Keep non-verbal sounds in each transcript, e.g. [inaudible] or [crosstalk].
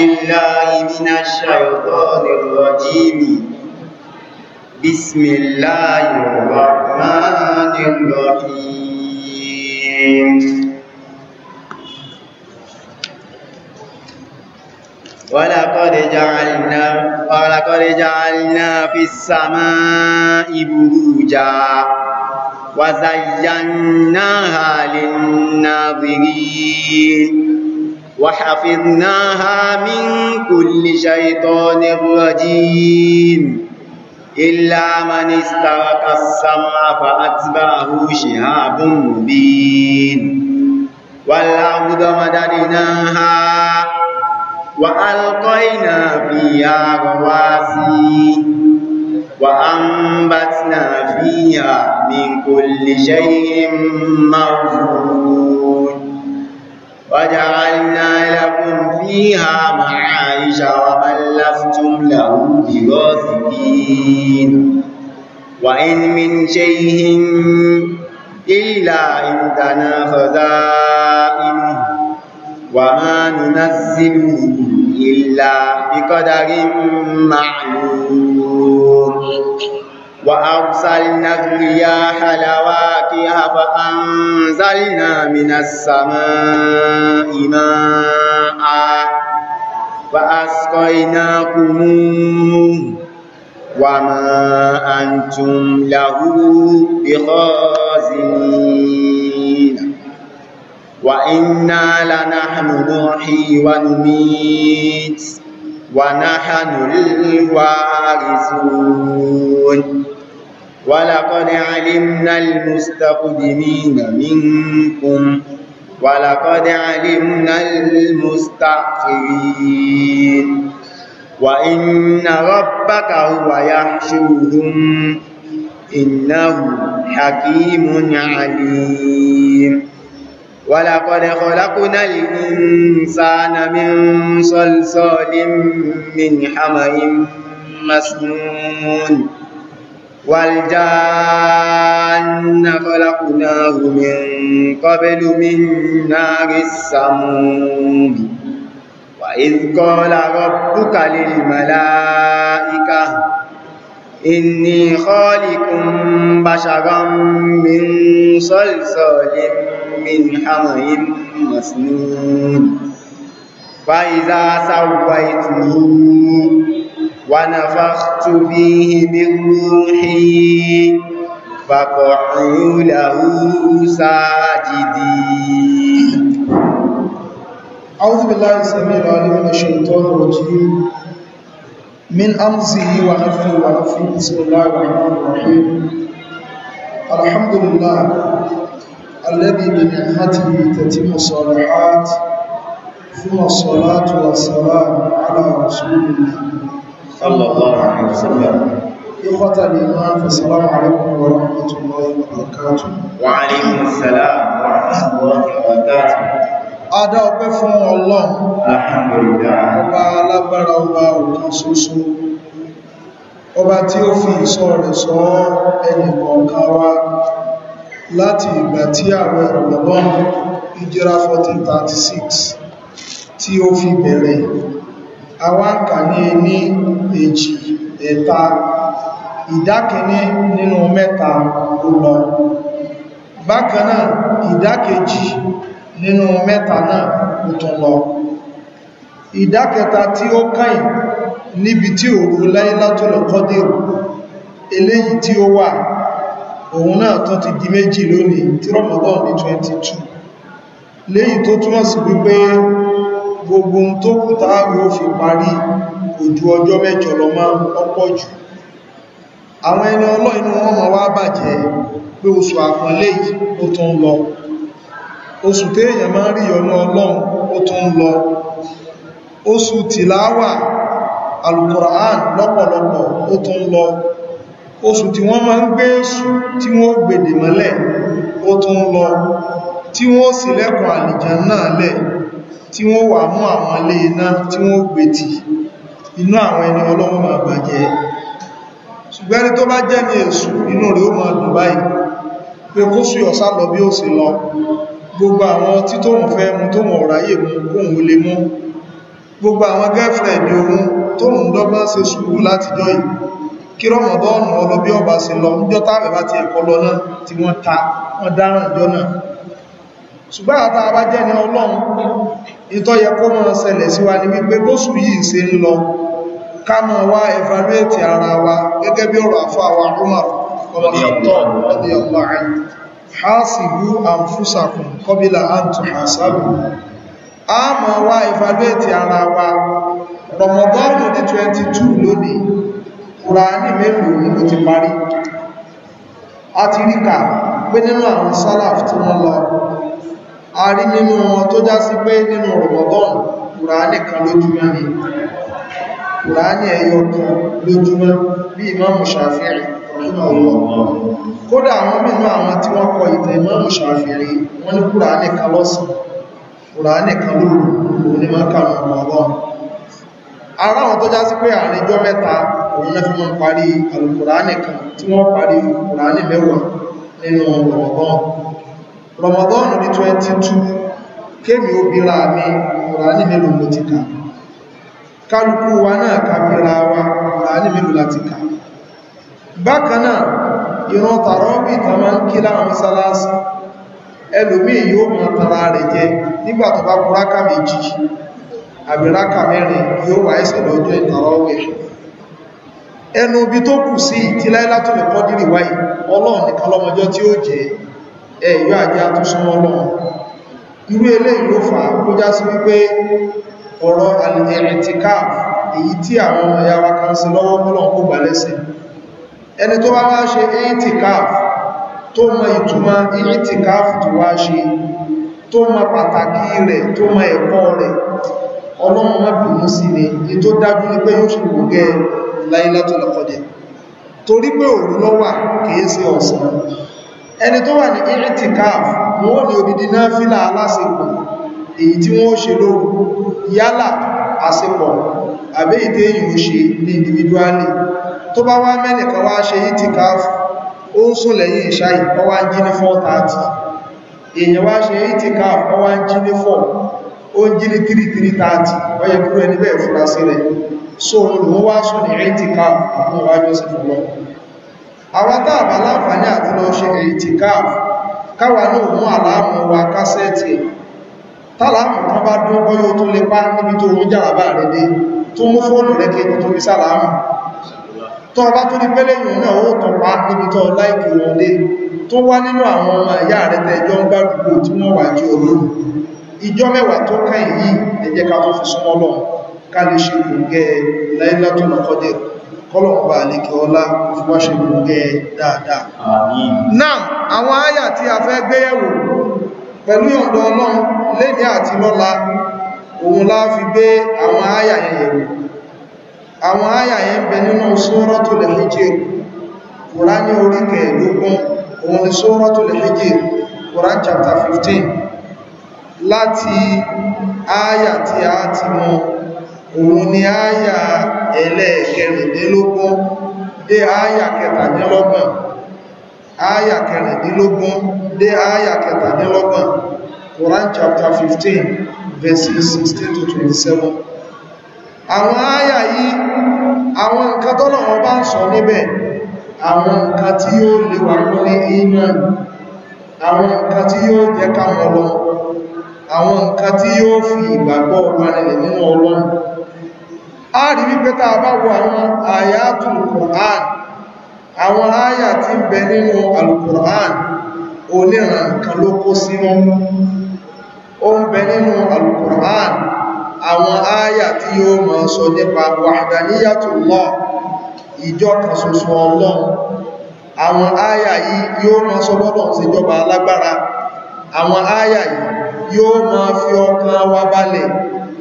بالله من الشيطان الرجيم بسم الله الرحمن الرحيم ولقد جعلنا ولقد جعلنا في السماء بروجا وزيناها للناظرين وحفظناها من كل شيطان رجيم إلا من استرق السمع فأتبعه شهاب مبين والأرض مددناها وألقينا فيها رواسي وأنبتنا فيها من كل شيء موجود وجعلنا لكم فيها معايش ومن لفتم له برازقين وإن من شيء إلا عندنا خزائنه وما ننزله إلا بقدر معلوم وأرسلنا الرياح لواكها فأنزلنا من السماء ماء فأسقيناكم وما أنتم له بخازنين وإنا لنحن نحيي ونميت ونحن الوارثون ولقد علمنا المستقدمين منكم ولقد علمنا المستأخرين وإن ربك هو يحشرهم إنه حكيم عليم ولقد خلقنا الإنسان من صلصال من حمأ مسنون والجان خلقناه من قبل من نار السموم وإذ قال ربك للملائكة إني خالق بشرا من صلصال من حمر مسنون فإذا سويته ونفخت فيه من روحي فقعوا له ساجدين أعوذ بالله السميع العليم من الشيطان الرجيم من أمزه ونفه ونفه بسم الله الرحمن الرحيم الحمد لله الذي من بنعمته تتم الصالحات ثم الصلاة والسلام على رسول الله صلى الله عليه وسلم إخوة الإيمان فالسلام عليكم ورحمة الله وبركاته وعليكم السلام ورحمة الله وبركاته Adá ọpẹ́ fún Ọlọ́run, ọba alágbára ọba ọ̀kan ṣoṣo, ọba tí ó fi ìṣọ́ rẹ̀ ṣọ́ ẹnìkọ̀ọ̀kan wa láti ìgbà tí àwẹ̀ Ramadan ìjẹra 1436 tí ó fi bẹ̀rẹ̀ awáǹkà ní ní èjì ẹ̀ta ìdákẹ́ní nínú mẹ́ta ló lọ bákan náà ìdákejì nínú mẹ́ta náà ó tún lọ ìdákẹta tí ó káyìn níbi tí òru Laylatul Qadr eléyìí tí ó wà òun náà tó ti di méjì lónìí tí Ramadan ní 22 léyìí tó túnmọ̀ sí wípé gbogbo tó kù táàrí ó fi parí ojú ọjọ́ mẹ́jọ lọ máa ń pọ́pọ̀ jù àwọn ẹni ọlọ́ inú wọn mọ̀ wá bàjẹ́ pé oṣù àpọ́nlé yìí ó tún lọ oṣù téèyàn máa rí ọ̀nà ọlọ́run oṣù tí wọ́n máa ń gbé èṣù tí wọ́n gbèdè mọ́lẹ̀ ó tún lọ tí wọ́n sì lẹ́kùn àlìjàn náà lẹ̀ tí wọ́n wà mú àwọn ilé iná tí wọ́n gbètì inú àwọn ẹni ọlọ́run máa bàjẹ́ ṣùgbẹ́ni tó bá jẹ́ ní èṣù inú rẹ̀ ó máa dùn báyìí pé kó sí ọ̀sá lọ bí ó sì lọ gbogbo àwọn tí tó wọ́n fẹ́ mú tó wọ́n ráyè mú kóhun lè mú gbogbo àwọn gẹ́fẹ̀ẹ́ ìdí ohun tó wọ́n dọ́gbọ́n ṣe sùúrù látijọ́ yìí kí rọmọdọ́ọ̀nù ọlọ bí ọba sí lọ ń jọta àbẹ̀bá ti ẹ̀kọ́ lọ náà tí wọ́n ta wọ́n dáràn jọ náà ṣùgbọ́n àtà àbá jẹ́ ọlọ́run ìtọ́ yẹ kó mọ́ ṣẹlẹ̀ sí ní wípé bóṣù yìí ṣe ń lọ ká wá evaluate ara wa gẹ́gẹ́ bí ọ̀rọ̀ àfọ́ àwa Umar ọmọ ṣàtọ́ ọdí ọlọ́ 22 lónìí kùránì mélòó ní ó ti parí a ti rí pé nínú àwọn sálàf tí wọ́n lọ a rí nínú wọn tó já sí pé nínú rọ̀bọ̀bọ̀n kùránì kan lójúmọ́ ni kùránì ẹyọ lójúmọ́ bí ìmáàmù Ṣàfi'í kódà àwọn mínú àwọn tí wọ́n kọ ìtàn ìmáàmù Ṣàfi'í wọ́n ní kùránì kan lọ́sàn kùránì kan lóru onímọ̀kànlọ́gbọ̀n ara tó sí pé òun náà fi mọ́ parí alùkùránì kan tí wọ́n parí alùkùránì mẹ́wàá nínú 22 kémi obìnrin àmì alùkùránì mélòó ló ti kà kálukú wa náà kàbíra wa alùkùránì mélòó láti kà bákanáà ìran tàrọ́bì tàn ń kí yóò rẹ̀ jẹ nígbà tó bá kúrákà méjì mẹ́rin yóò wáyé ẹnu ibi tó kù sí ìtí láìlátò lè kọ́ dìrì wáyé ọlọ́run nìkan lọ́mọjọ́ tí ó jẹ́ ẹ̀yọ́ àjá tó súnmọ́ ọlọ́run irú ya wa kan sí lọ́wọ́ mọ́lọ̀ kó gbà lẹ́sẹ̀ ẹni tó wá wá ṣe i'tikaf tó mọ ìtumọ̀ i'tikaf tó wá ṣe tó mọ pàtàkì rẹ̀ tó mọ ẹ̀kọ́ rẹ̀ ọlọ́run má sí ni ètò dájú ní pé yóò ṣe gbogbo Lailatul Qadr torí pé òru ló wà kìí sí ọ̀sán ẹni tó wà ní itikaf wọ́n ní odidi náfílà alásìkò èyí tí wọ́n ṣe lóru yálà àsìkò àbí ìdé yìí ṣe ní individually tó bá wá mẹ́nìkan wá ṣe itikaf ó ń sùn lẹ́yìn ìṣá yẹ kúrò ẹni bẹ́ẹ̀ fura sílẹ̀ so olùwọ́n wá sùn ní itikaf àwọn ìwájọ́ sí fún lọ àwọn tààbà láǹfààní àti lọ ṣe itikaf káwà ní òun àláàmù wa kásẹ̀tì tààlámù kan bá dún ọyọ tó lè pa níbi tó oúnjẹ àbá rẹ̀ dé tó mú fóònù rẹ̀ kí tó fi sàlámù tó ọba tó ní pẹ́lẹ̀ yìí náà ó tàn pa níbi tó láìkì wọn dé tó wá nínú àwọn ká lè ṣe gbòǹgẹ́ Laylatul Qadr kọlọ̀pàá àlèkè ọlá ti wá ṣe gbòǹgẹ́ dáadáa náà àwọn àyà tí a fẹ́ pẹ̀lú ọ̀dọ̀ Ọlọ́run lẹ́ni àti lọ́la òun fi gbé àwọn àwọn ń bẹ nínú láti tí a ti òun ni áyà ẹlẹ́ẹ̀kẹrìndínlógún dé áyà kẹtàdínlọ́gbọ̀n áyà kẹrìndínlógún dé áyà kẹtàdínlọ́gbọ̀n Quran chapter 15 verses 16 to 27 àwọn áyà yìí àwọn nǹkan tọ́lọ̀ wọn bá ń sọ níbẹ̀ àwọn nǹkan tí yóò lè wà ní iman àwọn nǹkan tí yóò jẹ́ káwọn lọ àwọn nǹkan tí yóò fi ìgbàgbọ́ wa nílẹ̀ nínú Ọlọ́run a rí wípé tá a bá wo àwọn àyàtù Qur'an àwọn àyà tí ń bẹ nínú al-Qur'an oníran kan ló kó sínú ó ń bẹ nínú al-Qur'an àwọn àyà tí yóò máa sọ nípa wahdaniyatullah ìjọ kan ṣoṣo Ọlọ́run àwọn àyà yìí yóò máa sọ bọ́lọ̀ sí ìjọba alágbára àwọn àyà yìí yóò máa fi ọkàn wa balẹ̀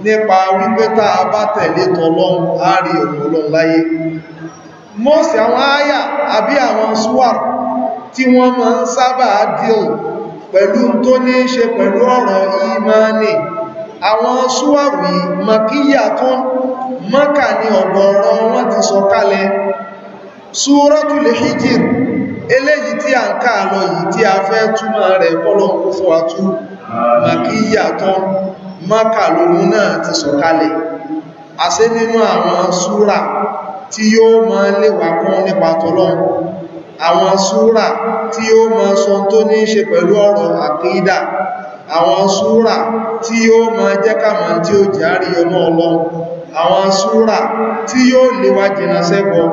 nípa wípé tá a bá tẹ̀lé tọlọ́run á rí ọ̀nà ọlọ́run láyé mọ́sí àwọn áyà àbí àwọn suwar tí wọ́n máa ń sábà díò pẹ̀lú tó ní ṣe pẹ̀lú ọ̀rọ̀ ìmáni àwọn suwar yìí makíyà tó mọ́kà ní ọ̀gọ̀ọ̀rọ̀ wọn ti sọ kalẹ̀ Suratul Hijr eléyìí tí a ń ká lọ yìí tí a fẹ́ túmọ̀ rẹ̀ kọ́lọ̀ fún àtú makíyà tó Mákà lóhun náà ti sọ̀kalẹ̀ àṣẹ nínú àwọn súrà tí yóò máa léwà kún nípa tọ́lọ́run àwọn súrà tí yóò máa sọ tó ní ṣe pẹ̀lú ọ̀rọ̀ àkídà àwọn súrà tí yóò máa jẹ́ tí ó jàrí ọmọ ọlọ́run àwọn súrà tí yóò léwà jìnà sẹ́kọ̀ọ́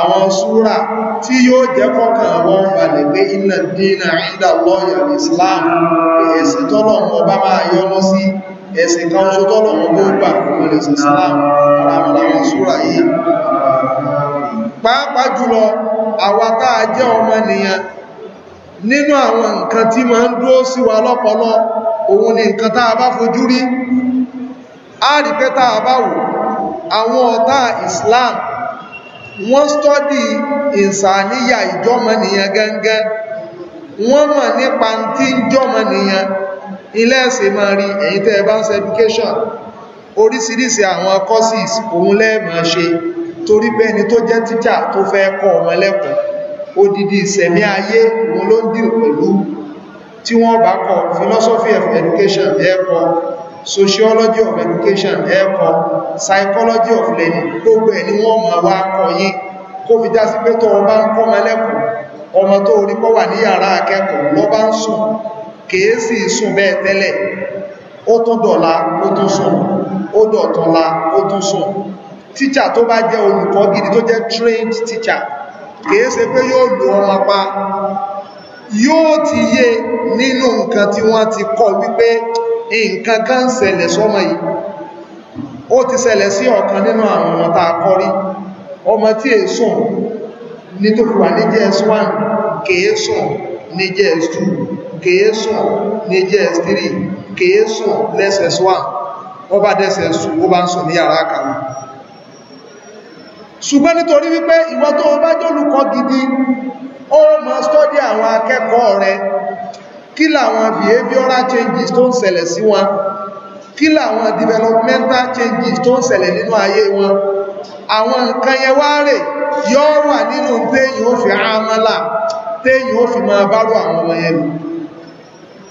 àwọn súrà tí yóò jẹ́ kọ́kàn wọn balẹ̀ pé inna dínà inda islam èsì tọ́lọ̀ ọba máa yọ́mọ́ sí ẹ̀sìn kan oṣù tọ́lọ̀ wọn tó gbà kúrò lè sí islam aláwọ̀láwọ̀ súra yìí pàápàá jùlọ àwa tá a jẹ́ ọmọnìyàn nínú àwọn nǹkan tí máa ń dúró ni nǹkan tá a bá fojú rí a rí pé tá a bá wò àwọn ọ̀tá islam wọ́n stọ́dì ìsàníyà ìjọmọnìyàn gẹ́gẹ́ wọ́n mọ̀ nípa tí ń ilé ẹ̀sìn máa rí ẹ̀yin tẹ́ ẹ bá ń ṣe education oríṣiríṣi àwọn courses òun lẹ́ẹ̀mọ̀ ṣe torí pé ẹni tó jẹ́ tíjà tó fẹ́ kọ́ ọmọ lẹ́kọ̀ọ́ odidi ìsẹ̀mí ayé òun ló ń dìl pẹ̀lú tí wọ́n bá kọ́ philosophy of education ẹ̀kọ́ sociology of education ẹ̀kọ́ psychology of learning gbogbo ẹ̀ ni wọ́n máa wá kọ́ yín kó fi já sí pé tó o bá ń kọ́ ọmọ lẹ́kọ̀ọ́ ọmọ tó orí pọ́ wà ní yàrá akẹ́kọ̀ọ́ ló bá ń sùn kèé sì sùn bẹ́ẹ̀ tẹ́lẹ̀ ó tún dọ̀la ó tún sùn ó dọ̀túnla ó tún sùn tíjà tó bá jẹ́ olùkọ́ gidi tó jẹ́ trained teacher kìí ṣe pé yóò lò ọmọ pa yóò ti yé nínú nǹkan tí wọ́n ti kọ́ wípé nǹkan kan ń ṣẹlẹ̀ sọ́mọ yìí ó ti ṣẹlẹ̀ sí ọ̀kan nínú àwọn ọmọ tá a kọ́ rí ọmọ tí è sùn ní tó fi wà ní js1 kìí sùn ní js2 kèé sùn ní js3 kèé sùn lẹ́sẹ̀s1 ó bá dẹ́sẹ̀ sùn ó bá ń sùn ní yàrá àkàwà ṣùgbọ́n nítorí wípé ìwọ tó o bá jólùkọ́ gidi ó máa stọ́dí àwọn akẹ́kọ̀ọ́ rẹ kí làwọn behavioral changes tó ń ṣẹlẹ̀ sí wọn kí làwọn developmental changes tó ń ṣẹlẹ̀ nínú ayé wọn àwọn nǹkan yẹn wá rè yóò wà nínú téèyàn ó fi àmàlà téèyàn ó fi máa bárò àwọn ọmọ yẹn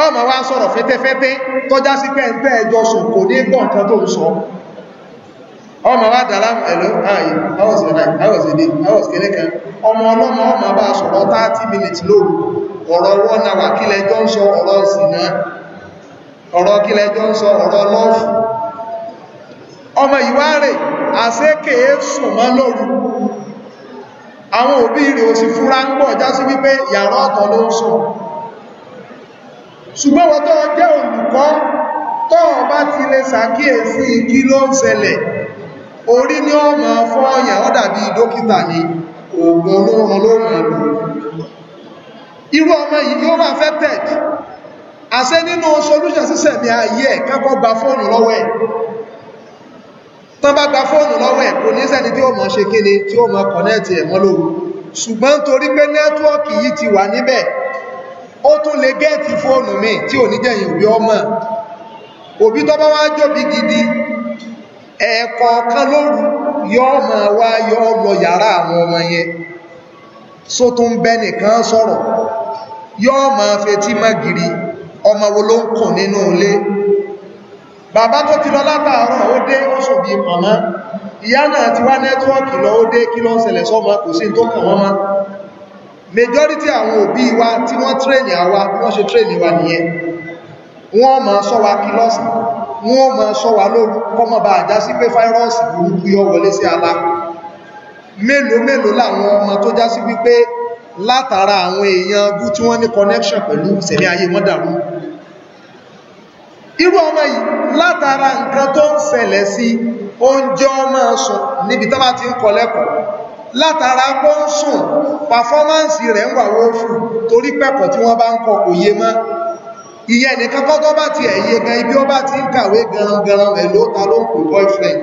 ọmọ wa ń sọ̀rọ̀ fẹ́tẹ́fẹ́tẹ́ tọ́já sí pé ń tẹ́ ẹjọ́ sùn kò ní gbọ́ nǹkan tó ń sọ ọmọ wa dà láàmù ẹ̀lọ́ ààyè àwọ̀sẹ̀dẹ̀ àwọ̀sẹ̀dẹ̀ kan ọmọ ọlọ́mọ ọmọ bá sọ̀rọ̀ 30 minutes lóru ọ̀rọ̀ wọ́n na wà kílẹ̀ jọ ń sọ ọ̀rọ̀ ìsìnà ọ̀rọ̀ kílẹ̀ jọ ń sọ ọ̀rọ̀ lọ́fù ọmọ ìwá rẹ̀ àṣẹ́kẹ̀ẹ́ sùn mọ́ lóru àwọn òbí rẹ̀ ò sì fúra ń gbọ́ já sí wípé yàrá ọ̀tọ̀ ló ń sùn ṣùgbọ́n wọ́n tó jẹ́ olùkọ́ tó bá ti lè ṣàkíyèsí kí ló ń ṣẹlẹ̀ orí ní ọmọ fọ́ọ̀yà ó dàbí dókítà ní oògùn olóòrùn lóòrùn ìlú irú ọmọ yìí yóò rà affected àṣẹ nínú solution sísẹ̀ ní ayé ẹ̀ kákọ́ gba fóònù lọ́wọ́ ẹ̀ tán bá gba fóònù lọ́wọ́ ẹ̀ kò ní sẹ́ni tí ó mọ̀ ṣe kéde tí ó mọ̀ connect ẹ̀ mọ́ ṣùgbọ́n torí pé nẹ́tíwọ́ọ̀kì yìí ti wà níbẹ̀ ó tún lè gẹ́ẹ̀tì fóònù mi tí ò ní jẹ́yìn òbí ọmọ òbí tó bá wá jóbi gidi ẹ̀ẹ̀kọ̀ọ̀kan lóru yọ́ ma wá yọ́ lọ yàrá àwọn ọmọ yẹn só tún bẹ́ nìkan sọ̀rọ̀ yọ́ ma fetí má giri ọmọ wo ló ń kùn nínú ilé bàbá tó ti lọ látàárọ̀ ó dé ó sò bí màmá ìyá náà ti wá nẹ́tíwọ́ọ̀kì lọ ó dé kí ló sọ́mọ kò sí tó kàn wọ́n máa majority àwọn òbí wa tí wọ́n tréènì àwa bí wọ́n ṣe tréènì wa nìyẹn wọ́n máa sọ wa kí lọ́sàn wọ́n máa sọ wa lóru kọ́mọ bá àjá sí pé fáírọ́ọ̀sì burúkú yọ wọlé sí ala mélòó mélòó làwọn ọmọ tó já sí wípé látara àwọn èèyàn bú tí wọ́n ní connection pẹ̀lú ìṣẹ̀lẹ̀ ayé wọn dàrú irú ọmọ yìí látara nǹkan tó ń ṣẹlẹ̀ sí oúnjẹ ọmọ sùn níbi tá bá ti ń kọ lẹ́kọ̀ọ́ látara pọ́ ń sùn pàfọ́mánsì rẹ̀ ń wà wọ́fù torí pẹ̀kọ̀ tí wọ́n bá ń kọ kò yé mọ́ ìyẹ́ nìkan kọ́ tó bá ti ẹ̀yẹ gan ibi ó bá ti ń kàwé gangan rẹ̀ ló ta ló ń pè boyfriend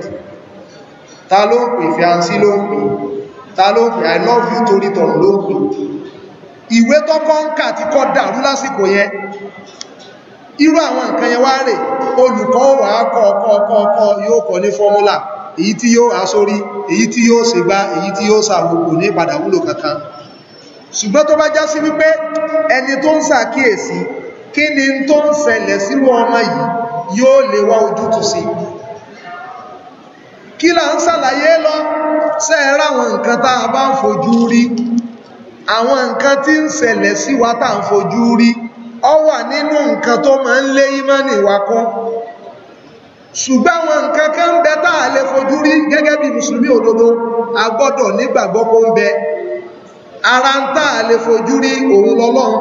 ta ló ń pè fiancé ló ń pè ta ló ń pè i love you torí tọ̀rọ̀ ló ń pè ìwé tó kọ́ ń kà tí kọ́ dàrú lásìkò yẹn irú àwọn nǹkan yẹn wá rè olùkọ́ wàá kọ́ ọkọ́ ọkọ́ yóò kọ́ ní fọ́múlà èyí tí yóò asórí èyí tí yóò ṣe gbá èyí tí yóò sàwòkò ní padà wúlò kankan ṣùgbọ́n tó bá já sí wípé ẹni tó ń ṣàkíyèsí kí ni tó ń ṣẹlẹ̀ sírú ọmọ yìí yóò lè wá ojútùú sí kí là ń ṣàlàyé lọ sẹ́ẹ̀rẹ́ àwọn nǹkan tá a bá ń fojú rí àwọn nǹkan tí ń ṣẹlẹ̀ sí wa tá à ń fojú rí ó wà nínú nǹkan tó máa ń lé ìmánì wa ṣùgbọ́n wọn nǹkan kan ń bẹ tá a lè fojú rí gẹ́gẹ́ bí mùsùlùmí òdodo a gbọ́dọ̀ nígbàgbọ́ kó ń bẹ ara ń tá a lè fojú rí òun lọ́lọ́run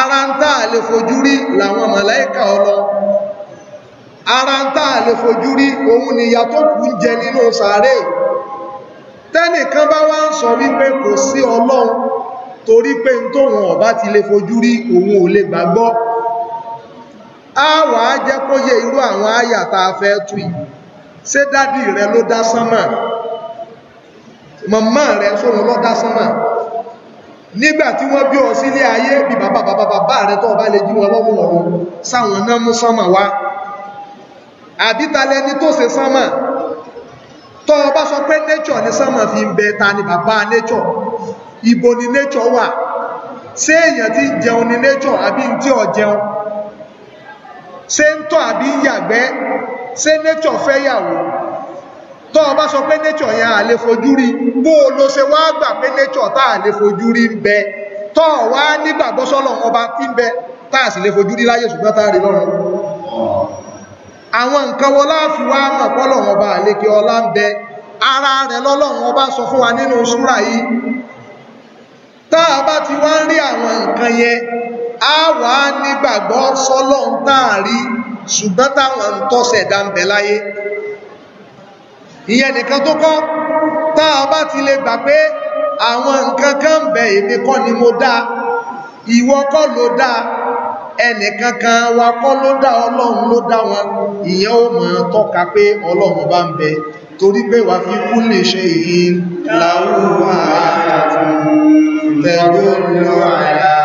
ara ń tá a lè fojú rí làwọn màláìka ọlọ ara ń tá a lè fojú rí òun nìyà tó kù ń jẹ nínú sàárè tẹ́nìkan bá wá ń sọ wípé kò sí ọlọ́run torí pé ń tóun ọ̀bá ti lè fojú rí òun ò lè gbàgbọ́ á wàá jẹ́ kó yẹ irú àwọn àyà tá a fẹ́ tú yìí ṣé dádì rẹ ló dá sánmà màmá rẹ sóhun ló dá sánmà nígbà tí wọ́n bí ọ sílé ayé bí bàbá bàbá bàbá rẹ tó bá lè jí wọn lọ́wọ́ ọ̀run sáwọn náà mú sánmà wá àbítalẹ̀ ni tó ṣe sánmà tó bá sọ pé nature ni sánmà fi ń bẹ ta ni bàbá nature ibo ni nature wà ṣé èèyàn ti jẹun ni nature àbí tí ò jẹun ṣé ń tọ́ àbí ń yàgbẹ́ ṣé nature fẹ́ yàwó tọ́ ọ bá sọ pé nature yẹn à lè fojú rí bó o lo ṣe wá gbà pé nature tá à lè fojú rí ń bẹ tọ́ ọ wá nígbàgbọ́ sọ́lọ̀ ọba tí ń bẹ tá à sì lè fojú rí láyé ṣùgbọ́n tá a rí lọ́rùn àwọn nǹkan wọn láàfin wá mọ̀ pọ́lọ̀wọ̀n ọba àlékè ọlá ń bẹ ara rẹ̀ lọ́lọ́run ọba sọ fún wa nínú súrà yìí tá a bá ti wá ń rí àwọn nǹkan yẹn á wà á nígbàgbọ́ sọ́lọ́hun táàrí ṣùgbọ́n táwọn ń tọ́sẹ̀ dáńbẹ̀ láyé ìyẹn nìkan tó kọ́ tá a bá ti lè gbà pé àwọn nǹkan kan ń bẹ èmi kọ́ ni mo dá ìwọ kọ́ ló dá ẹnìkan kan wa kọ́ ló dá ọlọ́run ló dá wọn ìyẹn ó mọ̀ tọ́ka pé ọlọ́run bá ń bẹ torí pé wà fi kú lè ṣe èyí làwọn àwọn àtàkùn tẹ̀lé olùlọ àyà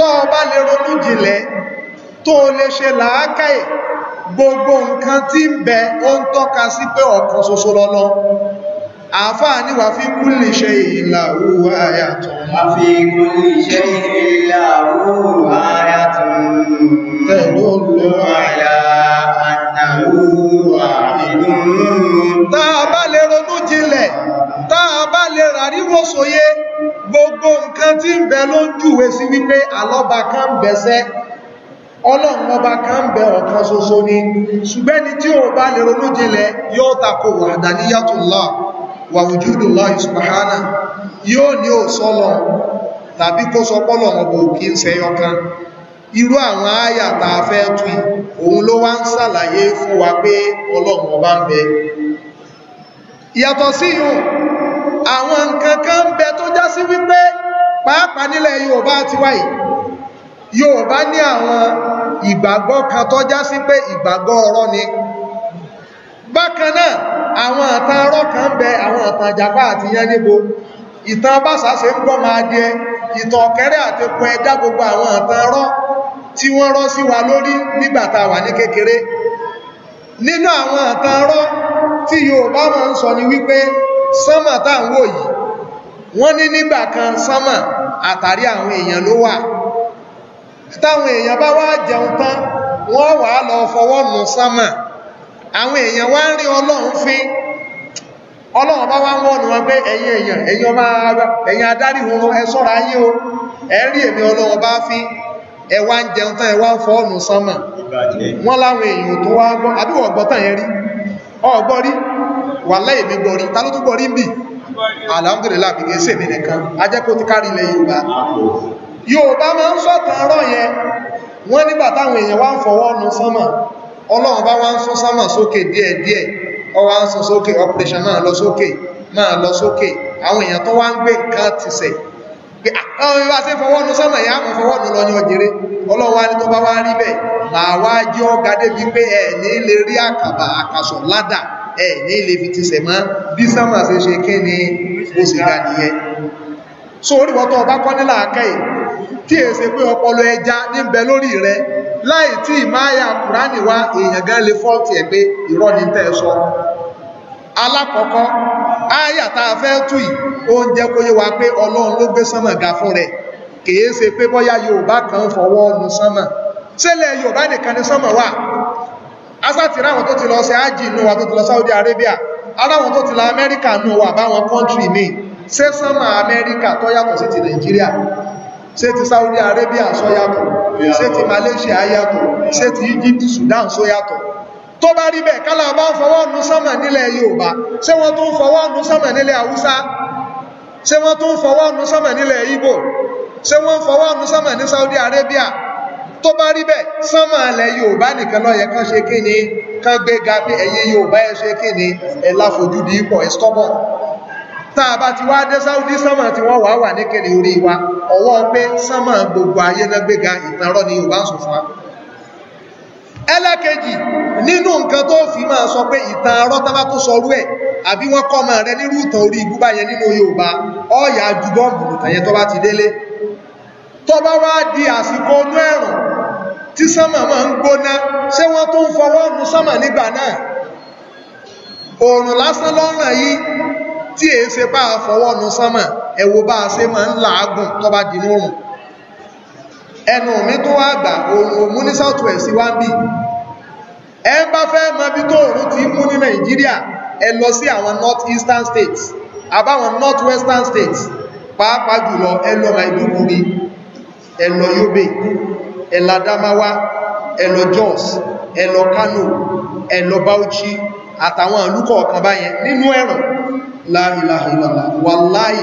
tọ́ bá lè ronú jìnlẹ̀ tó lè ṣe làákàyè gbogbo nǹkan tí ń bẹ ó ń tọ́ka sí pé ọ̀kan ṣoṣo lọ́lọ́ àáfáà ní wà fi kulli shay'in lahu ayatun wà lè ronú àríwò sóyé gbogbo nǹkan tí ń bẹ ló ń júwe sí wípé alọ́ba kan ń bẹ̀sẹ́ ọlọ́run ọba ń ni ṣùgbẹ́ tí ó bá lè ronú yóò tako wa yóò ní ò sọ́lọ tàbí kó sọ pọ́lọ̀ ọ̀bọ̀ òkè ń irú àwọn àyà tá a fẹ́ tú òun wa pé àwọn nǹkan kan ń bẹ tó já sí wípé pàápàá nílẹ̀ Yorùbá ti wáyé Yorùbá ní àwọn ìgbàgbọ́ kan tó já sí pé ìgbàgbọ́ ọ̀rọ̀ ni bákan náà àwọn ìtàn ọ̀rọ̀ kan ń bẹ àwọn ìtàn ìjàpá àti yẹn níbo ìtàn bàṣà ṣe ń gbọ́ máa jẹ ìtàn ọ̀kẹ́rẹ́ àti kun ẹja gbogbo àwọn ìtàn ọ̀rọ̀ tí wọ́n rọ́ sí wa lórí nígbà tá a wà ní kékeré nínú àwọn ìtàn ọ̀rọ̀ tí Yorùbá máa ń sọ ni wípé sánmà taa nwoyi wọn ni wọ́n kan sọmọ àtàrí àwọn èèyàn ló wà táwọn èèyàn bá wá jẹun tán wọ́n wà lọ fọwọ́ nù sánmà àwọn èèyàn wá ọlọ rí ọlọ́run fín ọlọ́run bá wá wọ́n wọn pé ẹ̀yin èèyàn ẹ̀yin o ẹ rí èmi ọlọ́run bá fi ẹ wá ń ẹ wá ń láwọn èèyàn tó wá gbọ́ àbí tàn yẹn rí wàláhì èmi gbọ́rí ta ló tún gbọ́rí ń bì alhamdulillah bí kìí sèmi nìkan ti kárí ilẹ̀ yorùbá yorùbá máa ń sọ̀tàn ọ̀rọ̀ yẹn wọ́n nígbà táwọn èèyàn wá ń fọwọ́ ọlọ́run bá wá ń sún sánmà sókè Ọ wá ń sún sókè operation máa lọ sókè máa lọ sókè àwọn èèyàn tó wá ń gbé nǹkan ti sẹ̀ pé ah, ẹ ní ilé fi ti sẹ̀mọ́ bí sánmà ṣe ṣe kí ni ó sì ga nìyẹn so oríwọ́tọ̀ ọba kọ́ nílà akẹ́yì tí è ṣe pé ọpọlọ ẹja ní ń bẹ lórí rẹ láì tí ìmáyà kùránì wá èèyàn gan lè fọ́ọ̀tì ẹ̀ pé irọ́ ni tẹ́ sọ alákọ̀ọ́kọ́ áyà tá a fẹ́ tú yìí ó ń jẹ́ kó yé wa pé ọlọ́run ló gbé sánmà ga fún rẹ̀ kìí ṣe pé bọ́yá yorùbá kan fọwọ́ nu sánmà ṣẹlẹ̀ yorùbá nìkan ni sánmà wà asátìrá àwọn tó ti lọ sí ájì inú wa tó ti lọ Saudi Arabia aláwọn tó ti lọ Amẹ́ríkà inú wa báwọn kọ́ntì míì ṣé sánmà Amẹ́ríkà tó yàtọ̀ sí ti Nàìjíríà ṣé ti Saudi Arabia sọ yàtọ̀ ṣé ti Malaysia yàtọ̀ ṣé ti Egypt Sudan sọ yàtọ̀ tó bá rí bẹ́ẹ̀ kálá bá ń fọwọ́ ọ̀nù sánmà nílẹ̀ Yorùbá ṣé wọ́n tó ń fọwọ́ ọ̀nù sánmà nílẹ̀ Haúsá ṣé wọ́n tó ń fọwọ́ ọ̀nù sánmà nílẹ̀ Igbo ṣé wọ́n fọwọ́ ọ̀nù sánmà ní Saudi Arabia tó bá rí bẹ́ẹ̀ sánmà ilẹ̀ yorùbá nìkan ló yẹ kán ṣe kí ni kán gbé ga pé ẹ̀yin yorùbá ẹ ṣe kí ni ẹ láfojúdi ipò ẹ stọ́bọ̀ tá a bá ti wá dé sáúdí sánmà tí wọ́n wà wà ní kiri orí wa ọwọ́ pé sánmà gbogbo ayé náà gbé ga ìtanrọ́ ni yorùbá ń sùn fún wa ẹlẹ́kejì nínú nǹkan tó fi máa sọ pé ìtàn arọ́ tábà tó sọrú ẹ̀ àbí wọ́n kọ́ máa rẹ nírú ìtàn orí ìgbúbá yẹn nínú Yorùbá ọ̀yà ju bọ́ọ̀bù yẹn tó bá ti délé tó bá wá di àsìkò ọdún ẹ̀rùn tí sánmà máa ń gbóná ṣé wọ́n tó ń fọwọ́ nu sánmà nígbà náà òòrùn lásán lọ́ràn yìí tí èé ṣe bá a fọwọ́ nu sánmà ẹ wo bá a ṣe máa ń làágùn tó bá di nírùn ẹnu mi tó wá gbà òòrùn òmú ní south west wá ń bì ẹ bá fẹ́ mọ bí tó òòrùn ti mú ní nàìjíríà ẹ lọ sí àwọn north eastern states àbáwọn north western states pàápàá jùlọ ẹ lọ Maiduguri ẹ lọ Yobe ẹ lọ Adamawa ẹ lọ Jos ẹ lọ Kano ẹ lọ Bauchi àtàwọn àlúkọ̀ ọ̀kan báyẹn nínú ẹ̀rọ la ilaha illallah wàláì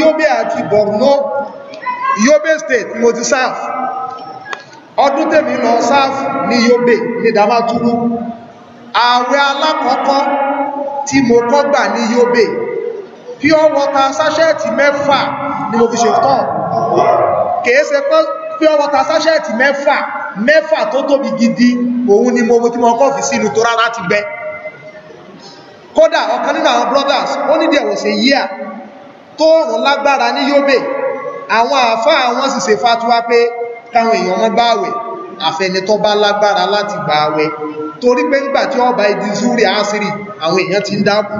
Yobe àti Borno Yobe State mo ti sáf ọdún Yobe ní Damaturu ààrẹ alákọ̀ọ́kọ́ tí mo kọ́ Yobe pure water sáṣẹ́ẹ̀tì mẹ́fà ni mo fi ṣe tán kìí ṣe pé pure water sáṣẹ́ẹ̀tì mẹ́fà mẹ́fà tó tóbi gidi òun ni mo tí mo kọ́ fi sínú tó rárá ti gbẹ kódà ọ̀kan nínú àwọn brothers ó nídìí ẹ̀wọ̀sẹ̀ yíà tó rùn lágbára ní Yobe àwọn àáfàá àwọn sì ṣe fatuwa pé káwọn èèyàn mọ́ gbààwẹ̀ àfẹnitọ́ bá lágbára láti gbààwẹ̀ torí pé ńgbà tí ọba ìdí zúrí àásírì àwọn èèyàn ti ń dákú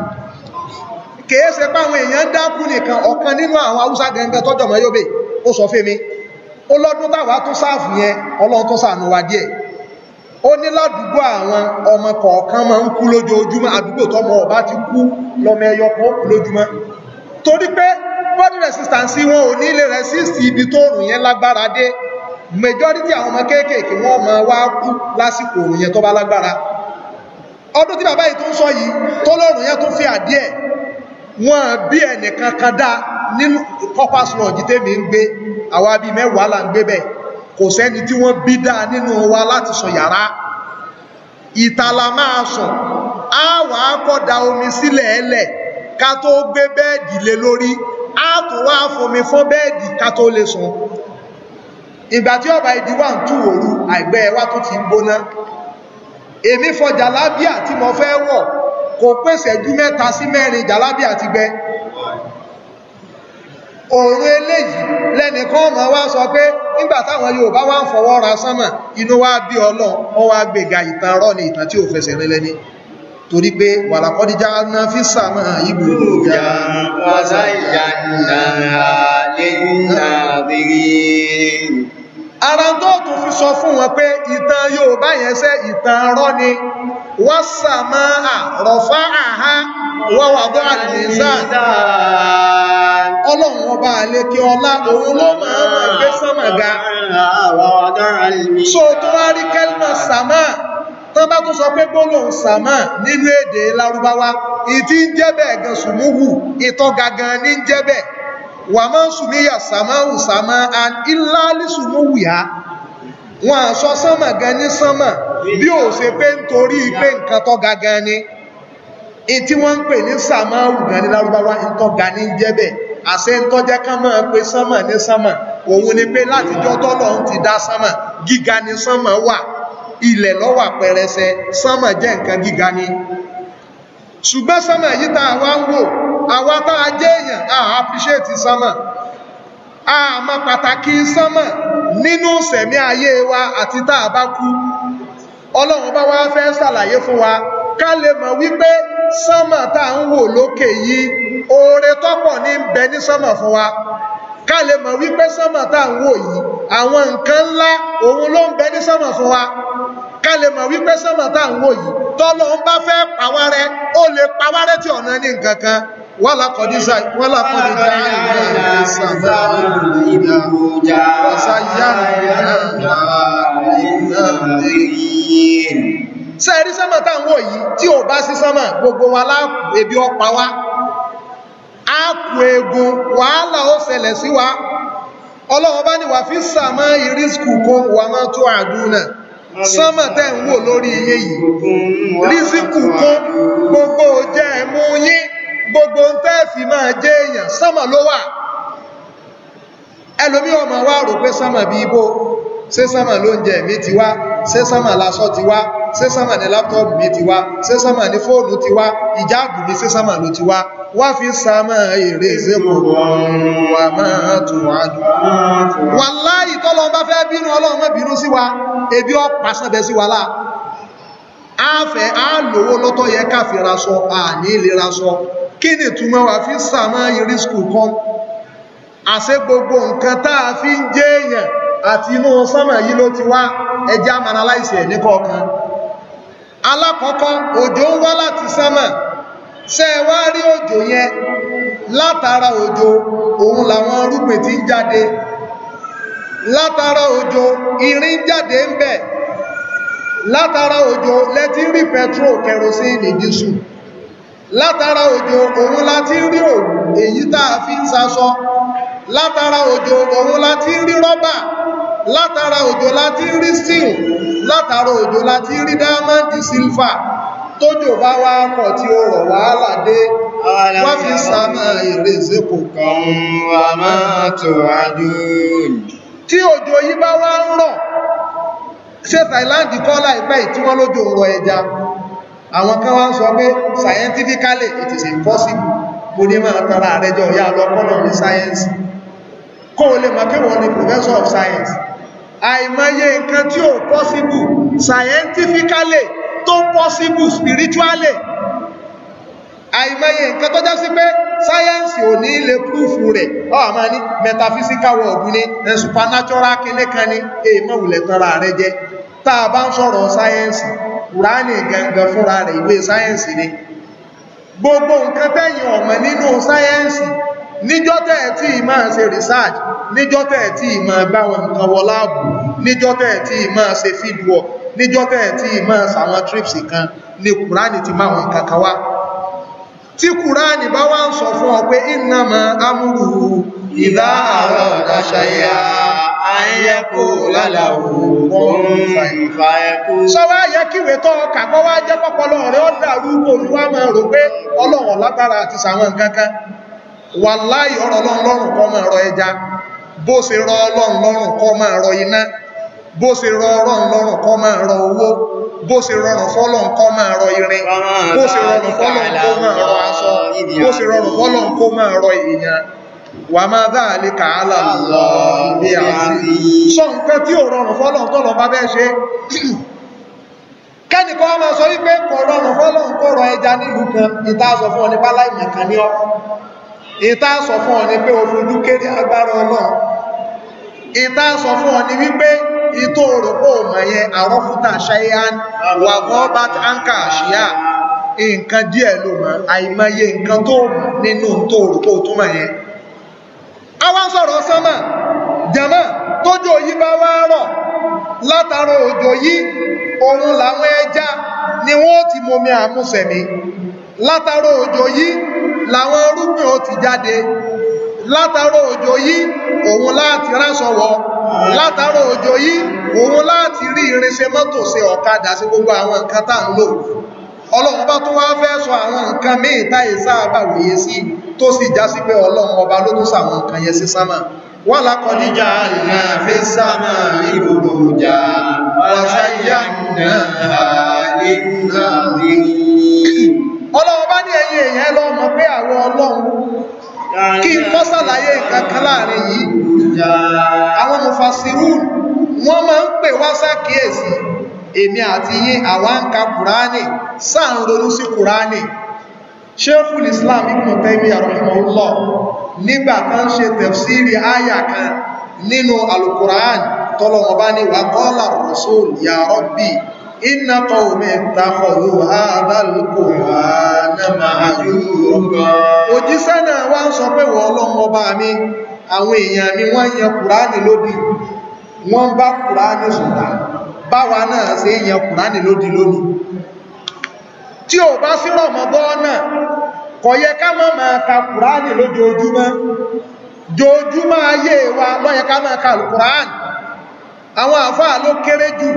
kìí ṣe páwọn èèyàn dákú nìkan ọ̀kan nínú àwọn haúsá gẹ̀ǹgẹ̀ tọ́jọ̀ mọ́ yóbe ó sọ fún mi ó lọ́dún táwa tó sáàfù yẹn ọlọ́run tó sànù wa díẹ̀ ó ní ládùúgbò àwọn ọmọ kọ̀ọ̀kan máa ń kú lójoojúmọ́ àdúgbò tọmọ ọba ti kú lọmọ ẹyọ kan ó kú lójúmọ́ torí pé body resistance wọn ò ní lè resist ibi tó òrùn yẹn lágbára dé majority àwọn ọmọ kéékèèké wọn máa wá kú lásìkò òrùn yẹn tó bá lágbára ọdún tí bàbá yìí tó ń sọ yìí tó lóòrùn yẹn tó fi àdíẹ̀ wọn bí ẹnìkan kan dá nínú corpus lodge tèmi ń gbé àwa bíi mẹ́wàá là ń gbé bẹ́ẹ̀ kò sẹ́ni tí wọ́n bí dá nínú wa láti sọ yàrá ìtàlà máa sùn á wà á kọ́dà omi sílẹ̀ ẹlẹ̀ ká tó gbé bẹ́ẹ̀dì lé lórí á tó wá fomi fún bẹ́ẹ̀dì ká tó lè sùn ìgbà tí ọba ìdí wà ń tú òru àìgbẹ́ wa tó ti ń gbóná èmi fọjà lábíà tí mo fẹ́ wọ̀ kò pèsè ẹjú mẹ́ta sí mẹ́rin jàlábì àti gbẹ òòrùn eléyìí lẹ́nìkan ọmọ wá sọ pé nígbà táwọn Yorùbá wá ń fọwọ́ ra sánmà inú wá bí ọlọ́ wọ́n wá gbèga ìtàn rọ́ ní ìtàn tí ò fẹsẹ̀ rinlẹ̀ ní torí pé wàlàkọ́díjá ná fi sàmà ìgbò òjá wàzá ìyá ìyá lẹ́yìn ara tó tún fi sọ fún wọn pé ìtàn Yorùbá yẹn ṣe ìtàn rọ́ ni wàsàmáà rọ̀fá àhá wọ́wàdọ́ àlèzán ọlọ́run ọba àlékí ọlá òun ló máa ma gbé sọ́màgá so tó wá rí kẹ́lìmọ̀ sàmà tó bá tó sọ pé gbólóhùn sàmà nínú èdè lárúbáwá ìtí ń jẹ́bẹ̀ gan sùmúhù ìtọ́ gangan ní ń jẹ́bẹ̀ wà máa ń sùmíyà sàmáhù sàmà an ìlàlì sùmúhù yá wọn à sọ sánmà gan ní sánmà bí ò ṣe pé nítorí pé nǹkan tó ga gan ni ìtí wọ́n ń pè ní sàmáwù gan ní lárúbáwá ìtọ́ ga ní jẹ́bẹ̀ àṣẹ ìtọ́ jẹ́ ká máa pe sánmà ní sánmà òun ni pé látijọ́ tọ́lọ́run ti dá sánmà gíga ni sánmà wà ilẹ̀ ló wà pẹrẹsẹ sánmà jẹ́ nǹkan gíga ni ṣùgbọ́n sánmà yìí tá a wá ń wò àwa tá a jẹ́ èèyàn a appreciate sánmà a mọ pàtàkì sánmà nínú sẹ̀mí ayé wa àti tá a bá kú ọlọ́run bá wá fẹ́ ṣàlàyé fún wa ká lè mọ̀ wípé sánmà tá à ń wò lókè yìí oore tọ́pọ̀ ní bẹ ní sánmà fún wa ká lè mọ̀ wípé sánmà tá à ń wò yìí àwọn nǹkan ńlá òun ló ń bẹ ní sánmà fún wa ká lè mọ̀ wípé sánmà tá à ń wò yìí tọ́lọ́run bá fẹ́ pàwárẹ́ ó lè pàwárẹ́ tí ọ̀nà ní nǹkan kan wala kọdíza wala kọdíza ilẹ̀ ìsàmà ìlúdà ọ̀sáyà sẹ́ẹ̀rí sẹ́mà tá ń wò yìí tí ò bá sí sẹ́mà gbogbo wa láàkù ebi ọpa wa a kù egun wàhálà ó ṣẹlẹ̀ sí wa Ọlọ́run bá ní wà fi sàmà ìrísìkù kó wà máa tó àdúnà sánmà tẹ́ ń wò lórí iye yìí rísìkù kó gbogbo jẹ́ mú yín gbogbo ń tẹ́ẹ̀fì máa jẹ́ èèyàn sánmà ló wà ẹlòmí ọmọ wa rò pé sánmà bí ibò ṣé sánmà ló ń jẹ mi ti wá ṣé sánmà lásọ ti wá ṣé sánmà ní láptọ́ọ̀bù mi ti wá ṣé sánmà ní fóònù ti wá ìjáàbù mi ṣé sánmà ló ti wá wá fi sánmà èrè ìzẹ́kù wà máa tù wá àfẹ́ àlòwó lọ́tọ́ yẹ káfíra sọ àní ìlera sọ kí ni túmọ̀ wà fi sàmọ́ ìrísìkù kan àṣẹ gbogbo nǹkan tá a fi ń jẹ́ èèyàn àti inú sánmà yìí ló ti wá ẹjẹ́ amanaláìsẹ̀ ní kọ̀ọ̀kan alákọ̀ọ́kọ́ òjò ń wá láti sánmà ṣe é wá rí òjò yẹn látara òjò òun làwọn irúgbìn ti ń jáde látara òjò irin jáde ń bẹ̀ látara òjò lẹ́tí rí petro kerosene dísù látara òjò òun láti rí òun èyí tá a fi ń sasọ látara òjò òun láti rí rọ́bà látara òjò láti rí steel látara òjò láti rí dámọ́ndì sílfà tójò bá wá pọ̀ tí ó rọ̀ wàhálà dé wá fi sàmà èrè ìsẹ́kò kan tí òjò yìí bá wá ń rọ̀ ṣé Thailand kọ́ láìpẹ́ tí wọ́n lójú ọ̀rọ̀ ẹja àwọn kan wá ń sọ pé scientifically it is impossible mo ní máa tara àrẹjọ ìyá lọ́kọ́lọ̀ ní sáyẹ́nsì kó o lè mọ̀ kí wọ́n ni professor of science àìmọye nǹkan tí ò possible scientifically tó possible spiritually àìmọye nǹkan tó já sí pé sáyẹ́ǹsì ò ní lè púrúfù rẹ̀ ọ̀hà máa ní metaphysical world ni supernatural kíní kan ni èèmọ̀ wùlẹ̀ tanra rẹ jẹ́ tá a bá ń sọ̀rọ̀ sáyẹ́ǹsì kùránì gangan fúnra rẹ̀ ìwé sáyẹ́ǹsì ni gbogbo nǹkan tẹ́yìn ọ̀mọ̀ nínú sáyẹ́ǹsì níjọ́ tẹ́ ẹ̀ tí ìmọ̀ ṣe research níjọ́ tẹ́ ẹ̀ tí ìmọ̀ bá wọn nǹkan wọ láàbù níjọ́ tẹ́ ẹ̀ ṣe fieldwork níjọ́ tẹ́ ẹ̀ ṣàwọn trips kan ni kùránì ti máa wọn kankan wá tí kùránì bá wá ń sọ fún ọ pé ìnàmà amúrù ìdá àrọ̀ àṣàyà ayẹ́kò lálàwò oòrùn fàyìnfà ẹkù sọ́wọ́ ayẹ́ kíwẹ̀ tọ́ kàkọ́ wá jẹ́ pọ́pọ́lọ́ rẹ̀ ó dàrú olúwa máa rò pé ọlọ́run lágbára àti sàwọn kankan wà láì ọ̀rọ̀ ọlọ́run lọ́rùn kọ́ máa rọ ẹja bó ṣe rọ ọlọ́run lọ́rùn kọ́ máa rọ iná bó ṣe rọ ọlọ́run lọ́rùn kó máa rọ owó bó ṣe rọrùn fọ́lọ́run kó máa rọ irin bó ṣe rọrùn fọ́lọ́run kó máa rọ aṣọ bó ṣe rọrùn fọ́lọ́run kó máa rọ èèyàn wà máa dáàlé kààlà lọ bí àti sọ nǹkan tí ò rọrùn fọ́lọ́run tó lọ bá bẹ́ẹ̀ ṣe kẹ́nìkan ọmọ sọ wípé kò rọrùn fọ́lọ́run kó rọ ẹja nílùú kan ìta sọ fún ọ nípa láìmọ̀ kan ní ọ ìta sọ fún ọ ní pé o kéré agbára ọlọ́run ìta sọ fún ọ ní wípé ìtò òròpó ọmọ yẹn àrọ́fútà ṣayán wà gọ́bàt anka àṣíyà nǹkan díẹ̀ ló mọ̀ àìmọye nǹkan tó mọ̀ nínú tó òròpó túmọ̀ yẹn àwa ń sọ̀rọ̀ sánmà jàmá tójò yìí bá wá rọ̀ látara òjò yìí òun làwọn ẹja ni wọ́n ti momi àmúsẹ̀mí látara òjò yìí làwọn irúgbìn ó ti jáde látara òjò yìí òun láti rásọ̀wọ́ látàrọ òjò yìí òun láti rí irinṣẹ́ mọ́tò ṣe ọ̀kadà sí gbogbo àwọn nǹkan tá ń lò ọlọ́run bá tó wá fẹ́ sọ àwọn nǹkan míì táyé sáàbà wòye sí tó sì já sí pé ọlọ́run ló tún sàwọn nǹkan yẹn sí sámà wà lákọdíjà ìrìnà sámà kí n kọ́ sàlàyé nǹkan kan láàrin yìí àwọn mufasirun wọ́n máa ń pè wá ṣàkíyèsí èmi àti yín àwa ń ka kùránì sáà ń ronú sí kùránì Sheikhul Islam Ibn Taymiyyah rahimahullah nígbà kan ṣe tafsiri àyà kan nínú alukur'an tọ́lọ́wọ́n bá ní wàkọ́lá rasul ya rabbi inna qawmi ittakhadhu hadha al-qur'ana mahjura òjíṣẹ́ náà wá ń sọ pé wọ́n mi àwọn èèyàn mi wọ́n yan kùránì lódì wọ́n bá kùránì sọ̀tà báwa náà ṣe yan kùránì lódì lónìí tí ò bá sí rọ̀mọ́bọ́ náà kò yẹ ká má máa ka kùránì lójoojúmọ́ jojúmọ́ wa ka àwọn àfáà ló kéré jù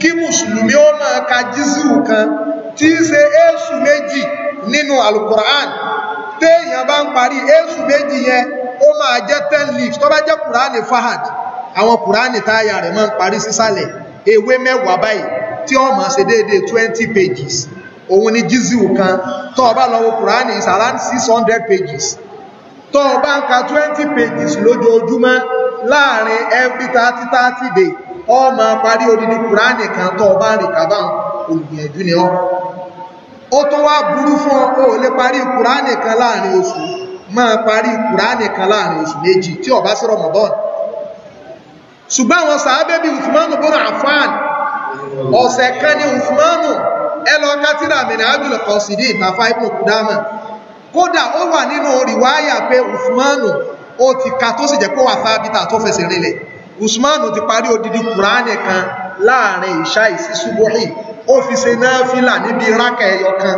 kí mùsùlùmí ó máa ka jísù kan tí í ṣe éṣù méjì nínú alukur'an téèyàn bá ń parí éṣù méjì yẹn ó máa jẹ́ ten leaves tó bá jẹ́ kùránì fahad àwọn kùránì táyà rẹ̀ máa ń parí sísàlẹ̀ ewé mẹ́wàá báyìí tí ó máa ṣe déédéé twenty pages òun ni jísù kan tó o bá lọ wo kùránì is around six hundred pages tó bá ń ka twenty pages lójoojúmọ́ láàrin every thirty thirty day ó máa parí odidi kùránì kan tó o bá ń rìn kábà olùgbìyànjú ni ọ́ ó tó wá burú fún ọ ò lè parí kùránì kan láàrin oṣù máa parí kùránì kan láàrin oṣù méjì tí o bá sí Ramadan ṣùgbọ́n àwọn sàábẹ́ bíi Usmanu bọ́nà Affan ọ̀sẹ̀ kan ní Usmanu ẹ lọ kátìrà mìíràn ábìlẹ̀ kọ̀ọ̀sìdì ìtafà ìpò kùdámà kódà ó wà nínú rìwáyà pé usmanu ó ti ka tó sì jẹ́ pé wà fábítà tó fẹsẹ̀ rinlẹ̀ usmanu ti parí odidi kùránì kan láàrin ìṣá ìsí ṣubúhì ó fi ṣe náfìlà níbi rákà ẹyọ kan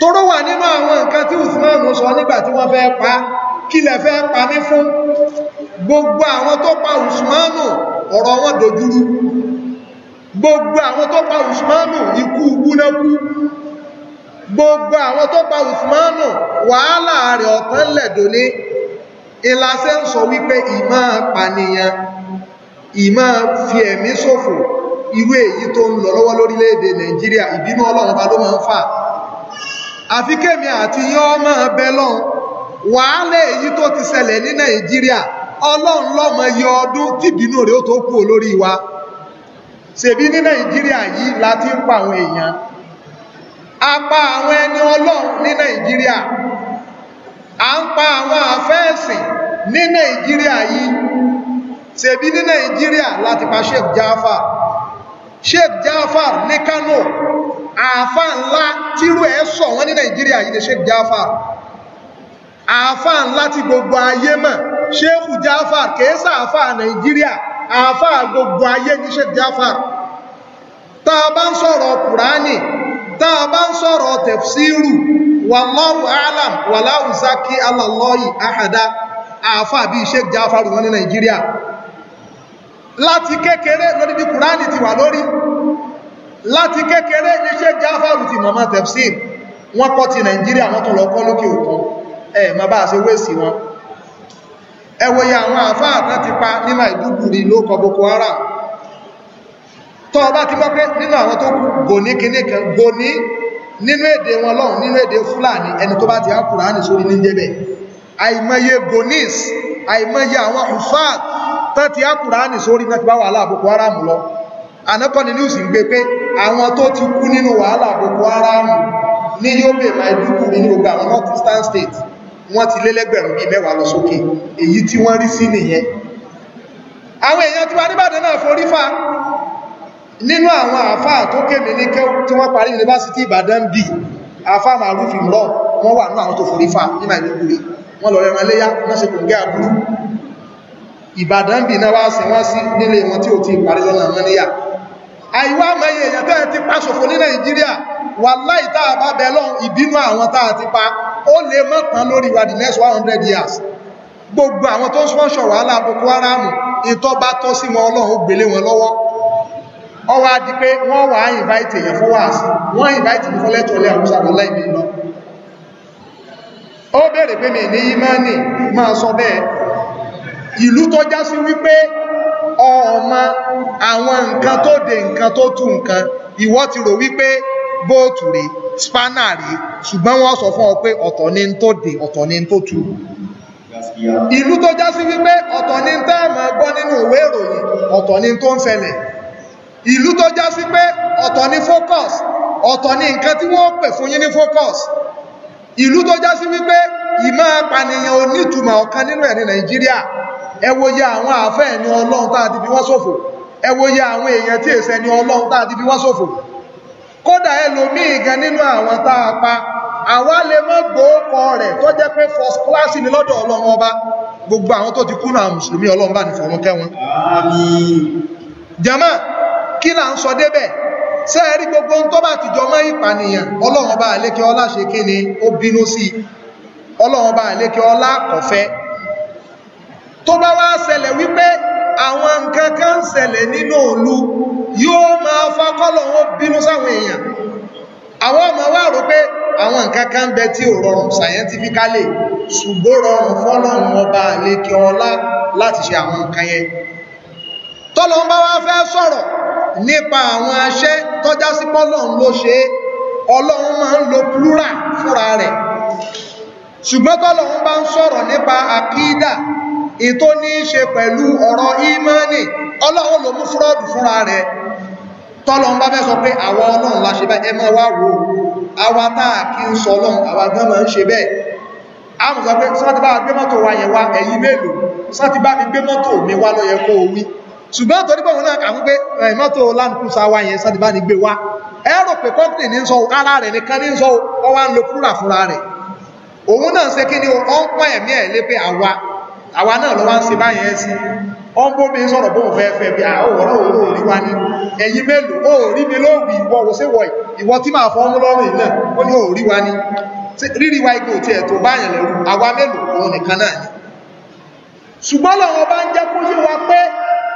toró wà nínú àwọn nǹkan tí usmanu sọ nígbà tí wọ́n fẹ́ pa kí lẹ fẹ́ pa mí fún gbogbo àwọn tó pa usmanu ọ̀rọ̀ wọn dojúrú gbogbo àwọn tó pa usmanu ikú gbúnákú gbogbo àwọn tó pa Usmanu wàhálà rẹ̀ ọ̀tán lẹ̀dọ̀ ní ìlàsẹ́ ń sọ wípé ìmọ̀ pànìyàn ìmọ̀ fi ẹ̀mí ṣòfò irú èyí tó ń lọ lọ́wọ́ lórílẹ̀-èdè Nàìjíríà ìbínú Ọlọ́run bá ló máa ń fà àfi kémi àti yán máa bẹ lọ́n wàhálà èyí tó ti ṣẹlẹ̀ ní Nàìjíríà Ọlọ́run lọ́mọ yọ ọdún tìbínú rẹ̀ ó tó kú olórí wa ṣèbí ní Nàìjíríà yìí la ti ń pa àwọn èèyàn apá àwọn ẹni ọlọ́run ní nàìjíríà à ń pa àwọn àfẹ́ẹ̀sìn ní nàìjíríà yìí ṣèbí ní nàìjíríà láti pa Sheikh Jaafar Sheikh Jaafar ní Kano àáfà ńlá tírú ẹ̀ sọ wọ́n ní nàìjíríà yìí ni Sheikh Jaafar àáfà ńlá tí gbogbo ayé mọ̀ Sheikh Jaafar kèésà àáfà nàìjíríà àáfà gbogbo ayé ní Sheikh Jaafar tá a bá ń sọ̀rọ̀ kùránì tá a bá ń sọ̀rọ̀ tẹ̀fsíìrù wallahu a'lam wàláwù sákì alàlọ́yì àhàdá àáfà bíi Sheikh Jafaru wọn ní Nàìjíríà láti kékeré lórí bí Kùránì ti wà lórí láti kékeré ní Sheikh Jafaru ti mọ̀mọ́ tẹ̀fsíìr wọ́n kọ́ ti Nàìjíríà wọ́n tún lọ kọ́ lókè òkun ẹ̀ má bá ṣe wéèsì wọn ẹ̀wòye àwọn àáfà àtàn ti pa ní Maiduguri ló Boko Haram tọ́ ọba ti gbọ́ pé nínú àwọn tó kú gòní kíní kan gòní nínú èdè wọn lọ́hùn nínú èdè fúlàní ẹni tó bá ti há kùránì sórí ní jẹ́bẹ̀ àìmọye gonis àìmọye àwọn hufad tó ti há kùránì sórí náà ti bá wàhálà Boko Haram lọ ànákọ́ni news ń gbé pé àwọn tó ti kú nínú wàhálà Boko Haram ní Yobe Maiduguri nínú gbogbo àwọn north eastern state wọ́n ti lé lẹ́gbẹ̀rún bíi mẹ́wàá lọ sókè èyí tí wọ́n rí sí nìyẹn àwọn èèyàn tí wà níbàdàn náà forí fa nínú àwọn àfáà tó kémi ní kẹ́ tí wọ́n parí yunifásitì Ìbàdàn bí àfáà màrúfin lọ wọ́n wà ní tó forí fa ní Maiduguri wọ́n lọ rẹran léyá wọ́n ṣe kò ń gẹ́ àbúrú Ìbàdàn bí náà wá sí wọ́n sí nílé wọn tí ò ti parí lọ́nà wọn níyà àìwá mẹ́yẹ èèyàn tẹ́ ti pa ṣòfò ní Nàìjíríà years gbogbo àwọn tó ń sponsor wàhálà Boko Haram ìtọ́ bá tọ́ sí wọn Ọlọ́run ó wọn lọ́wọ́ ọwọ́ adi pé wọ́n wà á invite èèyàn fún wáàsí wọ́n invite mi fún lẹ́tọ̀ ọlẹ́ àwùsà lọ́lá ìbí lọ ó bèèrè pé mi ní ìmánì máa sọ bẹ́ẹ̀ ìlú tó já sí wípé ọmọ àwọn nǹkan tó de nǹkan tó tú nǹkan ìwọ ti rò wípé bóòtù rè spanà rè ṣùgbọ́n wọ́n sọ fún ọ pé ọ̀tọ̀ ni ń tó de ọ̀tọ̀ ni ń tó tú ìlú tó já sí wípé ọ̀tọ̀ ni ń tẹ́ ọmọ gbọ́ nínú ìwé ìròyìn ọ̀tọ̀ ni ń tó ń ṣẹlẹ̀ ìlú tó já sí pé ọ̀tọ̀ ní focus ọ̀tọ̀ ní nǹkan tí wọ́n pè fún yín ní focus ìlú tó já sí wípé ìmọ̀ apànìyàn onítùmọ̀ ọ̀kan nínú ẹ̀ ní Nàìjíríà ẹ wo ye àwọn àfẹ́ ẹni Ọlọ́run tá a ti fi wọ́n ṣòfò ẹ wo ye àwọn èèyàn tí èsẹ̀ ẹni Ọlọ́run tá a ti fi wọ́n ṣòfò kódà ẹlòmíì gan nínú àwọn tá a pa àwa lè mọ́ gbòókọ rẹ̀ tó jẹ́ pé first class ni lọ́dọ̀ Ọlọ́run ọba gbogbo àwọn tó ti kú náà mùsùlùmí Ọlọ́run bá ní fọ̀rún kẹ́wọn. Àmín kí là ń sọ débẹ̀ ṣé ẹ rí gbogbo ohun tó bá ti jọ mọ́ ìpànìyàn ọlọ́run ọba àlékè ọlá ṣe kí ni ó bínú sí i ọlọ́run ọba àlékè ọlá kò fẹ́ tó bá wá ṣẹlẹ̀ wípé àwọn nǹkan kan ń ṣẹlẹ̀ nínú òlu yóò máa fa kọ́lọ́run bínú sáwọn èèyàn àwọn ọmọ wa rò pé àwọn nǹkan kan ń bẹ tí ò rọrùn scientifically ṣùgbọ́n rọrùn fọ́lọ́run ọba àlékè ọlá láti ṣe àwọn nǹkan yẹn tọ́lọ́ bá wá fẹ́ sọ̀rọ̀ nípa àwọn aṣẹ́ tọ́já sí pọ́lọ́run ló ṣe é ọlọ́run máa ń lo plural fúnra rẹ̀ ṣùgbọ́n tọ́lọ́run bá ń sọ̀rọ̀ nípa àkídà ètò ní í ṣe pẹ̀lú ọ̀rọ̀ ìmánì ọlọ́run ló mú fúrọ́ọ̀dù fúnra rẹ̀ tọ́lọ́run bá fẹ́ sọ pé àwa ọlọ́run la ṣe bẹ́ẹ̀ ẹ máa wá wo àwa tá a kì í sọ ọlọ́run àwa gan máa ń ṣe bẹ́ẹ̀ àmùsọ pé sọ́ọ́tì bá gbé mọ́tò wa yẹn wá ẹ̀yìn mélòó sọ́ọ́tì bá mi gbé mọ́tò mi wá lọ́yẹ kó o wí ṣùgbọ́n torí pé òun náà kà wípé eh, mọ́tò land cruiser wa yẹn sádìbá ni gbé wa ẹ rò pé company ní sọ ara rẹ̀ nìkan ní sọ ọ wá ń lo kúrà fúnra rẹ̀ òun náà ṣe kí ni ó ń pọ́n ẹ̀mí ẹ̀ lé pé àwa àwa náà lọ́wọ́ ń ṣe báyẹn sí ọ ń bóbi sọ̀rọ̀ bóun fẹ́ fẹ́ bí àwòrán òun ò rí wa ní ẹ̀yin mélòó ó rí mi lóòwì ìwọ wò ṣe wọ̀ ìwọ tí màá fọ́ mú lọ́rùn náà ó ní ò rí wa ní rírí wa igbó tiẹ̀ tó báyẹn lẹ́rù àwa mélòó òun nìkan náà ni ṣùgbọ́n làwọn bá ń jẹ́ kó yé wa pé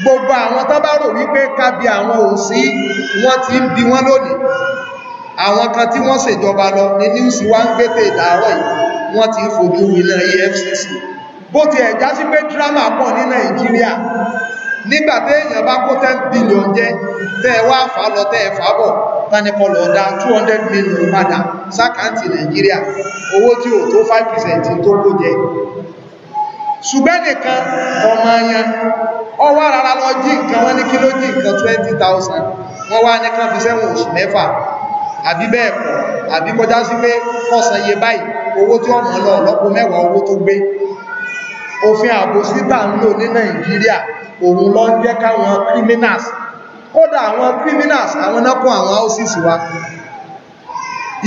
gbogbo àwọn tó bá rò wípé kábi àwọn ò sí wọ́n ti ń bi wọ́n lónìí àwọn kan tí wọ́n ṣèjọba lọ ní news wá ń gbé tèdàárọ̀ yìí wọ́n ti ń fojú ilẹ̀ EFCC bó ti ẹ̀já sí pé drama pọ̀ ní Nàìjíríà nígbà tí èèyàn bá kó 10 billion jẹ́ tẹ́ ẹ wá fà lọ tẹ́ ẹ fà bọ̀ tánikọ́ lọ dá 200 million padà sákàǹtì Nàìjíríà owó tí ò tó 5% tó kó jẹ ṣùgbẹ́ nìkan ọmọ ayan ọwọ́ rárá lọ jí nǹkan wọ́n ní kí ló jí nǹkan 20,000 wọ́n wá ní kan fi sẹ́wọ̀n oṣù mẹ́fà àbí bẹ́ẹ̀ kọ́ àbí kọjá sí pé kọsàn iye báyìí owó tí ọmọ lọ ọ̀lọ́pọ̀ mẹ́wàá owó tó gbé òfin ààbò síta ń lò ní Nàìjíríà òun ló ń jẹ́ káwọn criminals kódà àwọn criminals àwọn náà àwọn houses wa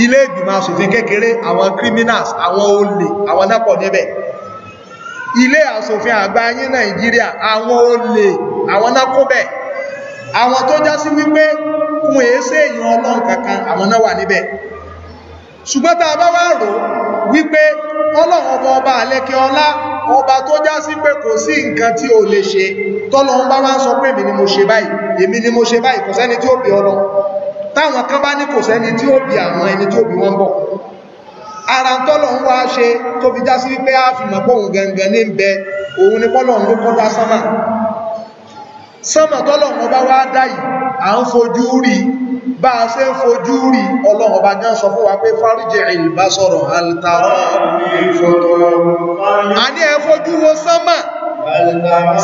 ilé ìgbìmọ̀ aṣòfin kékeré àwọn criminals àwọn olè àwọn náà níbẹ̀ ilé asòfin àgbà yín nàìjíríà àwọn olè àwọn nákúnbẹ̀ àwọn tó já sí wípé kún èése èyàn ọlọ́run kankan àwọn náà wà níbẹ̀ ṣùgbọ́n tá a bá wá rò wípé ọlọ́run ọba ọba àlẹ́kẹ́ ọlá ọba tó já sí pé kò sí nǹkan tí ò lè ṣe tọ́lọ́run bá wá ń sọ pé èmi ni mo ṣe báyìí èmi ni mo ṣe báyìí kò sẹ́ni tí ó bí ọlọ táwọn kan bá ní kò sẹ́ni tí ó bí àwọn ẹni tí ó bí wọ́n bọ̀ ara tọ́lọ̀ ń wá ṣe tó fi já sí wípé a fi mọ̀ pọ̀hùn gangan ní ń bẹ òun ni pọ́lọ̀ ń kọ́ dá sánmà sánmà tọ́lọ̀ wọn bá wá dá yìí à ń fojú rí bá a ṣe ń fojú rí ọlọ́run ọba gan sọ fún wa pé fáríjì ìlbá sọ̀rọ̀ alìtàrọ̀ a ní ẹ fojú wo sánmà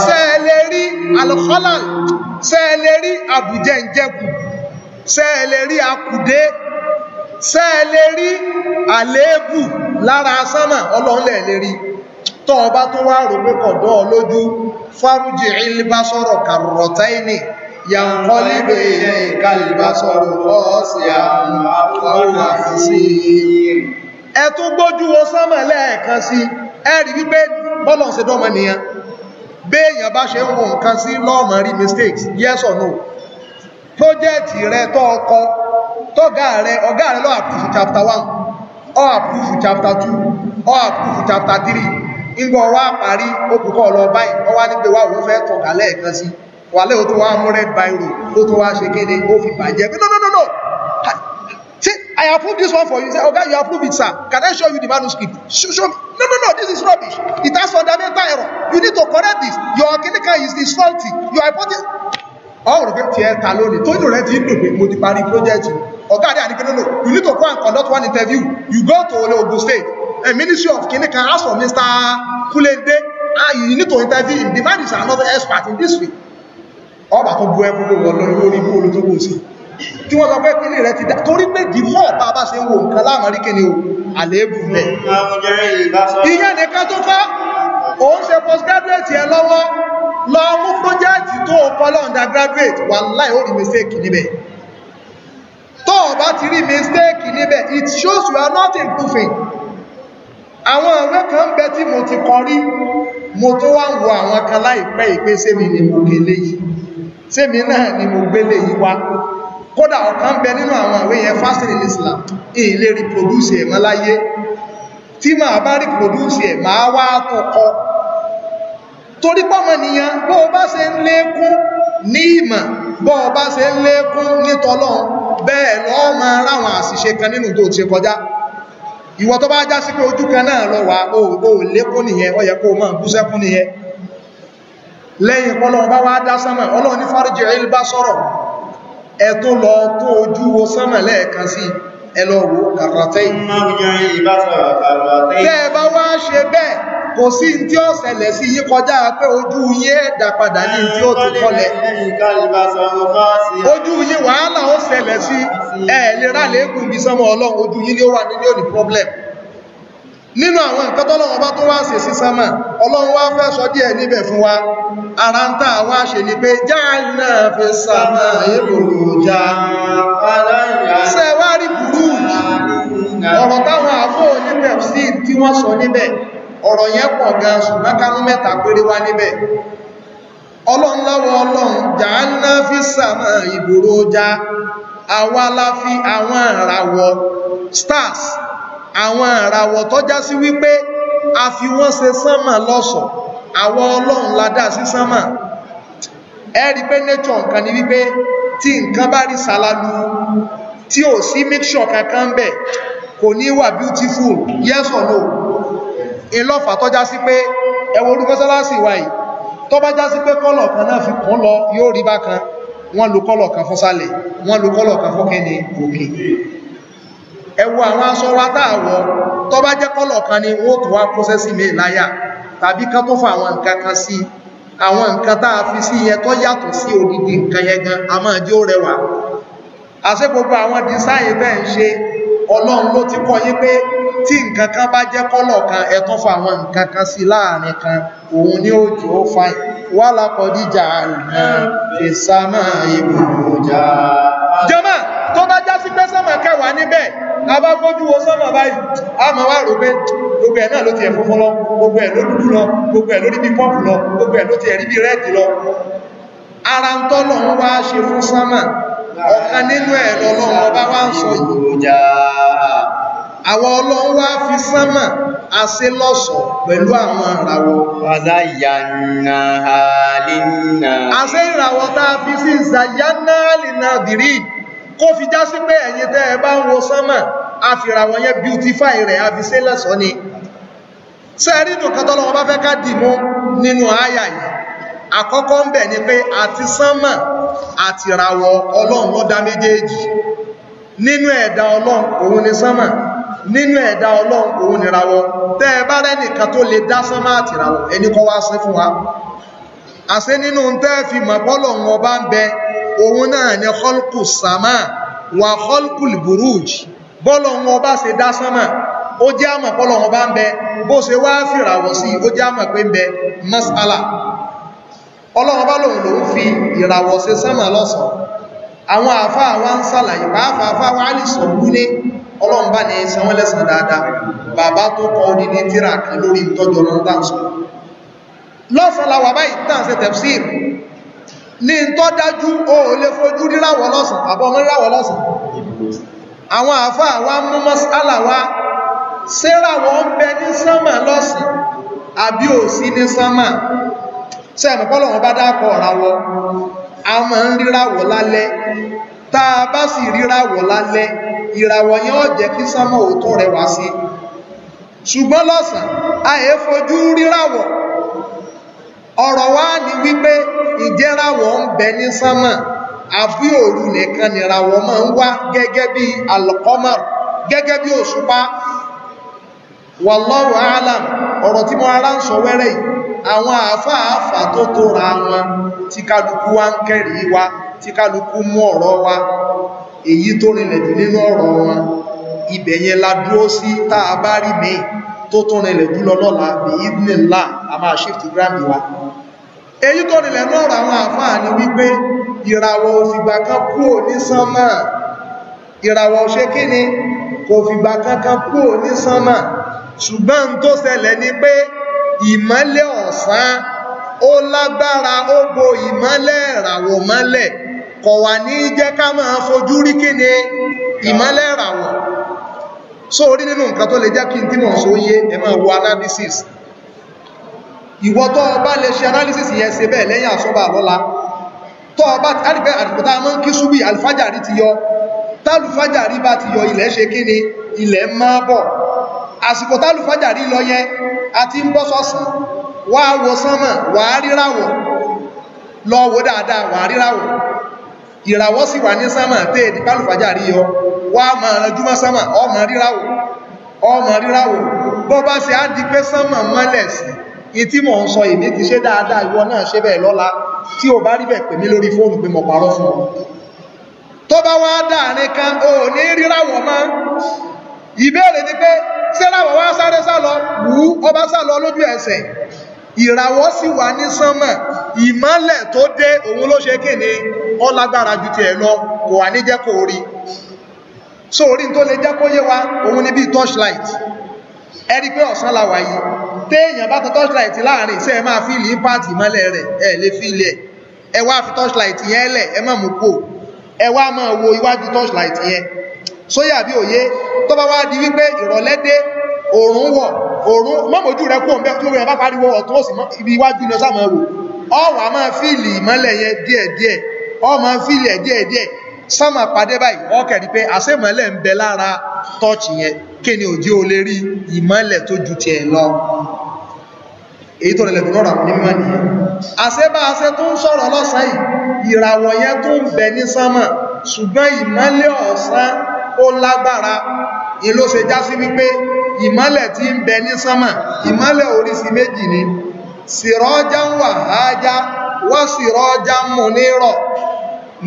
sẹ́ẹ̀lẹ̀ rí alìkọ́là sẹ́ẹ̀lẹ̀ rí àbújẹ́ ìjẹ́kù sẹ́ẹ̀lẹ̀ rí akùdé ṣé ẹ lè rí àléébù lára sánmà ọlọ́ọ̀lẹ̀ lè rí tọ́ ọba tó wá rò pé kọ̀dọ́ lójú fárújì ìlbá sọ̀rọ̀ kàrọ̀tẹ́ìnì yàǹkọ́líbẹ̀ ilẹ̀ ìkàlìbá sọ̀rọ̀ ọ̀ọ́sì àwọn àwọn àfisí ẹ tún gbójú sí mistakes yes or no project rẹ tọ́ tọ́gá rẹ ọ̀gá rẹ lọ àpùfù chapter 1 ọ àpùfù chapter 2 ọ àpùfù chapter three. ìgbọ̀ wá parí òkùnkọ́ ọ̀lọ́ báyìí wọ́n wá ní pé wá òun fẹ́ tọ̀kà lẹ́ẹ̀kan sí wà lẹ́ òtún wá mú red biro ló tó wá ṣe kéde ó fi bàjẹ́ no no no no see I approve this one for you say oga you approve it sir can I show you the manuscript show, show me no no no this is rubbish it has fundamental error you need to correct this your clinical is is faulty your hypothesis ọ̀rọ̀ pé tiẹ̀ ta lónìí tóyún rẹ ti ń dùn pé mo ti parí project yìí ọ̀gá àdé àdìgbẹ́ you need to go and conduct one interview you go to Ogun State a eh, ministry of kini can ask for Mr. Kulende ah you need to interview him the man is another expert in this field ọba tó bu ẹkú ló wọlọ lórí ikú olótógbò sí tí wọ́n sọ pé kíní rẹ̀ ti dá torí pé dì mọ́ ọ̀pá bá ṣe ń wo nǹkan láàmọ́ rí kíní o àléébù rẹ̀ ìyẹn nìkan tó kọ́ òun ṣe postgraduate ẹ lọ́wọ́ lọ mú project tó kọ́ lọ undergraduate wà láì ó rí mistake níbẹ̀ tó o bá ti rí mistake níbẹ̀ it shows you are not improving àwọn ìwé kan ń bẹ tí mo ti kọ rí mo tó wá ń wo àwọn kan láìpẹ́ ìpé sẹ́mi ni mo gèlè yìí sẹ́mi náà ni mo gbélé yìí wá kódà ọ̀kan ń bẹ nínú àwọn ìwé yẹn fásitì ní Islam èlé reproduce ẹ̀ mọ́ láyé tí màá bá reproduce ẹ̀ màá wá tọkọ torí pọ́mọnìyàn bó o bá ṣe ń lékún ní ìmọ̀ bó o bá ṣe ń lékún nítọ́lọ́run bẹ́ẹ̀ lọ́ máa ráwọn àṣìṣe kan nínú tó ti kọjá ìwọ tó bá já sí pé ojú kan náà lọ wà ó lékún nìyẹn ó yẹ kó máa bú sẹ́kún nìyẹn lẹ́yìn pọ́lọ́wọ́ bá wá dá sánmà ọlọ́run ní fáríjì ilbá sọ́rọ̀ ẹ tó lọ tó ojú wo sánmà lẹ́ẹ̀kan sí ẹlọ́wọ́ kàrọ̀tẹ́ kò sí ní tí ó ṣẹlẹ̀ sí yín kọjá pé ojú yín ẹ̀dà padà ní tí ó ti kọlẹ̀ ojú yín wàhálà ó ṣẹlẹ̀ sí ẹ̀ẹ̀lera lẹ́kùn ibi sọmọ ọlọ́run ojú yín ni ó wà nílé òní problem nínú àwọn nǹkan tọ́lọ́wọ́ bá tó wá sí sí sánmà ọlọ́run wá fẹ́ sọ díẹ̀ níbẹ̀ fún wa ara ń tàà wá ṣe ní pé jáàlá fi sánmà ìbòrò já burúkú ọ̀rọ̀ táwọn àfóò níbẹ̀ sí tí wọ́n sọ níbẹ̀ ọ̀rọ̀ yẹn pọ̀ gan ṣùgbọ́n kánú mẹ́ta péré wá níbẹ̀ ọlọ́run láwọ ọlọ́run jàánà fi sàmà ìgboro já àwa la fi àwọn ìràwọ̀ stars àwọn ìràwọ̀ tó já sí wípé a fi wọ́n ṣe sánmà lọ́ṣọ̀ọ́ àwa ọlọ́run la dá sí sánmà ẹ rí pé nature nǹkan ni wípé tí nǹkan bá rí sàlálù tí ò sí mixture kankan ń bẹ̀ kò ní wà beautiful yes or no elọ́fà tó já sí pé ẹwọ orú mọ́sálásì wà yìí tó bá já sí pé kọ́lọ̀ kan náà fi kún lọ yóò rí bákan wọ́n lo kọ́lọ̀ kan fún wọ́n lo kọ́lọ̀ kan fún òkè ẹwọ àwọn aṣọ wa táàwọ̀ tó bá jẹ́ kọ́lọ̀ kan ni ó tó wá pọ́sẹ́sì mi láyà tàbí ká tó fa àwọn nǹkan kan sí àwọn nǹkan tá a fi sí yẹn tó yàtọ̀ sí odidi nǹkan yẹn gan a máa jẹ́ ó rẹwà àṣẹ gbogbo àwọn dísáyìn bẹ́ẹ̀ ń ṣe ọlọ́run ló ti kọ́ yí pé tí nǹkan kan bá jẹ́ kọ́lọ̀ kan ẹ tún fa àwọn nǹkan kan sí láàrin kan òun ni ó jù ó fa wà lápọ̀díjà àrùnà ìsámà ìbòjà jọmọ tó bá já sí pé sọmọ kẹwàá níbẹ̀ abágbójú wo sọmọ báyìí a mọ̀ wá rò pé gbogbo ẹ̀ náà ló ti ẹ̀ funfun lọ gbogbo ẹ̀ ló ara ń tọ́lọ̀ ń wá ṣe fún sámà ọ̀kan nínú ẹ̀rọ ọlọ́run ọba wá ń sọ ìròjà àwọn ọlọ́run wá fi sánmà àṣẹ lọ́ṣọ̀ọ́ pẹ̀lú àwọn ìràwọ̀ ọ̀dáyànà àlìnà àṣẹ ìràwọ̀ tá a fi sí ìzàyánà àlìnà dìrí kó fi já sí pé ẹ̀yin tẹ́ ẹ bá ń wo sánmà a fi ìràwọ̀ yẹn beautify rẹ̀ a fi ṣe lọ́ṣọ̀ọ́ ni sẹ́ẹ̀rí nǹkan tọ́lọ́run bá fẹ́ ká dì mú nínú àyà yìí àkọ́kọ́ ń bẹ̀ ni pé àti sánmà àti ìràwọ̀ ọlọ́run ló dá méjèèjì nínú ẹ̀dá ọlọ́run òun ni sánmà nínú ẹ̀dá ọlọ́run òun ni ìràwọ̀ tẹ́ bá rẹ́nìkan tó lè dá sánmà àti ìràwọ̀ ẹni kọ́ wá sí fún wa àṣẹ nínú tẹ́ fi mọ̀ pọ́lọ̀run ọba ń bẹ òun náà ni kọ́lùkù sàmà wà kọ́lùkù buruj bọ́lọ̀run ọba ṣe dá sánmà ó jẹ́ àmọ̀ pọ́lọ̀run ọba ń bẹ bó ṣe wá fìràwọ̀ sí ó jẹ́ àmọ̀ pé ń bẹ masala ọlọ́run bá lòun lòun fi ìràwọ̀ ṣe sánmà lọ́sàn àwọn àfáà wá ń sàlàyé pàápàá àfáà wá lè sọ wú ní ọlọ́run bá ní sanwó lẹ́sàn dáadáa bàbá tó kọ odidi tíra kan lórí ìtọ́jú ọlọ́run tá à ń sọ lọ́sàn la wà báyìí tá à ń ṣe tẹ̀fsíìr ní tó dájú o ò lè fojú ríràwọ̀ lọ́sàn àbọ̀ mọ́ ríràwọ̀ lọ́sàn àwọn àfáà wá mú mọ́sálà wá sẹ́ràwọ̀ ń bẹ ní sánmà lọ́sàn àbí ò sí ní sánmà ṣe àmọ́pọ́lọ̀ wọn bá dákọ̀ ọ̀ràwọ̀ a máa ń ríràwọ̀ lálẹ́ tá a bá sì ríràwọ̀ lálẹ́ ìràwọ̀ yẹn ó jẹ́ kí sánmọ̀ òótọ́ rẹ̀ wá sí ṣùgbọ́n lọ́sàn a è fojú ríràwọ̀ ọ̀rọ̀ wá ní wípé ìjẹ́ràwọ̀ ń bẹ ní sánmọ̀ àfi òru nìkan nìràwọ̀ máa ń wá gẹ́gẹ́ bí alqamar gẹ́gẹ́ bí òṣùpá wallahu a'lam ọ̀rọ̀ tí mo ara ń sọ wẹ́rẹ́ yìí àwọn àfáàfà tó tó ra wọn tí kálukú wá ń kẹ́rì wá tí kálukú mú ọ̀rọ̀ wá èyí tó rinlẹ̀ jù nínú wọn ibẹ̀ la dúró sí tá bá rí mi tó tó rinlẹ̀ jù lọ́la la a máa shift ground wa èyí tó rinlẹ̀ náà ra àwọn àfáà ni wípé ìràwọ̀ òfìgbà kan kúò ní sánmà ìràwọ̀ ṣe kí ni kò fìgbà kankan kúò ní sánmà ṣùgbọ́n tó ṣẹlẹ̀ ni pé ìmọ́lẹ̀ ọ̀sán ó lágbára ó bo ìmọ́lẹ̀ ìràwọ̀ mọ́lẹ̀ kọ̀ wà ní jẹ́ ká máa fojú rí kíni ìmọ́lẹ̀ ìràwọ̀ so orí nínú nǹkan tó lè jẹ́ kí n tí mọ̀ só yé ẹ máa wo analysis ìwọ tó bá lè ṣe analysis yẹn ṣe bẹ́ẹ̀ lẹ́yìn àsọ́bà lọ́la tó bá àrífẹ́ àdìpọ̀tá mọ́ kí súbì alfájàrí ti yọ tálùfájàrí bá ti yọ ilẹ̀ ṣe kíni ilẹ̀ máa bọ̀ àsìkò tálùfájàrí lọ yẹn àti ń bọ́ sọ́sán wá wo sánmà wà á ríràwọ̀ lọ wo dáadáa wà á ríràwọ̀ ìràwọ̀ sì wà ní sánmà tẹ́ èdè tálùfájàrí yọ wá máa ranjú mọ́ sánmà ọmọ ríràwọ̀ ọmọ ríràwọ̀ bọ́ bá ṣe á di pé sánmà mọ́lẹ̀ sí ìtí mọ̀ ń sọ èmi ti ṣe dáadáa ìwọ náà ṣe bẹ́ẹ̀ lọ́la tí o bá rí bẹ̀ pè mí lórí fóònù pé mo parọ́ fún ọ tó bá wá dáa nìkan ò ní ríràwọ̀ máa ìbéèrè ni pé sẹ́láwọ̀ wá sáré sálọ wù ú ọba sálọ lójú ẹsẹ̀ ìràwọ̀ sì wà ní sánmà ìmọ́lẹ̀ tó dé òun ló ṣe kíni ó lágbára ju tiẹ̀ lọ kò wà ní jẹ́ kó rí so orí tó lè jẹ́ kó yé wa òun ni bíi torchlight ẹ rí pé ọ̀sán la wà yìí téèyàn bá tan torchlight láàrin ṣé ẹ máa fi ìlú impact ìmọ́lẹ̀ rẹ̀ ẹ lè fi ilẹ̀ ẹ wá fi torchlight yẹn lẹ̀ ẹ má mú kó ẹ wá máa wo iwájú torchlight yẹn sóyà bí òye tó bá wá di wípé ìrọ̀lẹ́ dé òòrùn wọ̀ òòrùn mọ́mọ̀jú rẹ kú òǹbẹ́ tó rẹ̀ bá pariwo ọ̀tún òsì ibi iwájú ni ọsàmọ̀ wò ọwà máa fíìlì ìmọ́lẹ̀ yẹn díẹ̀díẹ̀ ọ máa fíìlì ẹ̀ díẹ̀díẹ̀ sámà pàdé báyìí ọkẹ̀ rí pé àṣẹ́mọ́lẹ̀ ń bẹ lára tọ́ọ̀chì yẹn kí ni òjì ó lè rí ìmọ́lẹ̀ tó ju tiẹ̀ lọ èyí tó lẹ̀lẹ̀ lọ́rọ̀ àwọn onímọ̀ nìyẹn àṣẹ́bá àṣẹ tó ń sọ̀rọ̀ lọ́sàn yìí ìràwọ̀ yẹn tó ń bẹ ní sámà ṣùgbọ́n ìmọ́lẹ̀ ọ̀sán ó lágbára in ló ṣe já sí wípé ìmọ́lẹ̀ tí ń bẹ ní sánmà ìmọ́lẹ̀ oríṣi méjì ni sìrọ́já ń wà ájá ń mú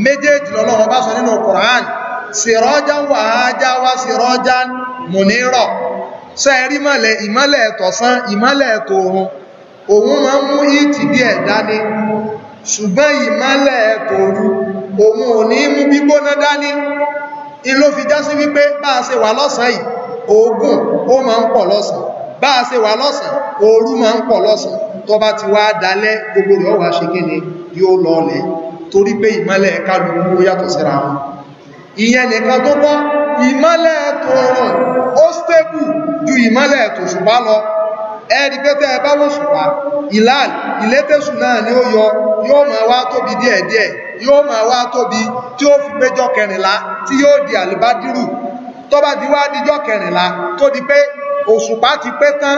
méjèèjì nínú Quran sìrọ́já ń wà ájá ń mú ìmọ́lẹ̀ ìmọ́lẹ̀ òun máa ń mú ìtì bí ṣùgbọ́n ìmọ́lẹ̀ òun ò ní mú ìlò fi já sí wípé bá a ṣe wà lọ́sàn yìí oògùn ó máa ń pọ̀ lọ́sàn bá a ṣe wà lọ́sàn ooru máa ń pọ̀ lọ́sàn tó bá ti wá dalẹ́ gbogbo rẹ̀ wà ṣe kí ni yóò lọlẹ̀ torí pé ìmọ́lẹ̀ kálukú ó yàtọ̀ síra wọn ìyẹn nìkan tó kọ́ ìmọ́lẹ̀ tó rùn ó stable ju ìmọ́lẹ̀ tòṣùpá lọ ẹ̀rí pé tẹ́ ẹ bá wò ṣùpá ìlàl ìlétẹ̀sù náà ni ó yọ yóò máa wá tóbi díẹ̀díẹ̀ yóò máa wá tóbi tí ó fi péjọ kẹrìnlá tí yóò di àlùbádírù tó bá kẹrìnlá tó di pé òṣùpá ti pé tán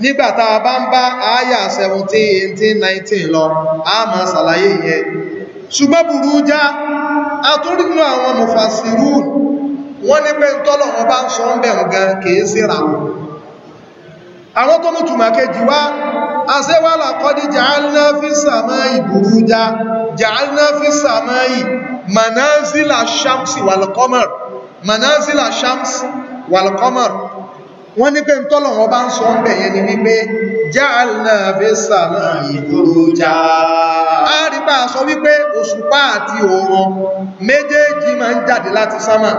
nígbà tá a bá ń bá àyà 17 18 19 lọ a máa ṣàlàyé ìyẹn ṣùgbọ́n burú já a tó rí nínú àwọn mufasiru wọ́n ní pé tọ́lọ̀ wọn bá ń sọ ń bẹ̀rù gan kìí síra àwọn tó mú tùmà kejì wá a ṣe wà làkọ́dí jàálná fi sàmáyì burú wọ́n ní pé tọ́lọ̀ wọn bá ń sọ ń bẹ̀yẹn ni wípé ja'alna fis sama'i buruja a rí bá sọ wípé òṣùpá àti òòrùn méjèèjì máa ń jáde láti sámà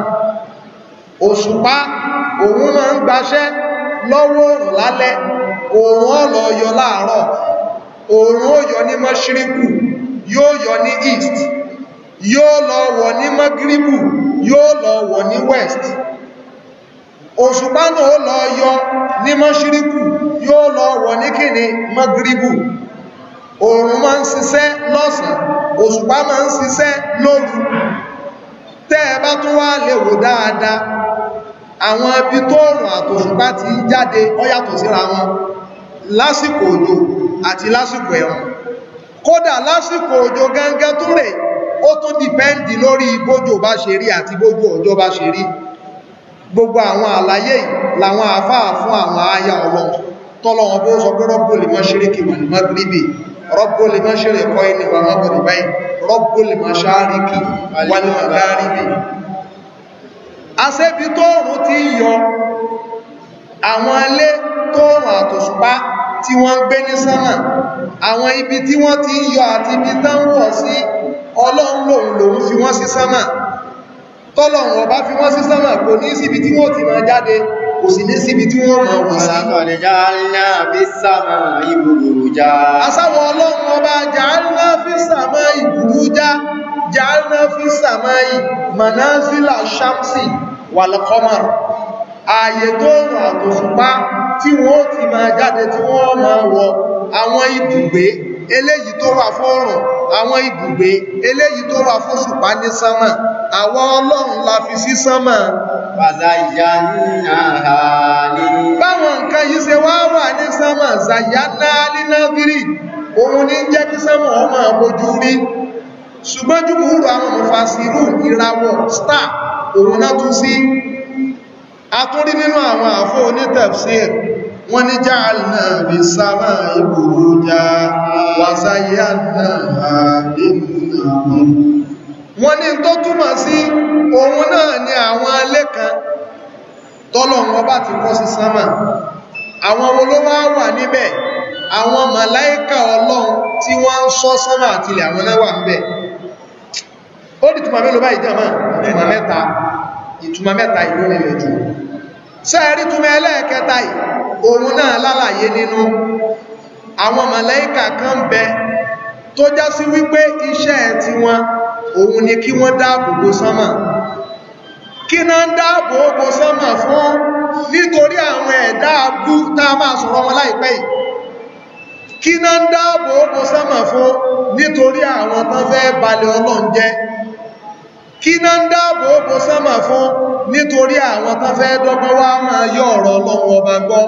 òṣùpá òun máa ń gbaṣẹ́ lọ́wọ́ òòrùn lálẹ́ òòrùn ọ̀lọ́ yọ láàárọ̀ òòrùn ó ní mọ́ṣíríkù yóò yọ ní east yóò lọ wọ̀ ní mọ́gíríbù yóò lọ wọ̀ ní west òṣùpá náà ó lọ yọ ní mọ́ṣíríkù yóò lọ wọ̀ ní kìíní mọ́gíríbù òòrùn máa ń ṣiṣẹ́ lọ́sàn òṣùpá máa ń ṣiṣẹ́ lóru tẹ́ ẹ bá tún wá lè wò dáadáa àwọn ibi tó òòrùn àtòṣùpá ti ń jáde ó yàtọ̀ síra wọn lásìkò òjò àti lásìkò ẹ̀rùn kódà lásìkò òjò gángan tún rè ó tún dìpẹ́ǹdì lórí bójò bá ṣe rí àti bójú ọjọ́ bá ṣe rí gbogbo àwọn àlàyé yìí làwọn àfáà fún àwọn àyà ọlọ́run tọ́lọ́wọ́n bó sọ pé rọ́bù lè mọ́ ṣíríkì wà ní mọ́gbìlìbì rọ́bù lè mọ́ ṣírí ẹ̀kọ́ ẹni wà mọ́gbìlì báyìí rọ́bù lè mọ́ ṣáríkì wà ní mọ́gbìlì asẹ́bi tóòrùn ti yọ àwọn ilé wọ́n ń gbé tọ́lọ̀run ọba fi wọ́n sí sánmà kò ní síbi tí wọ́n ti máa jáde kò sì ní síbi tí wọ́n máa wà sí asáwọn ọlọ́run ọba fi sàmà ìbúrújá jàálá fi sàmà ìmànásílà shamsi wàlọ́kọ́mà ààyè tó rùn tí wọ́n ti máa jáde tí wọ́n máa wọ àwọn ibùgbé eléyìí tó wà fóòrùn àwọn ibùgbé eléyìí tó wà fóṣùpá ní sánmà àwọn ọlọ́run la fi sí sánmà báwọn nǹkan zayana linabiri òun ní jẹ́ kí sánmà ọmọ àbójú rí ṣùgbọ́n jùmúrù àwọn mufasiru ìràwọ̀ star òun náà a tún rí nínú àwọn àfó onítafsir wọ́n ní ja'alna fi sámà buruja wa zayyana wọ́n ní tó túmọ̀ sí òun náà ni àwọn alé kan tọ́lọ̀wọ́n bá ti kọ́ sí sánmà àwọn olówó wà níbẹ̀ àwọn màláíkà ọlọ́run tí wọ́n ń ṣọ́ sánmà àtìlẹ̀ àwọn náà wà níbẹ̀ ó di túmọ̀ mélòó báyìí jàmá ìtumọ̀ mẹ́ta ìlú rẹ̀ jù sẹ́ẹ̀rí túnmẹ́ ẹlẹ́ẹ̀kẹta yìí òun náà lálàyé nínú àwọn màláíkà kan bẹ tó já sí wípé iṣẹ́ ti wọn òun ni kí wọ́n dáàbòbò sánmà kí náà ń dáàbòbò sánmà fún nítorí àwọn ẹ̀dá abú tá a máa sọ̀rọ̀ wọn láìpẹ́ yìí kí náà ń dáàbòbò sánmà fún nítorí àwọn tán fẹ́ balẹ̀ kí na ń dáàbò bò sọ́mà fún nítorí àwọn tán fẹ́ dọ́gbọ́n wá máa yọ ọ̀rọ̀ ọlọ́run ọba gbọ́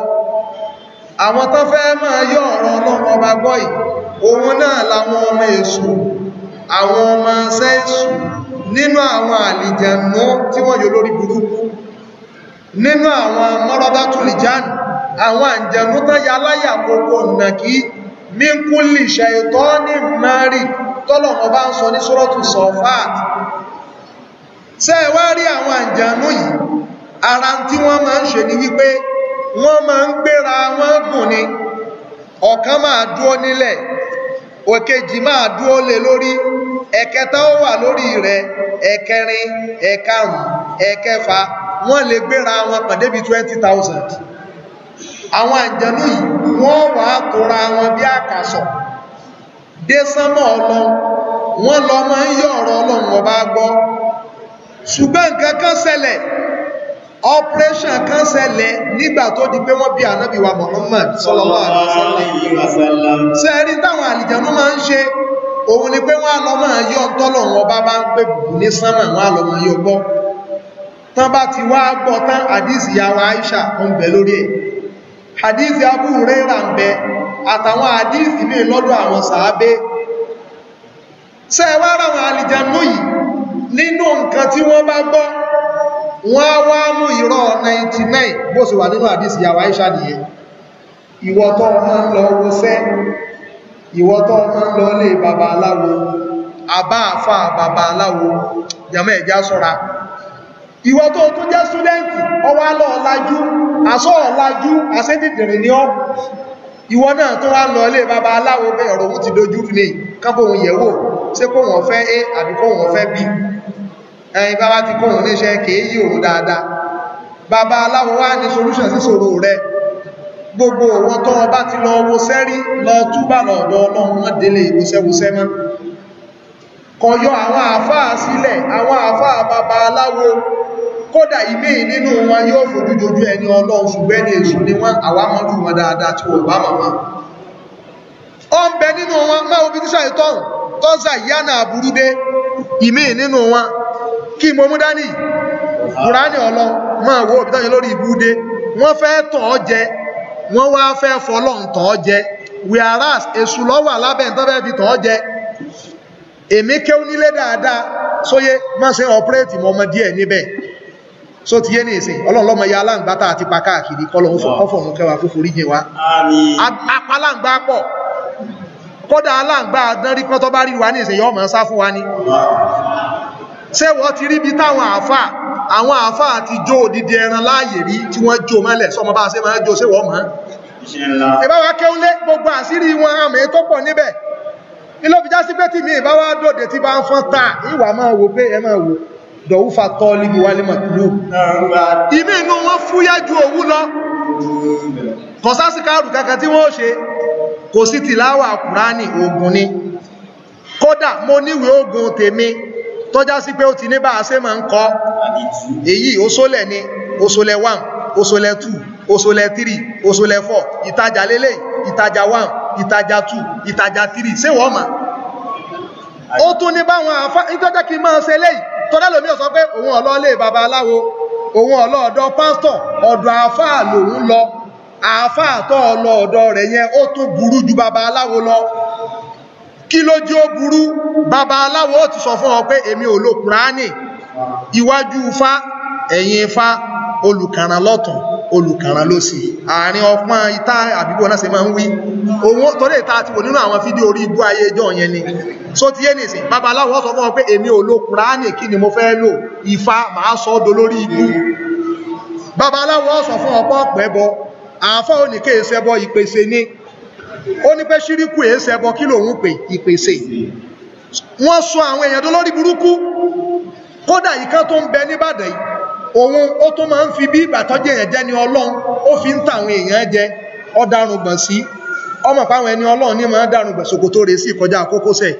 àwọn tán fẹ́ máa yọ ọ̀rọ̀ ọlọ́run ọba gbọ́ yìí òun náà làwọn ọmọ èṣù àwọn ọmọ sẹ́ẹ̀sù nínú àwọn àlìjànú tí wọ́n yóò lórí burúkú nínú àwọn mọ́rọ́dátùlìján àwọn àjànú tó yà láyà kòkò nàkí mínkúlì ṣẹ̀tọ́ ní mari tọ́lọ̀mọ́ bá ń sọ ní sọ̀fáàtì ṣé ẹ wá rí àwọn àjànú yìí ara tí wọ́n máa ń ṣe ni wípé wọ́n máa ń gbéra wọn gùn ni ọ̀kan máa dúó nílẹ̀ òkejì máa dúó lé lórí ẹ̀kẹta ó wà lórí rẹ̀ ẹ̀kẹrin ẹ̀karùn ẹ̀kẹfà wọn lè gbéra wọn pàdé bíi twenty thousand àwọn àjànú yìí wọ́n á tóra wọn bí àkàsọ̀ dé sánmọ̀ ọlọ wọ́n lọ máa ń yọ ọ̀rọ̀ Ọlọ́run ọba gbọ́ ṣùgbọ́n nǹkan kan ṣẹlẹ̀ operation kan ṣẹlẹ̀ nígbà tó di pé wọ́n bí ànábì wa Muhammad sallallahu alaihi wasallam ṣe rí táwọn àlìjànú máa ń ṣe òun ni pé wọ́n á lọ máa yọ tọ́lọ̀ wọn bá bá ń pè bù ní sánmà wọ́n á lọ máa yọ gbọ́ tán bá ti wá gbọ́ tán àdísì yàwó Aisha ń bẹ lórí ẹ̀ àdísì Abu Hurairah ń bẹ àtàwọn àdísì ní lọ́dọ̀ àwọn sàábé ṣe wá ráwọn àlìjànú yìí nínú nǹkan tí wọ́n bá gbọ́ wọ́n á wá mú ìrọ̀ 99 bó sì wà nínú àdísì yàwó Àìṣà nìyẹn ìwọ́tọ́ ọmọ ń lọ wọ́sẹ́ ìwọ́tọ́ ọmọ ń lọ lè bàbá aláwo àbá àfà bàbá aláwo jàmọ́ ẹ̀já sọ́ra ìwọ́tọ́ tó jẹ́ súdẹ́ǹtì ọwá lọ́ọ̀lájú àsọ́ọ̀lájú àṣẹ́dìdìrì ni ọ́ ìwọ náà tó wá lọ ilé bàbá aláwo bẹ́ ọ̀rọ̀ òun ti dojúrú ní kápòhun yẹ̀wò ṣé kóhun fẹ́ a àbí kóhun fẹ́ b ẹ̀yìn bàbá ti kóhun níṣẹ́ kèé yí òun dáadáa bàbá aláwo wá ní solúṣàn sí ṣòro rẹ gbogbo wọn tó ọba ti lọ wo sẹ́rí lọ túbà lọ́dọ̀ ọlọ́run wọn délé ìwòsẹ́wòsẹ́ mọ́ kọyọ àwọn àfáà sílẹ̀ àwọn àfáà bàbá aláwo kódà ìmé nínú wọn yóò fojú jojú ẹni ọlọ́run ṣùgbẹ́ ní èṣù ni wọ́n àwámọ́jú wọn dáadáa tí wọ́n bá màmá ọ ń bẹ nínú wọn máa obi tíṣà ìtọ́hùn tọ́sà ìyánà àbúrú dé ìmé nínú wọn kí mo mú dání ọlọ máa wo obi tọ́jú lórí ibú dé wọ́n fẹ́ tàn ọ́ jẹ wọ́n wá fẹ́ fọlọ́n tàn ọ́ jẹ whereas èṣù lọ́wọ́ alábẹ́ ìtọ́fẹ́ fi tàn so ti yé ní ìsìn ọlọ́run lọ́mọ ya aláǹgbá tá a ti pa káàkiri kọlọ́run fọ̀kọ́fọ̀ mú kẹwàá kó forí jìn wá apaláǹgbá pọ̀ kódà aláǹgbá adánrí kan tó bá rí wa ní ìsìn yọ́ mọ̀ ń sá fún wa ní ṣé wọ́n ti rí bí táwọn àáfà àwọn àáfà ti jó òdìdí ẹran láàyè rí tí wọ́n jó mọ́lẹ̀ sọmọ bá ṣe máa jó ṣé wọ́n mọ̀ ìbáwá kéúnlé gbogbo àṣírí wọn àmì tó pọ̀ níbẹ̀ ilé òfìjá sí pé tí mi ìbáwá dòde tí bá ń fọ́n ta ìwà máa wò pé ẹ máa wò dọ̀wúfà tọ́líbi wálé mọ̀túlù ìmí inú wọn fúyá ju òwú lọ kọ̀sásíkàrù kankan tí wọ́n ṣe kò sí tìláwà kùránì ogun ni kódà mo níwèé ogun tèmi tọ́já sí pé ó ti ní bá a ṣe máa ń kọ́ èyí òṣòlẹ̀ ni òṣòlẹ̀ 1 òṣòlẹ̀ 2 òṣòlẹ̀ 3 òṣòlẹ̀ 4 ìtajà lélẹ̀ ìtajà 1 ìtajà 2 ìtajà 3 ṣé wọ́n mọ̀ ó tún ní báwọn àfá ìtọ́jẹ́ kí máa ṣe léyìí tọ́lá lòmí sọ pé òun ọlọ́lé babaláwo òun ọlọ́ọ̀dọ́ pásítọ̀ ọ̀dọ̀ àáfàá lòun lọ àáfàá tọ́ ọlọ́ọ̀dọ́ rẹ̀ yẹn ó tún burú ju babaláwo lọ kí ló jẹ́ ó burú babaláwo ó ti sọ fún ọ pé èmi ò lo kùránì iwájú fa ẹ̀yìn fa olùkàràn lọ́tàn olùkàrán ló sì àárín ọpọ́n ìta àbíbò náà ṣe máa ń wí òun tó lè ta ti wò nínú àwọn fídíò orí igbó ayé ẹjọ́ yẹn ni so ti yé nìsín babaláwo sọ fún wọn pé èmi ò lo kùránì kí ni mo fẹ́ lò Ifá màá sọ ọ́ dolórí igbó babaláwo sọ fún ọpọ́ pẹ́bọ àáfọ́ oníkè ìṣẹ́bọ ìpèsè ni ó ní pé ṣíríkù èéṣẹ́bọ kí lòun pè ìpèsè wọ́n sọ àwọn èèyàn dolórí burúkú kódà ìkan tó ń bẹ níbàdàn yìí òun ó tó máa ń fi bí ìgbà tọ́jú èèyàn jẹ́ ni ọlọ́run ó fi ń tàwọn èèyàn jẹ ọ̀darùn gbọ̀n sí ọmọ pàwọn ẹni ọlọ́run ní máa ń dàrùn gbọ̀n ṣòkòtò sí ìkọjá àkókósẹ̀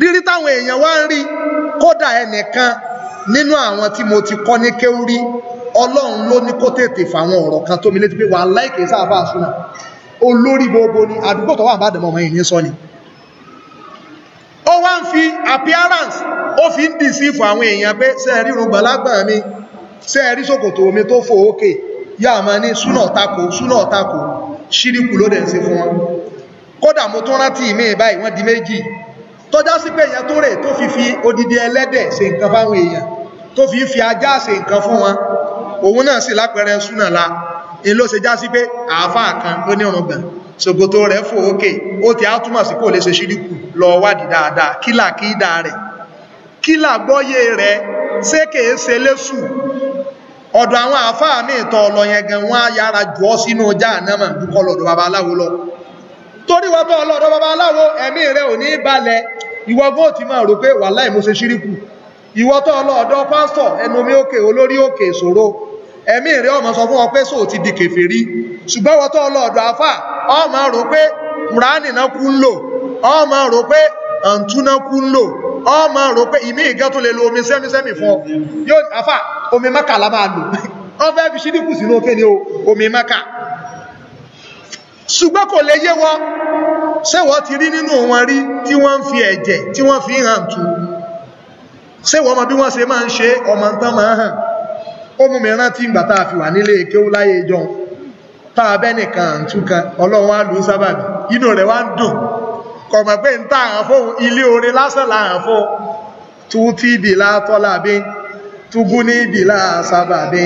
rírí táwọn èèyàn wá ń rí kódà ẹnìkan ní kéwúrí ọlọ́run ló ní kan létí pé láìkè sáà bá a olórí gbogbo ni àdúgbò tó ó wá ń fi appearance ó fi ń deceive àwọn èèyàn pé sẹ́ẹ̀rí rúgbà lágbà mi sẹ́ẹ̀rí ṣòkòtò mi tó fò ókè yá máa ní súnà ọ̀tako súnà ọ̀tako ṣíríkù ló dẹ̀ ń se fún wọn kódà mo tún rántí ìmí báyìí wọ́n di méjì tó já sí pé èèyàn tó rè tó fi fi odidi ẹlẹ́dẹ̀ ṣe nǹkan fáwọn èèyàn tó fi fi ajá ṣe nǹkan fún wọn òun náà sì lápẹẹrẹ súnà la èló ṣe já sí pé àáfàá kan ló ní ọ̀rọ̀ gbọ̀n ṣòkòtò rẹ̀ fò ókè ó ti á túmọ̀ sí kò lè ṣe ṣíríkù lọ wádìí dáadáa kílà kídà rẹ̀ kílà gbọ́yé rẹ̀ ṣé kèé ṣe lésù ọ̀dọ̀ àwọn àáfàá mi ìtọ̀ ọ̀lọ́ yẹn gan wọ́n á yára jù ọ́ sínú jahannama dúkọ́ lọ́dọ̀ babaláwo lọ torí wọ́n tọ́ ọlọ́dọ̀ babaláwo ẹ̀mí rẹ̀ ò ní balẹ̀ ìwọ gó ti máa rò pé wàhálà mo ṣíríkù ìwọ tọ́ ọlọ́dọ̀ pásítọ̀ ẹnu omi òkè olórí òkè ìṣòro ẹ̀mí rẹ̀ ọmọ sọ fún ọ pé sóò ti di kèfèrí ṣùgbọ́n wọ́n tó ọlọ́ọ̀dọ̀ afá ọmọ rò pé kùránì náà kú ń lò ọmọ rò pé àǹtú náà kú ń lò ọmọ rò pé ìmí ìgán tó lè lo omi sẹ́mísẹ́mì fún ọ yóò afá omi mẹ́kà la máa lò [laughs] wọ́n fẹ́ fi ṣídìkù sínú òkè ni omi mẹ́kà ṣùgbọ́n kò lè yé wọn ṣẹ́wọ́ ti rí nínú wọn rí tí wọ́n ń fi ẹ̀jẹ̀ tí wọ́n fi hàn tú ṣẹ́wọ́ ọmọ bí wọ́n ṣe máa ń ṣe ọmọ tán máa hàn ó mú mi rántí ìgbà a fi wà nílé kéwú láyé jọun tá a bẹ́ nìkan àǹtúkan ọlọ́run wá lù ú sábàbí inú rẹ̀ wá ń dùn kọ̀mọ̀ pé ń tààràn fóun ilé oore lásán làràn fóun tútí ìdìlá tọ́lá bí tuguni ìdìlá sábàbí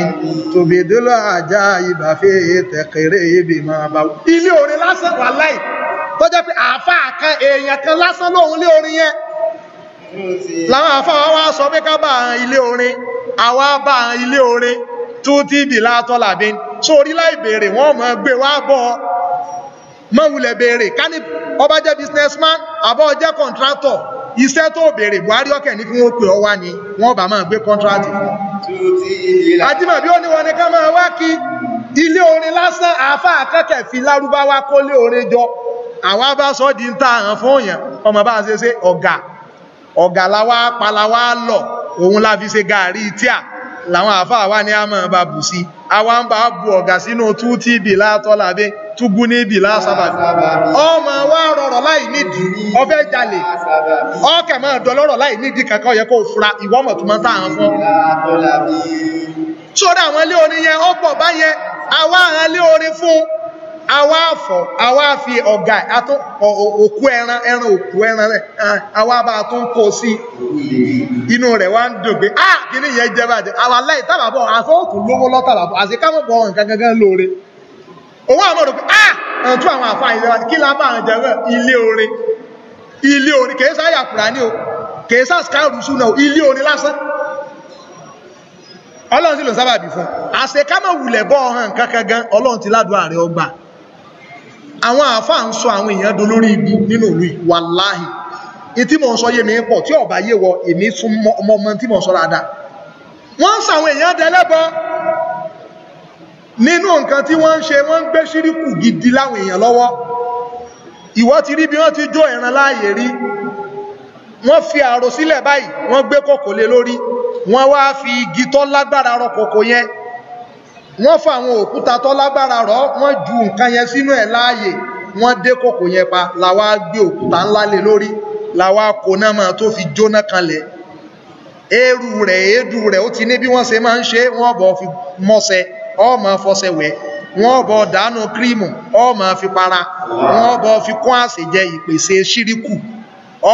tòbìdúlọ àjá ìbàfẹ́ tẹ̀kẹ̀rẹ̀ ibi máa bá ilé oore lásán wà láì kan èèyàn kan lásán lóhun lé orin yẹn láwọn afáwà wá sọ pé ká bá àwọn ilé orin àwa bá àwọn ilé orin tó tí bì látọ́ làbí tó orí láì béèrè wọ́n mọ̀ gbé wá bọ́ mọ́wulẹ̀ béèrè ká ní ọba jẹ́ businessman àbọ̀ jẹ́ contractor iṣẹ́ tó béèrè buhari ọkẹ̀ ní fún wọn pè ọ wá ni wọ́n bá máa gbé contract fún àjímọ̀bí ó ní wọn ni ká máa wá kí ilé orin lásán àáfà akẹ́kẹ̀ fi lárúbáwá kó lé orin jọ àwa bá sọ di ń ta àhàn fún ọmọ bá ṣe ṣe ọ̀gá ọ̀gá láwá paláwá lọ òun la fi ṣe gàárì tíà làwọn àáfàá wà ní àmọ́ bá bù sí àwa ń bá bu ọ̀gá sínú tú tí bìlá tọ́làbẹ́ túgú ní bìlá sábàbí ọmọ wa rọrọ̀ láì nídìí ọfẹ́ jalè ọkẹ̀ máa dọlọ́rọ̀ láì nídìí kankan yẹ kó fura ìwọ́mọ̀ tó máa sáà fún sórí àwọn ilé orin yẹn ó pọ̀ báyẹn àwa àwọn ilé orin fún àwa àfọ̀ àwa fi ọ̀gá òkú ẹran ẹran òkú ẹran rẹ̀ àwa bá a tún kó sí inú rẹ̀ wá ń dùn pé ah kìíní yẹn jẹ́ bàjẹ́ àwa láì tàbàbọ̀ àfọwọ́kù lówó lọ́tàbàbọ̀ àti kámọ̀ bọ̀ nǹkan gangan lóore òun àwọn ọ̀rọ̀ pé ah ẹ̀tún àwọn àfáà ilé wa kí lábà àwọn jẹ́rẹ̀ ilé orin ilé orin kèé sáyà kùránì o kèé sàskáàrù súnà ilé orin lásán ọlọ́run sì lọ sábàbí fún àṣekámọ̀ wùlẹ̀ bọ́ ọ̀hàn kankan gan ọlọ́run ti ládùn ààrẹ ọgbà àwọn àáfàá ń sọ àwọn èèyàn dun lórí ibu nínú ìlú wàláhì ìtí mò ń sọ yé mi pọ̀ tí ọ̀bá yé wọ èmi fún ọmọ ọmọ tí mò ń sọ dáadáa wọ́n ń sàwọn èèyàn dẹlẹ́bọ nínú nǹkan tí wọ́n ń ṣe wọ́n ń gbé ṣíríkù gidi láwọn èèyàn lọ́wọ́ ìwọ́ ti rí bí wọ́n ti jó ìran láàyè rí wọ́n fi àrò sílẹ̀ báyìí wọ́n gbé kòkò lé lórí wọ́n wá fi igi tó lágbára rọ kòkò yẹn wọ́n fa àwọn òkúta tó lágbára rọ̀ wọ́n ju nǹkan yẹn sínú ẹ̀ láàyè wọ́n dé kòkò yẹn pa làwa gbé òkúta ńlá lé lórí làwa kò náà mọ̀ tó fi jóná kanlẹ̀ eérú rẹ̀ èédú rẹ̀ ó ti ní bí wọ́n ṣe máa ń ṣe wọ́n bọ̀ fi mọ́sẹ̀ ọmọ fọṣẹ wẹ̀ wọ́n bọ̀ dànù kírímù ọmọ fi para wọ́n bọ̀ fi kún àṣejẹ ìpèsè ṣíríkù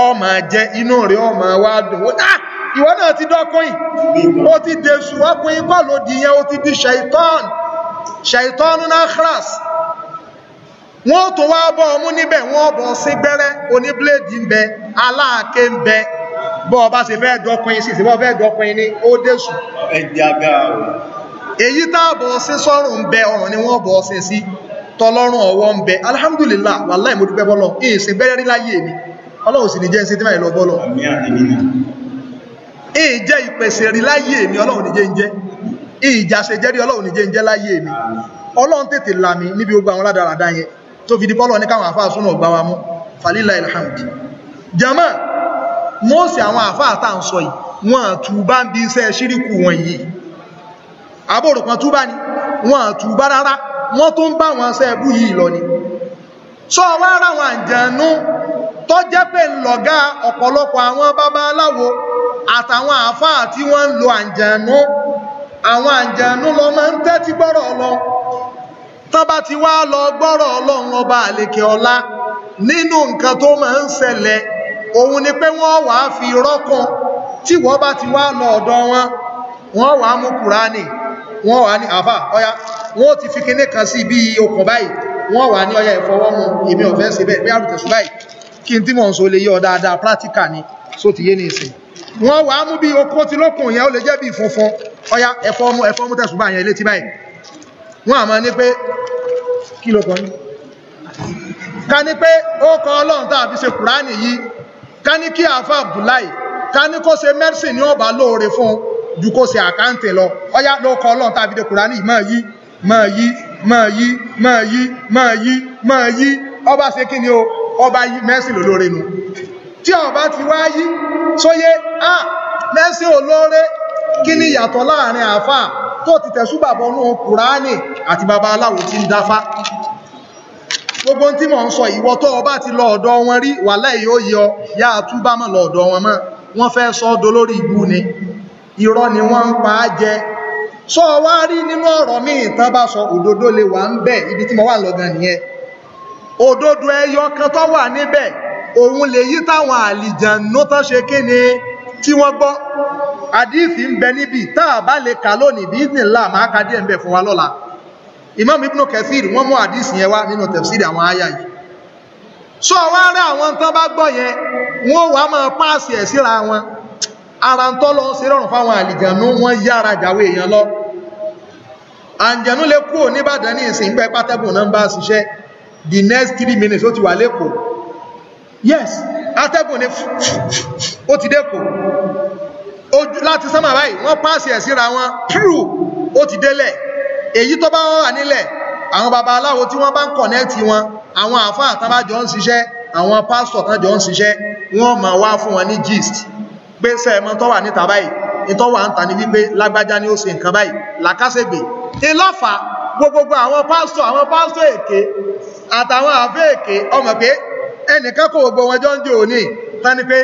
ọmọ jẹ inú rẹ̀ ọmọ wa dùn ó dáa ah! ìwọ náà ti dọ́kùnrin ó ti dèṣù ọkùnrin kọ́ ló di yẹn ó ti di ṣàìtọ́n ṣàìtọ́n náà kras wọ́n tún wá bọ́ ọmú níbẹ̀ wọ́n bọ̀ sí gbẹ́rẹ́ oníbléèdì ń bẹ aláàké ń bẹ bọ́ ọba sì fẹ́ dọ́kùnrin sì sí bọ́ fẹ́ dọ́kùnrin ní ó dèṣù èyí tá a bọ̀ sí sọ́rùn ń bẹ ọ̀rùn ni wọ́n bọ̀ sí sí tọlọ́rùn ọwọ́ ń bẹ alhamdulillah wàláì mo dúpẹ́ bọ́lọ̀ èsì gbẹ́rẹ́ rí láyé mi ọlọ́run sì ní jẹ́ sí tí máa lọ bọ́lọ̀ ìjẹ́ ìpèsè rí láyé mi ọlọ́run níjẹ́ ń jẹ́ ìjàṣe jẹ́rí ọlọ́run níjẹ́ ń jẹ́ láyé mi ọlọ́run tètè là mí níbi gbogbo àwọn ládàradà yẹn tó fi di bọ́lọ̀ ní káwọn àfáà súnà ọgbà wa mú falila ilhamd jama mọ́ọ̀sì àwọn àfáà tá à ń sọ yìí wọ́n àtúbá ń bi iṣẹ́ ṣíríkù wọn yìí àbòrò kan túbá ni wọ́n àtúbá rárá wọ́n tó ń bá wọn ṣe ẹbú yìí lọ ni sọ wá ráwọn àjànú tó jẹ́ pé ńlọ̀gá ọ̀pọ̀lọpọ̀ àwọn babaláwo àtàwọn àáfàá tí wọ́n ń lo àǹjànú àwọn àǹjànú lọ máa ń tẹ́tí gbọ́rọ̀ lọ tán bá ti wá lọ gbọ́rọ̀ ọlọ́run ọba àlèkè ọlá nínú nǹkan tó máa ń ṣẹlẹ̀ òun ni pé wọ́n wàá fi rọ́kàn tí wọ́n bá ti wá lọ ọ̀dọ̀ wọn wọ́n wàá mú kùránì wọ́n wàá ní àfà ọya wọ́n ti fi kinní kan sí bí okùn báyìí wọ́n wàá ní ọya ìfọwọ́mù èmi ọ̀fẹ́ síbẹ̀ bí àrùtẹ̀sù báyìí kí n tí mò ń sọ lè yé ọ dáadáa practical ni so ti yé ní ìsìn wọn wà á mú bí okó tí lókun yẹn ó lè jẹ́ bí funfun ọya ẹ̀fọ́ ọmú ẹ̀fọ́ ọmú tẹ̀sùn bá yẹn létí báyìí wọn àmọ́ ní pé kí ló kọ́ ní ká ní pé ó kọ ọlọ́run tá a fi ṣe kùránì yìí ká ní kí àáfà Abdullahi ká ní kó ṣe mẹ́rìsìn ní ọ̀bà lóore fún un ju kó ṣe àkáǹtì lọ ọya ló kọ ọlọ́run tá a fi ṣe kùránì yìí máa yí máa yí máa yí máa yí máa yí máa yí ọba ṣe kí ni o ọba mẹ́sì lólóre nù tí ọba ti wá yí sóyé à ah, mẹ́sì olóre kí ni ìyàtọ̀ láàrin àfà tó ti tẹ̀súbàbọ̀ nù kùránì àti bàbá aláwo tí ń dáfá gbogbo tí mò ń sọ ìwọ tó ọba ti lọ ọ̀dọ̀ wọn rí wàláhì yóò yọ yá àtúbà mọ̀ lọ ọ̀dọ̀ wọn mọ́ wọ́n fẹ́ sọ ọ́ dolórí ìbú ni irọ́ ni wọ́n ń pa á jẹ sọ wá rí nínú ọ̀rọ̀ míì tán bá sọ òdodo lè wà ń bẹ ibi tí mo wà lọ́gán nìyẹn òdodo ẹyọ kan tó wà níbẹ̀ òun lè yí táwọn àlìjànú tó ṣe kí ni tí wọ́n gbọ́ àdífì ń bẹ níbi tá a bá lè kà lónìí bí ìdìn ńlá máa ka díẹ̀ ń bẹ fún wa lọ́la Imam Ibn Kathir wọ́n mú àdífì yẹn wá nínú tafsiri àwọn àyà yìí sọ wá rí àwọn tán bá gbọ́ yẹn wọ́n wàá máa páàsì ẹ̀ síra wọn ara ń tọ́ lọ sí rọrùn fáwọn àlìjànú wọ́n yára jàwé èèyàn lọ àǹjẹ̀nú lè kúrò níbàdàn ní ìsìn gbẹ́ pátẹ́bù náà ń bá ṣiṣẹ́ the next three minutes ó ti wà lẹ́kọ̀ọ́ yes atẹ́gùn ni ó ti dẹ́kọ̀ọ́ ojú láti sánmà báyìí wọ́n pàṣẹ ẹ̀ síra wọn true ó ti délẹ̀ èyí tó bá wà nílẹ̀ àwọn baba aláwo tí wọ́n bá ń connect wọn àwọn àáfàá tán bá jọ ń ṣiṣẹ́ àwọn pásítọ̀ tán jọ ń ṣiṣẹ́ wọ́n máa wá fún wọn ní gist pé sẹ́ẹ̀mọ́ tó wà níta báyìí ìtọ́wà ń ta ní wípé lágbájá ni ó ṣe nǹkan báyìí làkàṣègbè ńlọ́fà gbogbo àwọn pásítọ̀ àwọn pásítọ̀ èké àtàwọn àfẹ́ èké ọmọ pé ẹnìkan kò gbogbo wọn jọ ń jò ní tání pé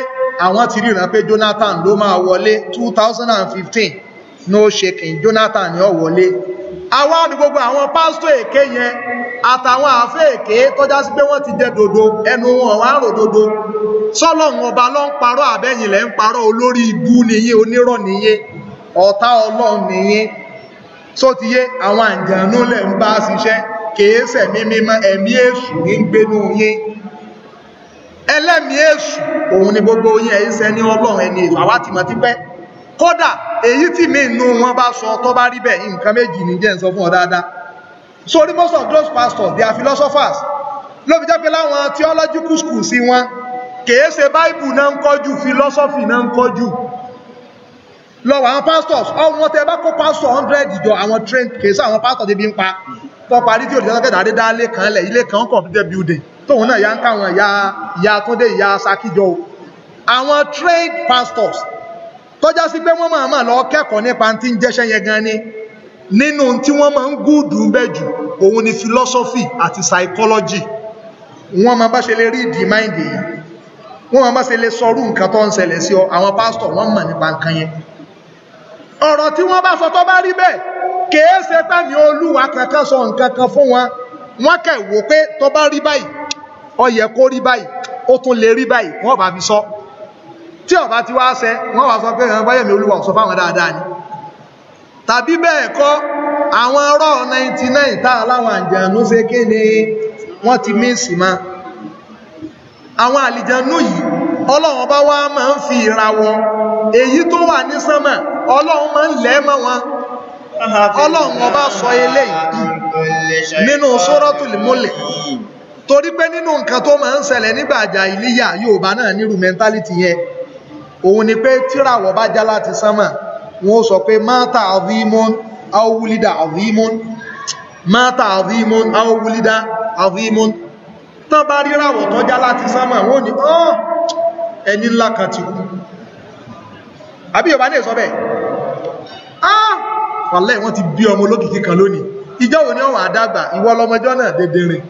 àwọn ti ríran pé Jonathan ló máa wọlé 2015 no shaking Jonathan ni ó wọlé àwọn àdúgbogbo àwọn pásítọ̀ èké yẹn àtàwọn àfẹ́ èké tọ́já sí pé wọ́n ti jẹ dodo ẹnu wọn wá rò dodo sọ́lọ́run ọba ló ń parọ́ àbẹ́yìn lẹ́ ń parọ́ olórí ibú nìyẹn onírọ́ nìyẹn ọ̀tá ọlọ́run nìyẹn So ti yé àwọn àjànú lẹ̀ ń bá ṣiṣẹ́ kèéṣẹ̀ mímímọ́ ẹ̀mí èṣù ní gbénú yín ẹlẹ́mí èṣù òun ni gbogbo yín ẹ̀yíṣẹ́ ní ọlọ́run ẹni èṣù àwa ti mọ̀ ti pẹ́ kódà èyí tí mi inú wọn bá sọ tó bá rí bẹ́ẹ̀ nǹkan méjì ní jẹ́ ń sọ fún ọ dáadáa so most of those pastors they are philosophers ló fi jẹ́ pé láwọn theological school sí wọn kèéṣe "Bible, náà ń kọjú philosophy náà ń kọjú lọ́wọ́ àwọn pastors ọmọ tẹ bá kó pastor hundred jọ àwọn train kèsà àwọn pastor débi ń pa tó parí tí òṣìṣẹ́ sọ́kẹ́dà dé dá ilé kan lẹ̀ ilé kan computer building tóun náà ya ń káwọn ìyá ìyá Túndé ìyá Sakíjọ o àwọn trained pastors tọ́já sí pé wọ́n máa máa lọ kẹ́kọ̀ọ́ nípa tí ń jẹ́ṣẹ́ yẹn gan ni nínú tí wọ́n máa ń gùdù bẹ́ jù òun ni philosophy àti psychology wọ́n máa bá ṣe lè rí ìdí mind èèyàn wọ́n máa bá ṣe lè sọrú nǹkan tó ń ṣẹlẹ̀ sí ọ àwọn pastor wọ́n mọ̀ nípa nǹkan yẹn ọ̀rọ̀ tí wọ́n bá sọ tó bá rí bẹ́ẹ̀ kèé ṣe pẹ́mi olúwa kankan sọ nǹkan kan fún wọn wọ́n kẹ̀ wò pé tó bá rí báyìí ó yẹ kó rí báyìí ó tún lè rí báyìí wọ́n bá fi sọ tí ó bá ti wá ṣẹ wọ́n wá sọ pé ẹ̀rọ báyẹ̀ mi olúwa sọ fáwọn dáadáa ni tàbí bẹ́ẹ̀ kọ́ àwọn ọ̀rọ̀ 99 tá aláwọn àjànú ṣe kéde wọ́n ti mí sí ma àwọn àlìjànú yìí ọlọ́run bá wá máa ń fi ìràwọ̀ èyí tó wà ní sánmà ọlọ́run máa ń lẹ̀ mọ́ wọn ọlọ́run ọba sọ eléyìí nínú suratul mulk torí pé nínú nǹkan tó máa ń ṣẹlẹ̀ nígbà jàhílíyà Yorùbá náà nírú mẹ́ńtálítì yẹn òun ni pé tíràwọ̀ bá já láti sánmà wọn sọ pé mata avimon, awulida avimon. mata avimon, awulida avimon. tán bá ríràwọ̀ tó já láti sánmà wọn ò ọ́ ẹni ńlá kan ti kú àbí yorùbá ní èsọ bẹ́ẹ̀ ah wàlẹ́ wọ́n ti bí ọmọ olókìkí kan lónìí ìjọ wo ni ọ̀wọ̀n àdàgbà ìwọ lọmọjọ́ náà dédé rìn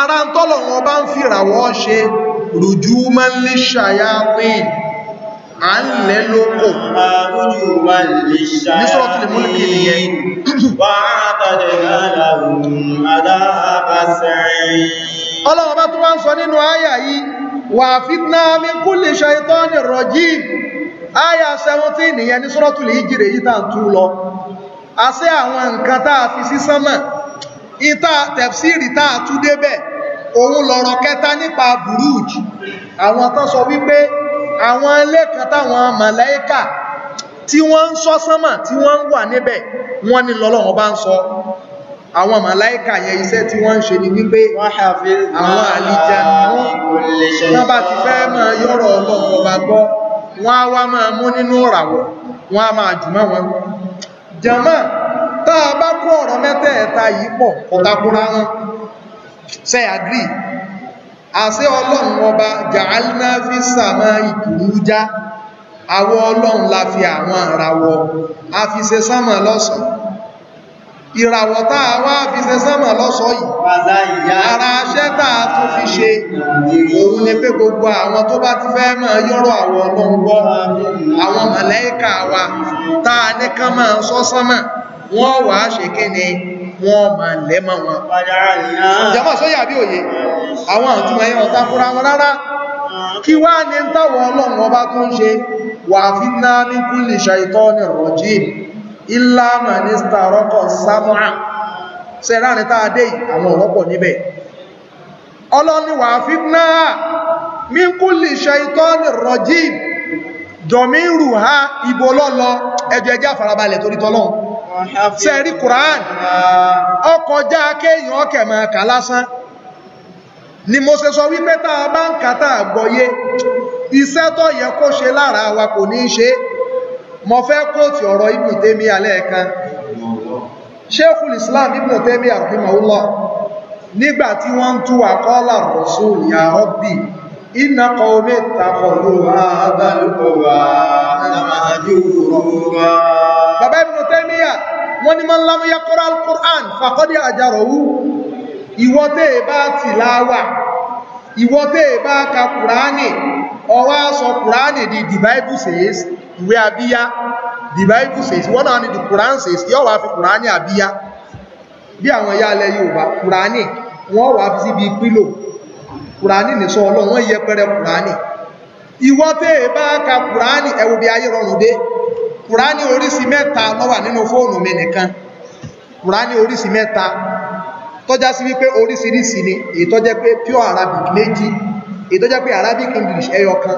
ara ń tọ́lọ̀ wọn bá ń fìràwọ́ ṣe rùjú máa ń lè ṣàyà à ń lẹ́ lóko rùjú wà lè ṣàyà pín nísọ́rọ̀ lè mú lè kìí yẹn wà bá tún wá ń sọ nínú àyà yìí wàfíìnà min kulli shaytanir rajim àyà 17 nìyẹn ní suratul Hijr yìí tà ń tú lọ àṣẹ àwọn nǹkan tá a fi sí sánmà ìta tẹ̀fsìrì tá a tú débẹ̀ òun lọ̀rọ̀ kẹta nípa buruj àwọn tán sọ wípé àwọn ilé kan táwọn màláíkà tí wọ́n ń sọ sánmà tí wọ́n ń wà níbẹ̀ wọ́n ní lọ́lọ́run bá ń sọ àwọn màláíkà yẹn iṣẹ́ tí wọ́n ń ṣe ni wípé àwọn àlìjẹ wọ́n bá ti fẹ́ máa yọ́rọ̀ ọlọ́run ọba gbọ́ wọ́n á wá máa mú nínú ràwọ̀ wọ́n á máa jùmọ́ wọn jàmá tá a bá kó ọ̀rọ̀ mẹ́tẹ̀ẹ̀ta yìí pọ̀ ọ̀takúra wọn ṣe àgírí àṣẹ ọlọ́run ọba jàálínà fi sàmà ìkùrújá àwọ ọlọ́run la fi àwọn ìràwọ̀ a fi ṣe sánmà lọ́sàn-án ìràwọ̀ tá a wá fi ṣe sánmà lọ́sọ̀ yìí ara aṣẹ́ tá a tún fi ṣe òun ni pé gbogbo àwọn tó bá ti fẹ́ máa yọ́rọ̀ àwọn ọlọ́run gbọ́ àwọn màláíkà wa tá a ní ká máa ṣọ́ sánmà wọ́n wà á ṣe kí ni wọ́n máa lẹ́mọ̀ wọn ilá manista rọ́kọ̀ samoa sẹ́rà ní tàádé àwọn ọ̀rọ̀pọ̀ níbẹ̀ ọlọ́niwà fitna min kulli shaytanir rajim dọ̀míru ha ibo lọ́lọ ẹjọ ẹjá farabalẹ̀ torí tọ́lọ́n sẹ́rí Qur'an ọkọjá kéèyàn ọkẹ̀ máa kà lásán ni mo ṣe sọ wípé tá bá ń kàtà àgbọ́yé iṣẹ́ tó yẹ kó ṣe lára wa kò ní ṣe é mo fẹ́ kóòtù ọ̀rọ̀ Ibn Taymiyyah alẹ́ẹ̀kan Sheikhul Islam Ibn Taymiyyah rahimahullah nígbà tí wọ́n ń tú àkọ́ọ́lá Rasul ya Rabbi inna qawmi ittakhadhu hadhal Qur'ana mahjura bàbá Ibn Taymiyyah wọ́n ní man lam yaqra al-Qur'an faqad ajarahu ìwọ́tẹ̀ ọwá sọ kùránì di the bible says ìwé àbíyá the bible says wọ́n náà ni the quran says yọ́ wá fi kùránì àbíyá bí àwọn ẹ̀yà alẹ́ yorùbá kùránì wọ́n wá fi síbi pílò kùránì ní sọ ọlọ́ wọ́n yẹpẹrẹ kùránì ìwọ́ tẹ́ ẹ bá ka kùránì ẹ̀wù bí ayé rọrùn dé kùránì oríṣi mẹ́ta ló wà nínú fóònù mi nìkan kùránì oríṣi mẹ́ta tọ́já sí wípé oríṣiríṣi ni èyí tọ́jẹ́ pé pure arabic méjì ètò jẹ́ pé Arabic English ẹyọ kan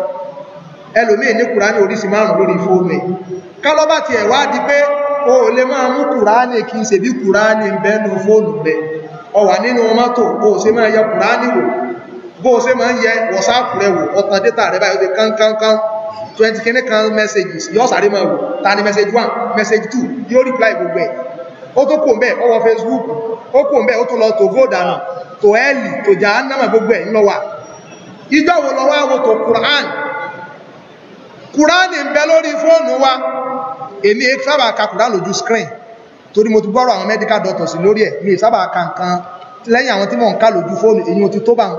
ẹlòmíì ní kùránì oríṣi márùn lórí fóònù ẹ̀ ti ẹ̀ pé o le lè máa mú kùránì kí n ṣèbí kùránì ń bẹ́ fóònù ọ nínú mọ́tò bó o máa yẹ wò bó o wò ọ̀tàn rẹ twenty kan messages yóò sáré máa ta ni message one message two yóò reply gbogbo ẹ̀ ó tó kò ń bẹ́ẹ̀ ọwọ́ Facebook ó kò ń bẹ́ẹ̀ ó lọ dànù tòẹ́lì ìjọ wo lọ wá wo Quran Quran ń bẹ lórí fóònù wa èmi èé sábà ka Quran lójú screen torí mo ti gbọ́rọ̀ àwọn medical doctors lórí ẹ̀ mi sábà ka nǹkan lẹ́yìn àwọn tí mò ń kà lójú fóònù èyí mo ti tó bá ń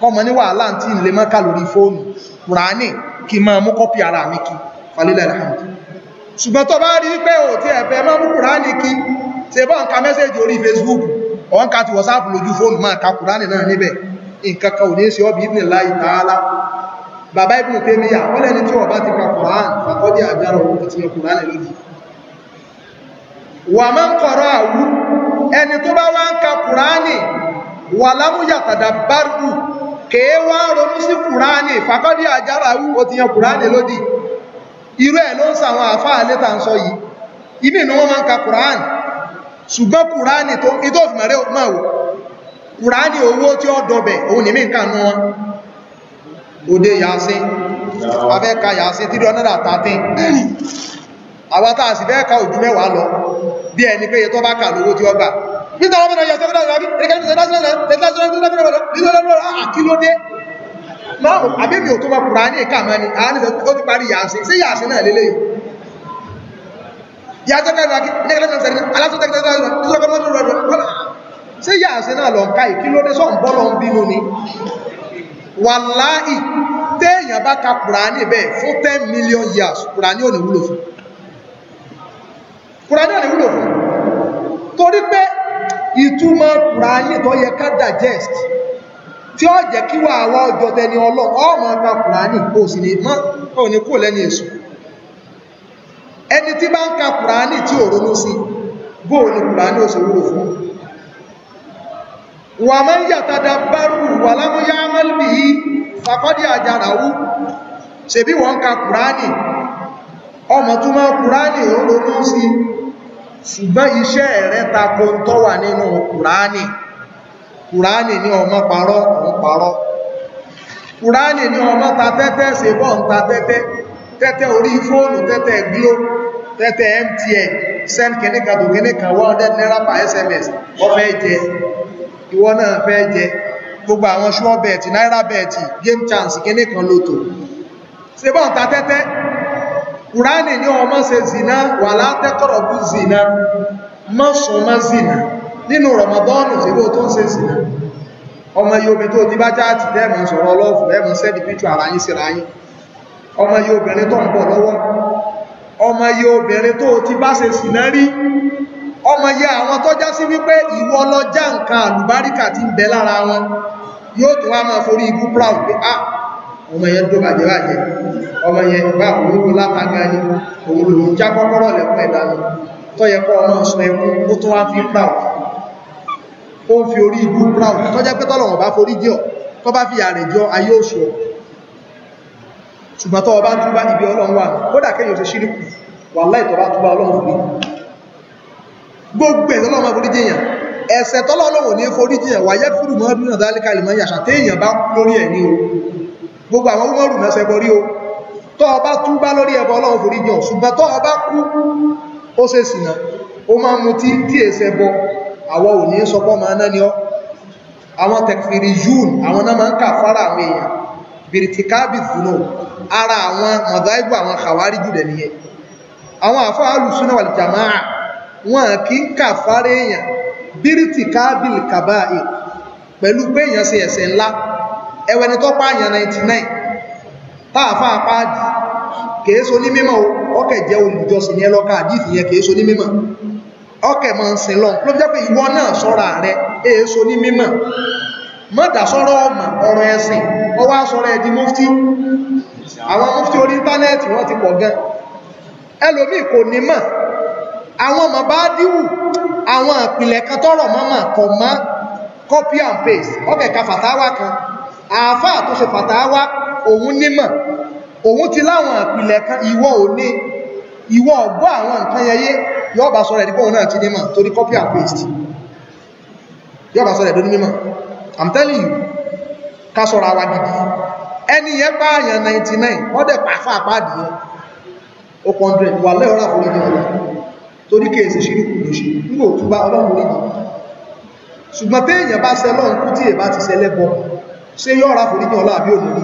kọ́mọ ní wàhálà tí ń lè mọ́ kà lórí fóònù Kùránì kí máa mú kọ́pì ara mi kí falilẹ̀ alhamdu ṣùgbọ́n tó bá rí pé ò tí ẹ̀fẹ́ mọ́ mú Kùránì kí ṣe bọ́ ń ka mẹ́sẹ̀jì orí Facebook ọ̀ ń ka ti WhatsApp lójú fóònù máa ka Kùránì náà níbẹ̀ nǹkan kan ò ní ṣe ọ́bí ìbìnrin láì tààlá bàbá ìbìnrin pé mi yà wọ́n lẹ́ni tí ọba ti ka Quran àkọ́dí àgbára òun ti yan Quran lónìí wà máa ń kọ̀rọ̀ àwú ẹni tó bá wá ń ka Quran wà lámúyàtàdà bárù kèé wá ronú sí Quran fàkọ́dí àgbára òun ó ti yan Quran lónìí irú ẹ̀ ló ń sàwọn àfáà létà ń sọ yìí ibi ni máa ń ka Quran ṣùgbọ́n Quran tó ìtòfìmọ̀rẹ́ máa wò kùránì owó tí ó dọ̀bẹ̀ òun ní mìíkà nú wọn òde yàásí afẹ́ka yàásí 313 àwátà àti fẹ́ ka ojú mẹ́wàá lọ bí ẹni pé tó bá kà lówó tí ó gbà àbẹ́mì ò tó bá kùránì ìkàmọ́ ni àánì ó ti parí yàásí sí yàásí náà lélẹ́yìn yàtọ̀ kẹrìnàkì ní ẹgbẹ̀rẹ̀ sẹ́rìn alásọ̀tẹ̀kẹ̀tẹ̀ ṣé yàáṣe náà lọ ká ìkílódé sọ̀n bọ́ lọ ń bínú ni wàláì téèyàn bá ka kùránì bẹ́ẹ̀ fún ten million years kùránì ò ní wúlò fún kùránì ò ní wúlò fún torí pé ìtumọ̀ kùránì tó yẹ ká digest tí ó jẹ́ kí wàá wá ọjọ́ tẹni ọlọ́ ọmọ ọba kùránì kò sì ní mọ́ ò ní kò lẹ́ni èso ẹni tí bá ń ka kùránì tí ò ronú sí bóò ni kùránì ò sì wúlò fún wà máa ń yàtàdà bárù wà lámúyá mọ́lùmí yìí fàkọ́dí àjàràwú ṣe bí wọ́n ka kùránì ọmọ tó máa kùránì ó ronú sí ṣùgbọ́n iṣẹ́ rẹ̀ tako ń tọ́wà nínú kùránì kùránì ní ọmọ parọ́ ń parọ́ kùránì ní ọmọ ta tẹ́tẹ́ ṣe bọ́ ń ta tẹ́tẹ́ tẹ́tẹ́ orí fóònù tẹ́tẹ́ glo tẹ́tẹ́ mtn send kìnnìkan tó kìnnìkan 100 naira per sms ọfẹ́ jẹ ìwọ náà fẹ́ jẹ gbogbo àwọn sure bet náírà bet game chance kíní kan lóto ṣe bọ́n ta tẹ́tẹ́ kùránì ní ọmọ ṣe zina wà látẹ́kọ̀rọ̀ bú zina mọ́ súnmọ́ zina nínú rọmọdọ́nù sí ló tó ń ṣe zina ọmọ Yorùbá tó ti bá jáàtì lẹ́mọ̀ sọ̀rọ̀ ọlọ́fù lẹ́mọ̀ sẹ́dì píṣù ara yín síra yín ọmọ Yorùbá tó ń bọ̀ lọ́wọ́ ọmọ Yorùbá tó ti bá ṣe zina rí ọmọ yẹ àwọn tó já sí wípé ìwọ lọ já nǹkan àlùbáríkà tí ń bẹ lára wọn yóò tó wá máa forí ibú proud pé ah ọmọ yẹn tó bàjẹ́ bàjẹ́ ọmọ yẹn bá òun ló lápága ní òun lòun já kọ́kọ́rọ́ lẹ́kọ́ ẹ̀dá lọ tó yẹ kọ́ ọmọ sọ ẹkún ó tó wá fi proud ó ń fi orí ibú proud tó jẹ́ pé tọ́lọ̀ bá forí jẹ́ ọ tó bá fi ààrẹ jọ ayé òṣù ọ ṣùgbọ́n tó bá túbá ibi ọlọ́run wà kódà kéèyàn ṣe ṣíríkù wà láì tó bá túbá ọlọ́run fún mi gbogbo ẹ̀ lọ́lọ́mọ foríjì èèyàn ẹ̀ṣẹ̀ tọ́lọ́lọ́wọ̀ ní foríjì èèyàn wáyé fúrù mọ́ bí nàdá alikali mọ́ yàṣà tí èèyàn bá lórí ẹ̀ ní o gbogbo àwọn ọmọrù mẹ́sẹ̀ bọ rí o tọ́ ọba tú bá lórí ẹbọ ọlọ́run foríjì ọ̀ ṣùgbọ́n tọ́ ọba kú ó ṣe àwọn tẹkfìrì yún àwọn ara àwọn mọ̀dáìbù àwọn kàwárí jù lẹ̀ nìyẹn àwọn àfọ́ wọn kì í kà fárá èèyàn bíríìtì káàbìlì kàbá è pẹ̀lú pé èèyàn ṣe ẹ̀ṣẹ̀ ńlá ẹwẹ́ ni tó pààyàn 99 táàfà páàdì kìí so ní mímọ̀ ọkẹ̀ jẹ́ olùjọsìn yẹn lọ́ka àdìsí yẹn kìí so ní mímọ̀ ọkẹ̀ mọ̀ ń sin lọ ló jẹ́ pé ìwọ náà sọ́ra rẹ èé so ní mímọ̀ mọ́dà sọ́rọ̀ ọmọ ọ̀rọ̀ ẹ̀sìn ọwá sọ́rọ̀ ẹ̀dí mufti àwọn mufti orí íńtánẹ́ẹ̀tì wọ́n ti pọ̀ gan ẹlòmíì kò ní mọ̀ àwọn mọ̀bádìwù àwọn ìpìlẹ̀ kan tọ́rọ̀ mọ́mọ̀ kọ̀ mọ́ copy and paste ọkẹ̀ka fàtàwà kan àáfáà tó ṣe fàtàwà òun nímọ̀ òun ti láwọn ìpìlẹ̀ kan ìwọ ò ní ìwọ ọ̀gbọ́ àwọn nǹkan yẹyẹ yọba sọ rẹ̀ náà ti nímọ̀ torí copy and paste yọba sọ dó nímọ̀ i'm telling you ká sọ̀rọ̀ àwa gidi ẹni yẹn pààyàn 99 wọ́n dẹ̀ pàfà pàdìyàn ó pọ̀ 100 wà lẹ́ọ̀rọ̀ àforíjì torí kí èsì ṣírùkù ló ṣe nígbò tó bá ọlọ́run lè ṣùgbọ́n tí èyàn bá ṣẹ lọ́run kú tí è bá ti ṣẹ lẹ́bọ ṣé yóò ra foríjì ọlá àbí òní ní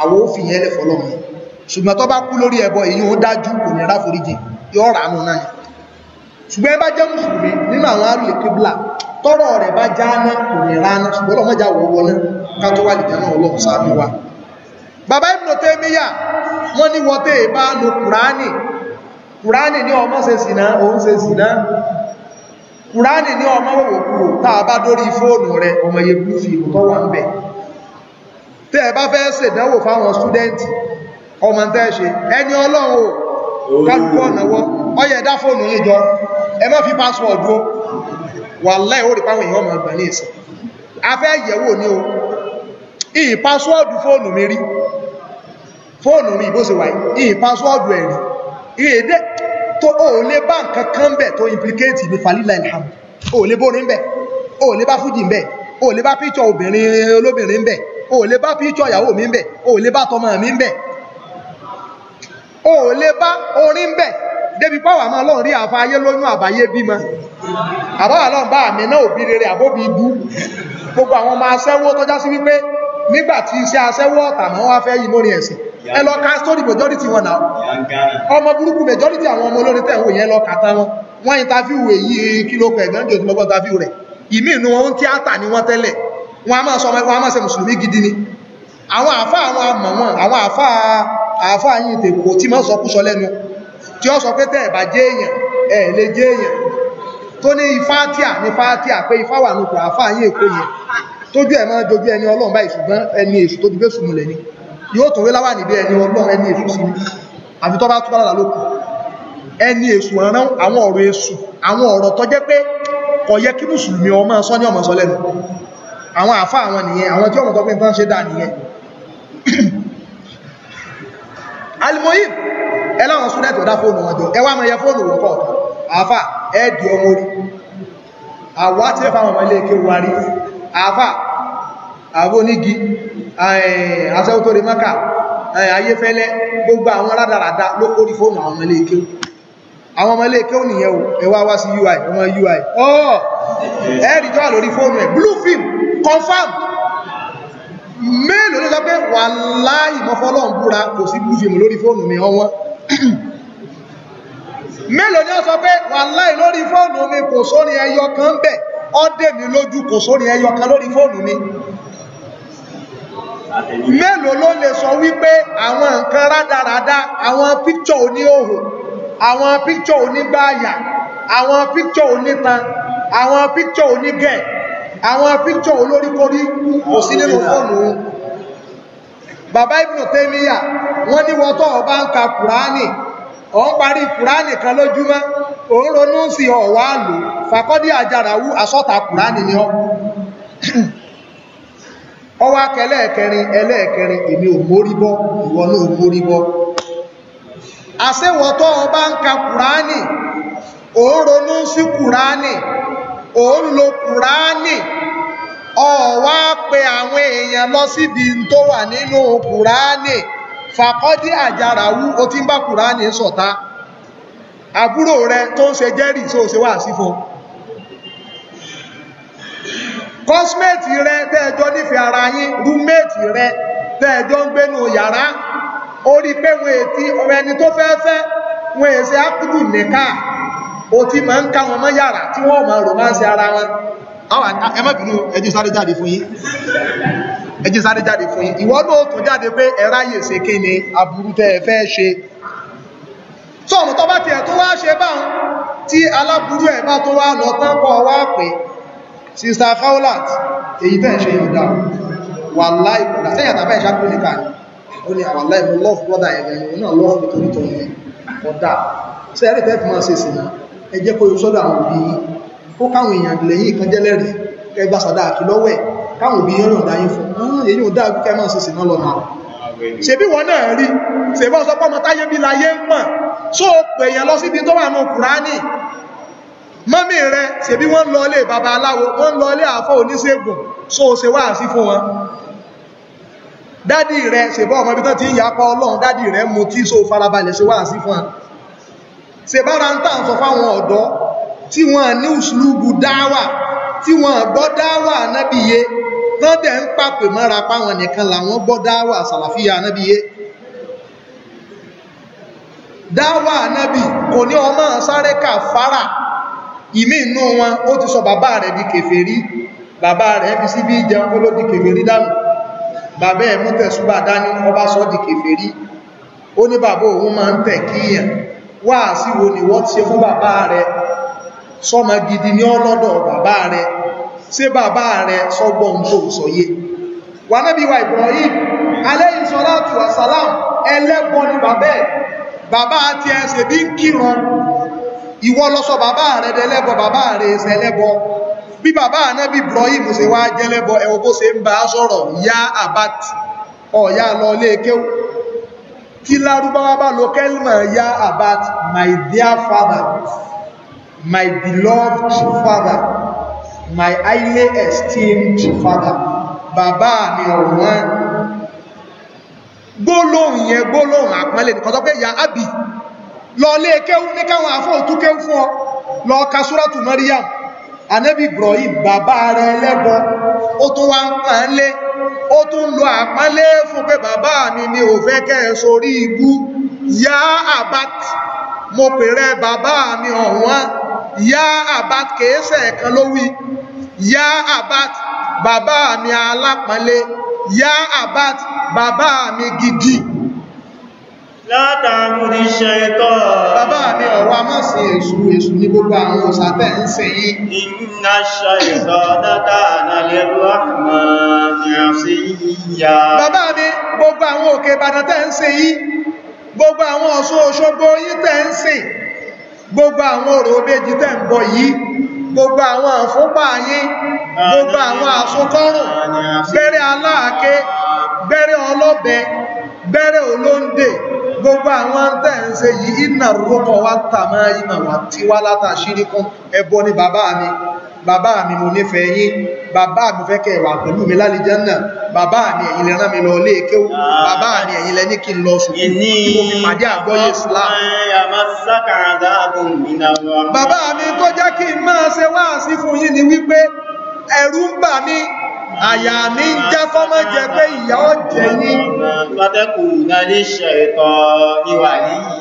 àwọ̀ òfin yẹn lẹ̀ fọlọ́run ṣùgbọ́n tó bá kú lórí ẹbọ èyí ó dájú kò ní ra foríjì yóò rà nù náà ṣùgbọ́n ẹ bá jẹ́ mùsùlùmí nínú àwọn àrùn ìkébìlà tọrọ rẹ̀ bá já ná kò ní ra ná ṣùgbọ́n ọlọ́mọ já wọ wọná ká tó wà lè jẹun ọlọ́run sáà mi wá bàbá Ibn Taymiyyah wọ́n ní wọ́tẹ́ ìbá lo Kùránì kùránì ní ọmọ o sìná òun ṣe sìná kùránì ní ọmọ òwòkúrò táà bá dórí fóònù rẹ ọmọ yẹ fi ụtọ tó wà ń bẹ̀ tẹ́ ẹ bá fẹ́ ṣèdánwò fáwọn stúdẹ́ntì ọmọ tẹ́ ṣe ẹni ọlọ́run o kálukú ọ̀nàwọ́ fóònù fi o mi rí fóònù mi ìbó ṣe wà ìyèdè tó o lè bá nǹkan kan bẹ̀ tó implicate mi falila ilham o lè bórin bẹ̀ o lè bá fújì bẹ̀ o lè bá píṣọ obìnrin olóbìnrin bẹ̀ o lè bá píṣọ ìyàwó mi bẹ̀ o lè bá tọmọ mi bẹ̀ o lè bá orin bẹ̀ débi pọ́wà máa lọ́n rí àfa ayé lóyún àbáyé bímọ àbáwà lọ́n bá àmì náà òbí rere àbóbi ibú gbogbo àwọn ọmọ asẹ́wó tọ́já sí wípé nígbà tí iṣẹ́ aṣẹ́wọ́ ọ̀tàmọ́ wá fẹ́ yìí mórí ẹ̀sìn ẹ lọ ka story majority wọn náà ọmọ burúkú majority àwọn ọmọ olórin tẹ̀wọ̀ yẹn lọ kàtà wọn wọ́n interview èyí kílópẹ̀ gánjọ́ tí mọ́gbọ́n interview rẹ̀ ìmí inú wọn ń tíátà ní wọ́n tẹ́lẹ̀ wọn a máa sọ wọn a máa ṣe mùsùlùmí gidi ni àwọn àfáà àwọn àmọ̀ wọn àwọn àfáà àfáà yìí tèkò tí máa sọkúsọ lẹ́nu tí ó sọ pé tẹ́ ẹ̀ bá jẹ́ èèyàn ẹ̀ lè jẹ́ èèyàn tó ní ifá tíà ní fá tíà pé ifá wà nùkù àfáà yìí èkó yẹn tójú ẹ̀ máa jojú ẹni ọlọ́run báyìí ṣùgbọ́n ẹni èṣù tó dúgbé sùmùlẹ̀ ni yóò tó wé láwà níbi ẹni ọlọ́run ẹni èṣù sí ni àfi tó bá tó bá lókù ẹni èṣù rán àwọn ọ̀rọ̀ èṣù àwọn ọ̀rọ̀ tó jẹ́ pé kò yẹ kí mùsùlùmí ọmọ sọ ní ọmọ sọ àwọn àfá àwọn nìyẹn àwọn tí ọmọ tó pín tán ṣe dà nìyẹn [clears throat] alimoyim ẹ láwọn súnẹ́tì ọ̀dá fóònù wọn jọ ẹ wá mọ fóònù wọn kọ̀ àfà ẹ di ọmọ orí àwọ̀ àti ẹ̀fà àwọn ọmọ ilé kéwàá rí àfà àbónígi eh, aṣẹ́wó tó rí mọ́kà eh, ayéfẹ́lẹ́ gbogbo àwọn rádaràdá ló kórí fóònù àwọn ọmọléèké àwọn ọmọléèké ò nìyẹn o ẹwà wá sí ui ọmọ ui ọ́ ẹ̀rì tó wà lórí fóònù ẹ̀ blue film confam mélòó ló sọ pé wà láì mọ́fọ́lọ́ ń búra kò sí blue film lórí fóònù mi ọwọ́n mélòó ni ó sọ pé wà láì lórí fóònù mi kò sórin ẹyọ kan bẹ́ẹ̀ ọ́dẹ̀ mi lójú kò sórí ẹyọ kan lórí fóònù mi mélòó ló lè sọ wípé àwọn nǹkan rádaràda àwọn píkṣọ oníhòhò àwọn píkṣọ onígbáàyà àwọn píkṣọ onítan àwọn píkṣọ onígẹ̀ àwọn píkṣọ olóríkorí kò sí nínú fóònù wọn bàbá Ibn Taymiyyah wọ́n ní wọ́tọ̀ ọba ń ka kùránì ọ̀ ń parí kùránì kan lójúmọ́ òun ronú sí ọ̀wá lò fàkọ́dí àjàràwú asọ́ta kùránì ni ọ́ ọwá kẹlẹ́ẹ̀kẹrin ẹlẹ́ẹ̀kẹrin èmi ò mórí bọ́ ìwọ náà ò mórí bọ́ ọba ń ka kùránì òun sí kùránì òun lo kùránì ọ̀wá pe àwọn èèyàn lọ síbi tó wà nínú kùránì ti ń bá kùránì àbúrò rẹ tó ń ṣe jẹ́rì tó ṣe wà sí fún kọ́símẹ́ẹ̀tì rẹ tẹ́ẹ̀jọ́ nífẹ̀ẹ́ ara yín rúmẹ́ẹ̀tì rẹ tẹ́ẹ̀jọ́ ń gbénu yàrá ó pé wọn èti ọmọ ẹni tó fẹ́ fẹ́ wọn èsì ti máa ń ká wọn mọ́ yàrá tí wọ́n máa rò máa ń ara wọn àwọn ẹ má bínú ẹ sáré jáde fún yín jade sáré jáde fún yín náà tó jáde pé ni tẹ́ ẹ fẹ́ tó ọ̀nà tó bá ti ẹ̀ tó wá ṣe báhùn tí aláburú ẹ̀ bá tó wá lọ tán kọ́ wá pé Sister Fowlat èyí tẹ́ ṣe yọ̀dá wà láì kọ̀dá sẹ́yìn àtàbà ìṣá pé nìkan ó ní àwọn láì mo love brother ẹ̀rẹ̀ ìwọ̀n náà lọ́wọ́ nítorí tó ní ọ̀dá sẹ́yìn tẹ́ fi máa ṣe sí náà ẹ jẹ́ kó yọ sọ́dọ̀ àwọn òbí yín kó káwọn èèyàn lẹ́yìn kan jẹ́ lẹ́rìí kẹgbàsádà àti lọ́wẹ̀ káwọn òbí yín rìn ọ̀dá yín fún un èyí ò dáa kẹ́ máa ṣe sí náà lọ́nà ṣebí wọ́n náà rí ṣèbọ́ sọ pọ́mọ táyé bí láyé ń pọ̀n só pè èèyàn lọ síbi tó wà nù kùránì mọ́mí rẹ ṣebí wọ́n lọ ilé baba aláwo wọ́n lọ ilé àfọ́ oníṣègùn só ṣe wá sí fún wọn dádì rẹ ṣèbọ́ ọmọ ibi tán ti ń yapa ọlọ́run dádì rẹ mu tí só farabalẹ̀ ṣe wá sí fún wọn ṣèbára ń tàn sọ fáwọn ọ̀dọ́ tí wọ́n ní ùsùlùbù dáwà tí wọ́n gbọ́ dáwà nábìyẹ tán dẹ̀ ń pàpè mọ́ra páwọn nìkan làwọn gbọ́ dáwà sàlàfíà anábì yé dáwà anábì kò ní ọmọ sáré kà fara ìmí inú wọn ó ti sọ bàbá rẹ̀ di kèfèrí bàbá rẹ̀ fi síbí jẹun kó ló di kèfèrí dànù bàbá ẹ̀ mú tẹ̀sùbà dání ọba sọ di kèfèrí ó ní bàbá òun máa ń tẹ̀ kíyàn wáàsí wo ni wọ́n ti ṣe fún bàbá rẹ̀ sọ́mọ gidi ní ọlọ́dọ̀ bàbá rẹ̀ ṣé bàbá rẹ̀ sọ́gbọ́n tó sọ̀yé wà náà bí wa Ibrahim alayhi salatu wa salam ẹlẹ́gbọ́n ni bàbá ẹ̀ bàbá àti ẹsẹ̀ bí ń kírun ìwọ lọ́sọ bàbá rẹ̀ dẹ́lẹ́bọ bàbá rẹ̀ ẹsẹ̀ lẹ́bọ bí bàbá anábì Ibrahim ṣe wá jẹ́lẹ́bọ ẹ̀wọ̀ bó ṣe ń bá sọ̀rọ̀ ya abat ọ̀yá lọ léèkéw tí lárúbáwá bá lo kẹ́lìmọ̀ ya abat my dear father my beloved father my highly esteemed father bàbá mi ọ̀wọ́n gbólóhùn yẹn gbólóhùn àpọ́nlé nìkan tó pé ya abi lọ lé kéwú ní káwọn àfọ́ọ̀tú kéwú fún ọ lọ ka súrátù Maryam anabi Ibrahim bàbá rẹ̀ lẹ́bọ ó tún wá ń pàn án lé ó tún lọ àpọ́nlé fún pé bàbá mi ni ò fẹ́ kẹ́ ẹ sórí ibú yá àbát mo pèrè bàbá mi ọ̀wọ́n Ya abat kèésẹ̀ kan ló wí yá abat bàbá mi alápọ̀nlé ya abat bàbá mi gidi látàmúrí ṣẹ̀tọ́ bàbá mi ọ̀rọ̀ amọ́sí èṣù èṣù ní gbogbo àwọn òṣàtẹ́ ń ṣe yí iná ṣẹ̀tọ́ dátà nàlẹ́rù àmà ìrànṣẹ́ yíya bàbá mi gbogbo àwọn òkè Ìbàdàn tẹ́ ń ṣe yí gbogbo àwọn Ọ̀ṣun Òṣogbo yí tẹ́ ń sìn gbogbo àwọn òrò méjì tẹ́ ń bọ̀ yìí gbogbo àwọn àfúnpá yín gbogbo àwọn àsokọ́rùn gbẹ́rẹ́ aláàké gbẹ́rẹ́ ọlọ́bẹ gbẹ́rẹ́ olóńdè gbogbo àwọn tẹ́ ń ṣe yìí ìnà rúkọ wá tàmá ìmà wà látà kan ẹbọ ni bàbá mi bàbá mi mo nífẹ̀ẹ́ yín bàbá mi fẹ́ kẹ́ wà pẹ̀lú mi lálìjánnà bàbá mi ẹ̀yin lẹ rán mi lọ ilé kéwú bàbá mi ẹ̀yin lẹ ní kí n lọ sùkúù kí mo fi pàdé àgbọ́yé Islam bàbá mi tó jẹ́ kí n máa ṣe wáàsí fún yín ni wípé ẹ̀rù ń bà mí àyà mi ń já fọ́mọ́ jẹ pé ìyà ó jẹ yín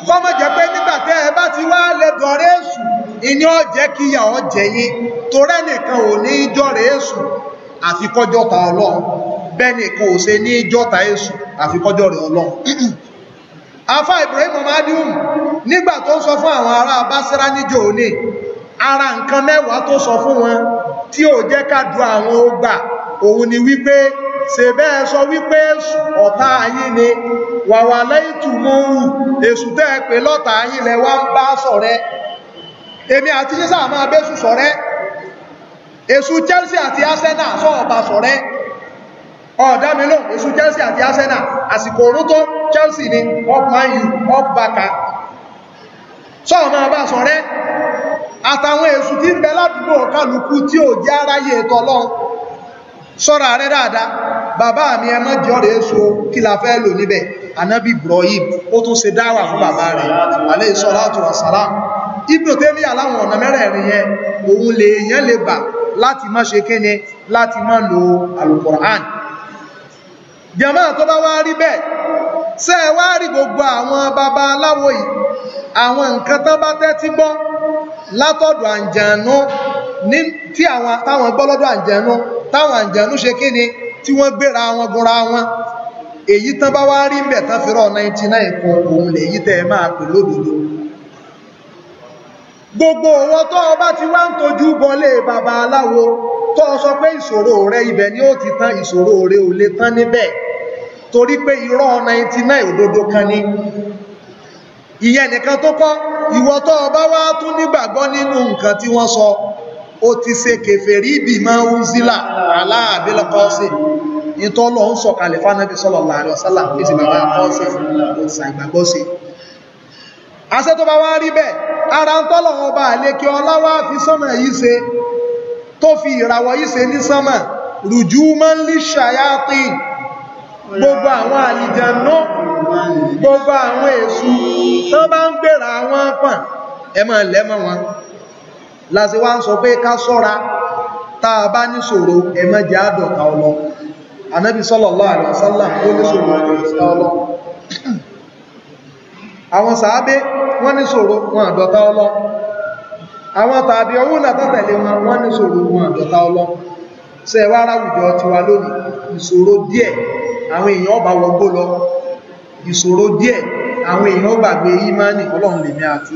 fọ́mọ́ jẹ pé nígbàtẹ́ ẹ bá ti wá lẹ́gọ̀ọ́rẹ́ ìní ọ̀jẹ́ kí ìyà ọ̀jẹ́ yín torẹ́ nìkan ò ní ìjọ́rẹ̀ èṣù àfikọ́jọ́ta ọlọ́run bẹ́ẹ̀ nìkan ò ṣe ní ìjọ́ta èṣù àfikọ́jọ́rẹ̀ ọlọ́run afá [clears throat] Ibrahim Madium nígbà tó sọ fún àwọn ará Basra níjọ́ òní ara nǹkan mẹ́wàá tó sọ fún wọn tí ò jẹ́ kádùn àwọn ó òun ni wípé ṣe bẹ́ẹ̀ sọ wípé èṣù ọ̀tá ayé ni wàwà lẹ́yìn tùmọ̀ òun èṣù tẹ́ẹ̀ pé lọ́tà ayé lẹ wá ń bá ṣọ̀rẹ́ èmi àti sísà máa bẹ́sù sọ̀rẹ́ èsù Chelsea àti Arsenal sọ ọ̀bà sọ̀rẹ́ ọ̀dá mi lóhùn èsù Chelsea àti Arsenal àsìkò òru Chelsea ni up man u up baka sọ máa bá sọ̀rẹ́ àtàwọn èsù tí ń bẹ ládùúgbò kálukú tí ò jẹ́ aráyé ètò Ọlọ́run sọ́ra rẹ dáadáa bàbá mi ẹ má jẹ́ ọ̀rẹ́ èso kí la fẹ́ lò níbẹ̀ Ànábì Ibrahim ó tún ṣe dáwà fún bàbá rẹ̀ alayhi salatu wa salam Ibn Taymiyyah láwọn ọ̀nà mẹ́rẹ̀ẹ̀rin yẹn òun lè èèyàn lè bà láti má ṣe kéne láti má lo alukoran jàmá tó bá wá rí bẹ́ẹ̀ ṣé ẹ wá rí gbogbo àwọn baba aláwo yìí àwọn nǹkan tán bá tẹ́tí gbọ́ látọ̀dọ̀ àǹjànú ní tí àwọn táwọn gbọ́ lọ́dọ̀ àǹjànú táwọn àǹjànú ṣe kéne tí wọ́n gbéra wọn gúnra wọn èyí tán bá wá rí ń bẹ̀ tán fi rọ̀ 99 kan òun lèyí tẹ́ ẹ máa pè lódodo gbogbo owó tó bá ti wá ń tojú bọlé bàbá aláwo tó sọ pé ìṣòro rẹ ibẹ̀ ni ó ti tán ìṣòro rẹ ò lè tán níbẹ̀ torí pé irọ́ 99 òdodo kan ni ìyẹn nìkan tó kọ́ ìwọ tó bá wá tún nígbàgbọ́ nínú nǹkan tí wọ́n sọ ó ti ṣe kèfèrí ìbì máa ń zílà aláàbílọ́kọ́sì ìtọ́lọ̀ ń sọ̀kalẹ̀ fánàbí sọ́lọ̀lá àríọ̀sálà ìsìnbàbá àkọ́sì ó ti sàìgbàgbọ́sì àṣẹ tó bá wá rí bẹ́ẹ̀ ara ń tọ́lọ̀ ọba àlékè ọláwá fi sánmà yìí ṣe tó fi ìràwọ̀ yìí ṣe ní sánmà rùjú máa ń lè ṣàyàtì gbogbo àwọn àlìjànú gbogbo àwọn èṣù tó bá ń gbèrà àwọn pàn ẹ máa wọn láti wá ń sọ pé ká sọ́ra tá a bá ní ṣòro ẹ àdọ̀ta ọlọ́ anábì sallallahu alaihi wasallam ní ṣòro ọlọ́ àwọn sàábé wọ́n ní ṣòro wọn àdọ́ta ọlọ́ àwọn tàbí ọwọ́ látàtẹ̀lé wọn wọ́n ní ṣòro wọn àdọ́ta ọlọ́ ṣe wá ráwùjọ tiwa lónìí ìṣòro díẹ̀ àwọn èèyàn ọba wọgbó lọ ìṣòro díẹ̀ àwọn èèyàn gbàgbé ìmáni ọlọ́run lèmi àti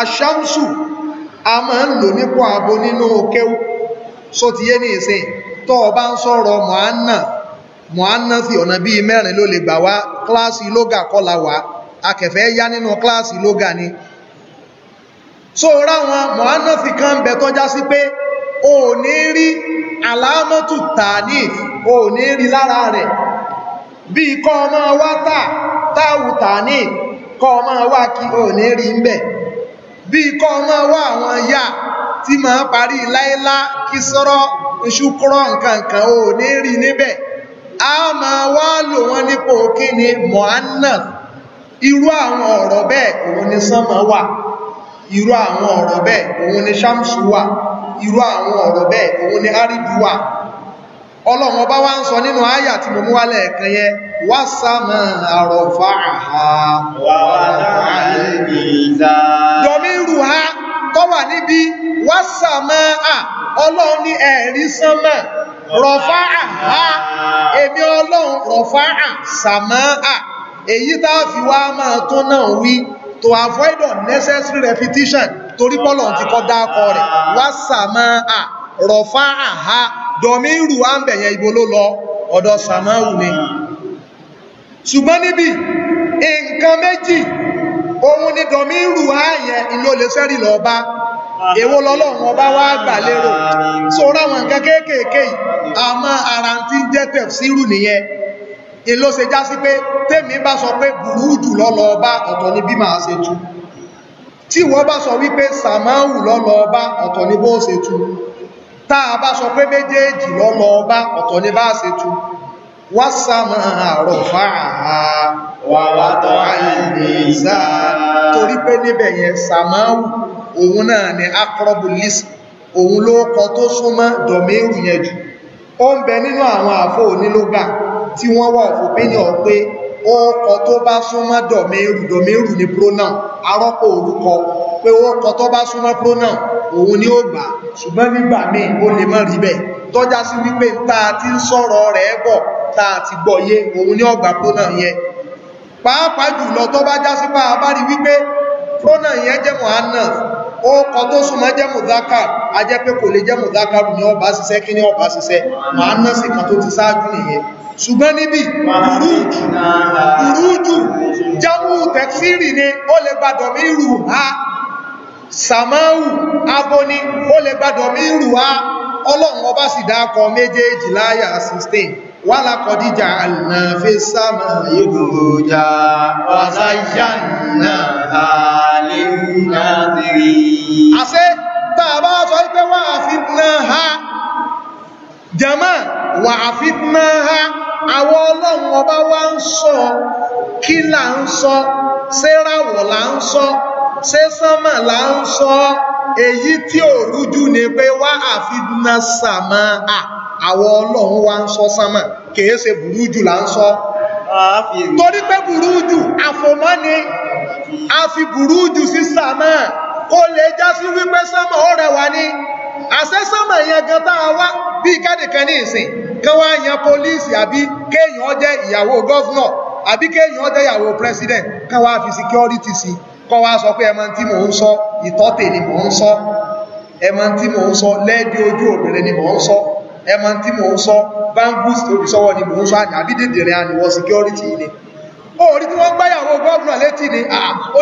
aṣámsù a máa ń lò nípò abo nínú kéwù só ti yé ní ìsìn tó o bá ń sọ̀rọ̀ mọ̀ánà mọ̀ánà sí ọ̀nà bíi mẹ́rin ló lè gbà wá kíláàsì lógà kọ́la wá akẹ̀fẹ́ yá nínú kíláàsì lógà ni so ráwọn mọ̀ánà sí kan bẹ̀ tọ́já sí pé o ò ní rí àlámọ́tù tàní o ò ní rí lára rẹ̀ bíi kọ́ ọmọ wa tà táwù tàní kọ́ ọmọ wa kí o ò ní rí ń bẹ̀ bíi kọ́ ọmọ wá àwọn yá tí máa parí láílá kí sọ́rọ́ oṣù kúrọ̀ nǹkan kan ò ní rí níbẹ̀ a máa wá lò wọ́n nípò kí ni mohannas irú àwọn ọ̀rọ̀ bẹ́ẹ̀ òun ni sánmà wà irú àwọn ọ̀rọ̀ bẹ́ẹ̀ òun ni shamsu wà irú àwọn ọ̀rọ̀ bẹ́ẹ̀ òun ni aridu wà ọlọ́run ọba wá ń sọ nínú àyà tí mo mú wálẹ̀ ẹ̀kan yẹ wá sáàmà àrọ̀fà àhà dọ̀míru ha tó wà níbi wá sáàmà à ọlọ́run ní ẹ̀rí sánmà rọ̀fà àhà èmi ọlọ́run rọ̀fà à sàmà à èyí tá fi wá máa tó náà wí to avoid unnecessary repetition torí pọ́lọ̀ ti kọ́ dákọ rẹ̀ wá sàmà à rọ̀fá àhá dọ̀míìrù à ń bẹ̀yẹn ibo ló lọ ọ̀dọ̀ sàmáwù ni ṣùgbọ́n níbi nǹkan méjì òun ni dọ̀míìrù ààyẹ ìlú olèsẹ́rì lọ́ba èwo lọ́lọ́run ọba wá gbà lérò so ráwọn nǹkan kéékèèké àmọ́ ara ti ń jẹ́ tẹ̀síìrù nìyẹn ìlú ṣe já sí pé tèmi bá sọ pé burú lọ́lọ́ ọba ọ̀tọ̀ ni bí màá ṣe tu tí wọ́n bá sọ wípé sàmáwù lọ́lọ́ ọba ọ̀tọ̀ ni bó ṣe tu tá a bá sọ pé méjèèjì lọ́lọ́ bá ọ̀tọ̀ ní bá ṣe tu wá sàmà àrọ̀ fáà wà látọ̀ àìlèsà torí pé níbẹ̀ yẹn sàmáwù òun náà ni akrobulis òun ló kọ tó súnmọ́ dọ̀míìrù yẹn jù ó ń bẹ nínú àwọn àfọ onílógbà tí wọ́n wà òfòpínì ọ pé orúkọ tó bá súnmọ́ dọ̀mẹ́rù dọ̀mẹ́rù ni pronoun arọ́pò orúkọ pé orúkọ tó bá súnmọ́ pronoun òun ni ó gbà ṣùgbọ́n nígbà míì ó lè má rí bẹ́ẹ̀ tọ́já sí wípé tá a ti ń sọ̀rọ̀ rẹ̀ bọ̀ tá a ti gbọ́ yé òun ni ó gbà pronoun yẹn pàápàá jùlọ tó bá já sí pàá bá rí wípé pronoun yẹn jẹ́ muhannas orúkọ tó súnmọ́ jẹ́ muzakar a jẹ́ pé kò lè jẹ́ muzakar ni ó ṣiṣẹ́ kí ni ó bá ṣiṣẹ́ muhannas kan tó ti ṣáájú nìyẹn ṣùgbọ́n níbi ìrújù jámù tẹ̀fírì ni ó lè gbàdọ̀ mí rù ha sàmáwù aboni ó lè gbàdọ̀ mí rù ha ọlọ́run ọba sì dákọ méjèèjì láyà 16 wà lákọdíjà àlàáfẹ́ sáàmà ìgbòjá wàzáyànà àlèmúnà ha jama wà àfitnáha àwọn ọlọ́run ọba wá ń sọ kí là ń sọ sẹ́ràwọ̀ là ń sọ sẹ́sánmà là ń sọ èyí tí ò rújú ni pé wá àfitná sàmà à àwọn ọlọ́run wá ń sọ sánmà kìí ṣe burújù là ń sọ torí pé burújù àfòmọ́ ni a fi burújù sí sàmà ó lè já sí wípé sánmà ó rẹwà ni. àṣẹ́sọ́mọ̀ yẹn gan tá a wá bí kẹ́nìkan ní ìsìn kán wá yan pólíìsì àbí kéèyàn abi ìyàwó gọ́fúnọ̀ àbí kéèyàn jẹ́ ìyàwó wá fi security sí kán wá sọ pé tí mò ń ni mò ń sọ ẹmọ tí mò ń sọ lẹ́ẹ̀dí ojú ni mò ń sọ ẹmọ tí mò ń sọ bangus torí sọ́wọ́ ni mò ń sọ àbí dèdèrè àníwọ̀ security ni tí ni ó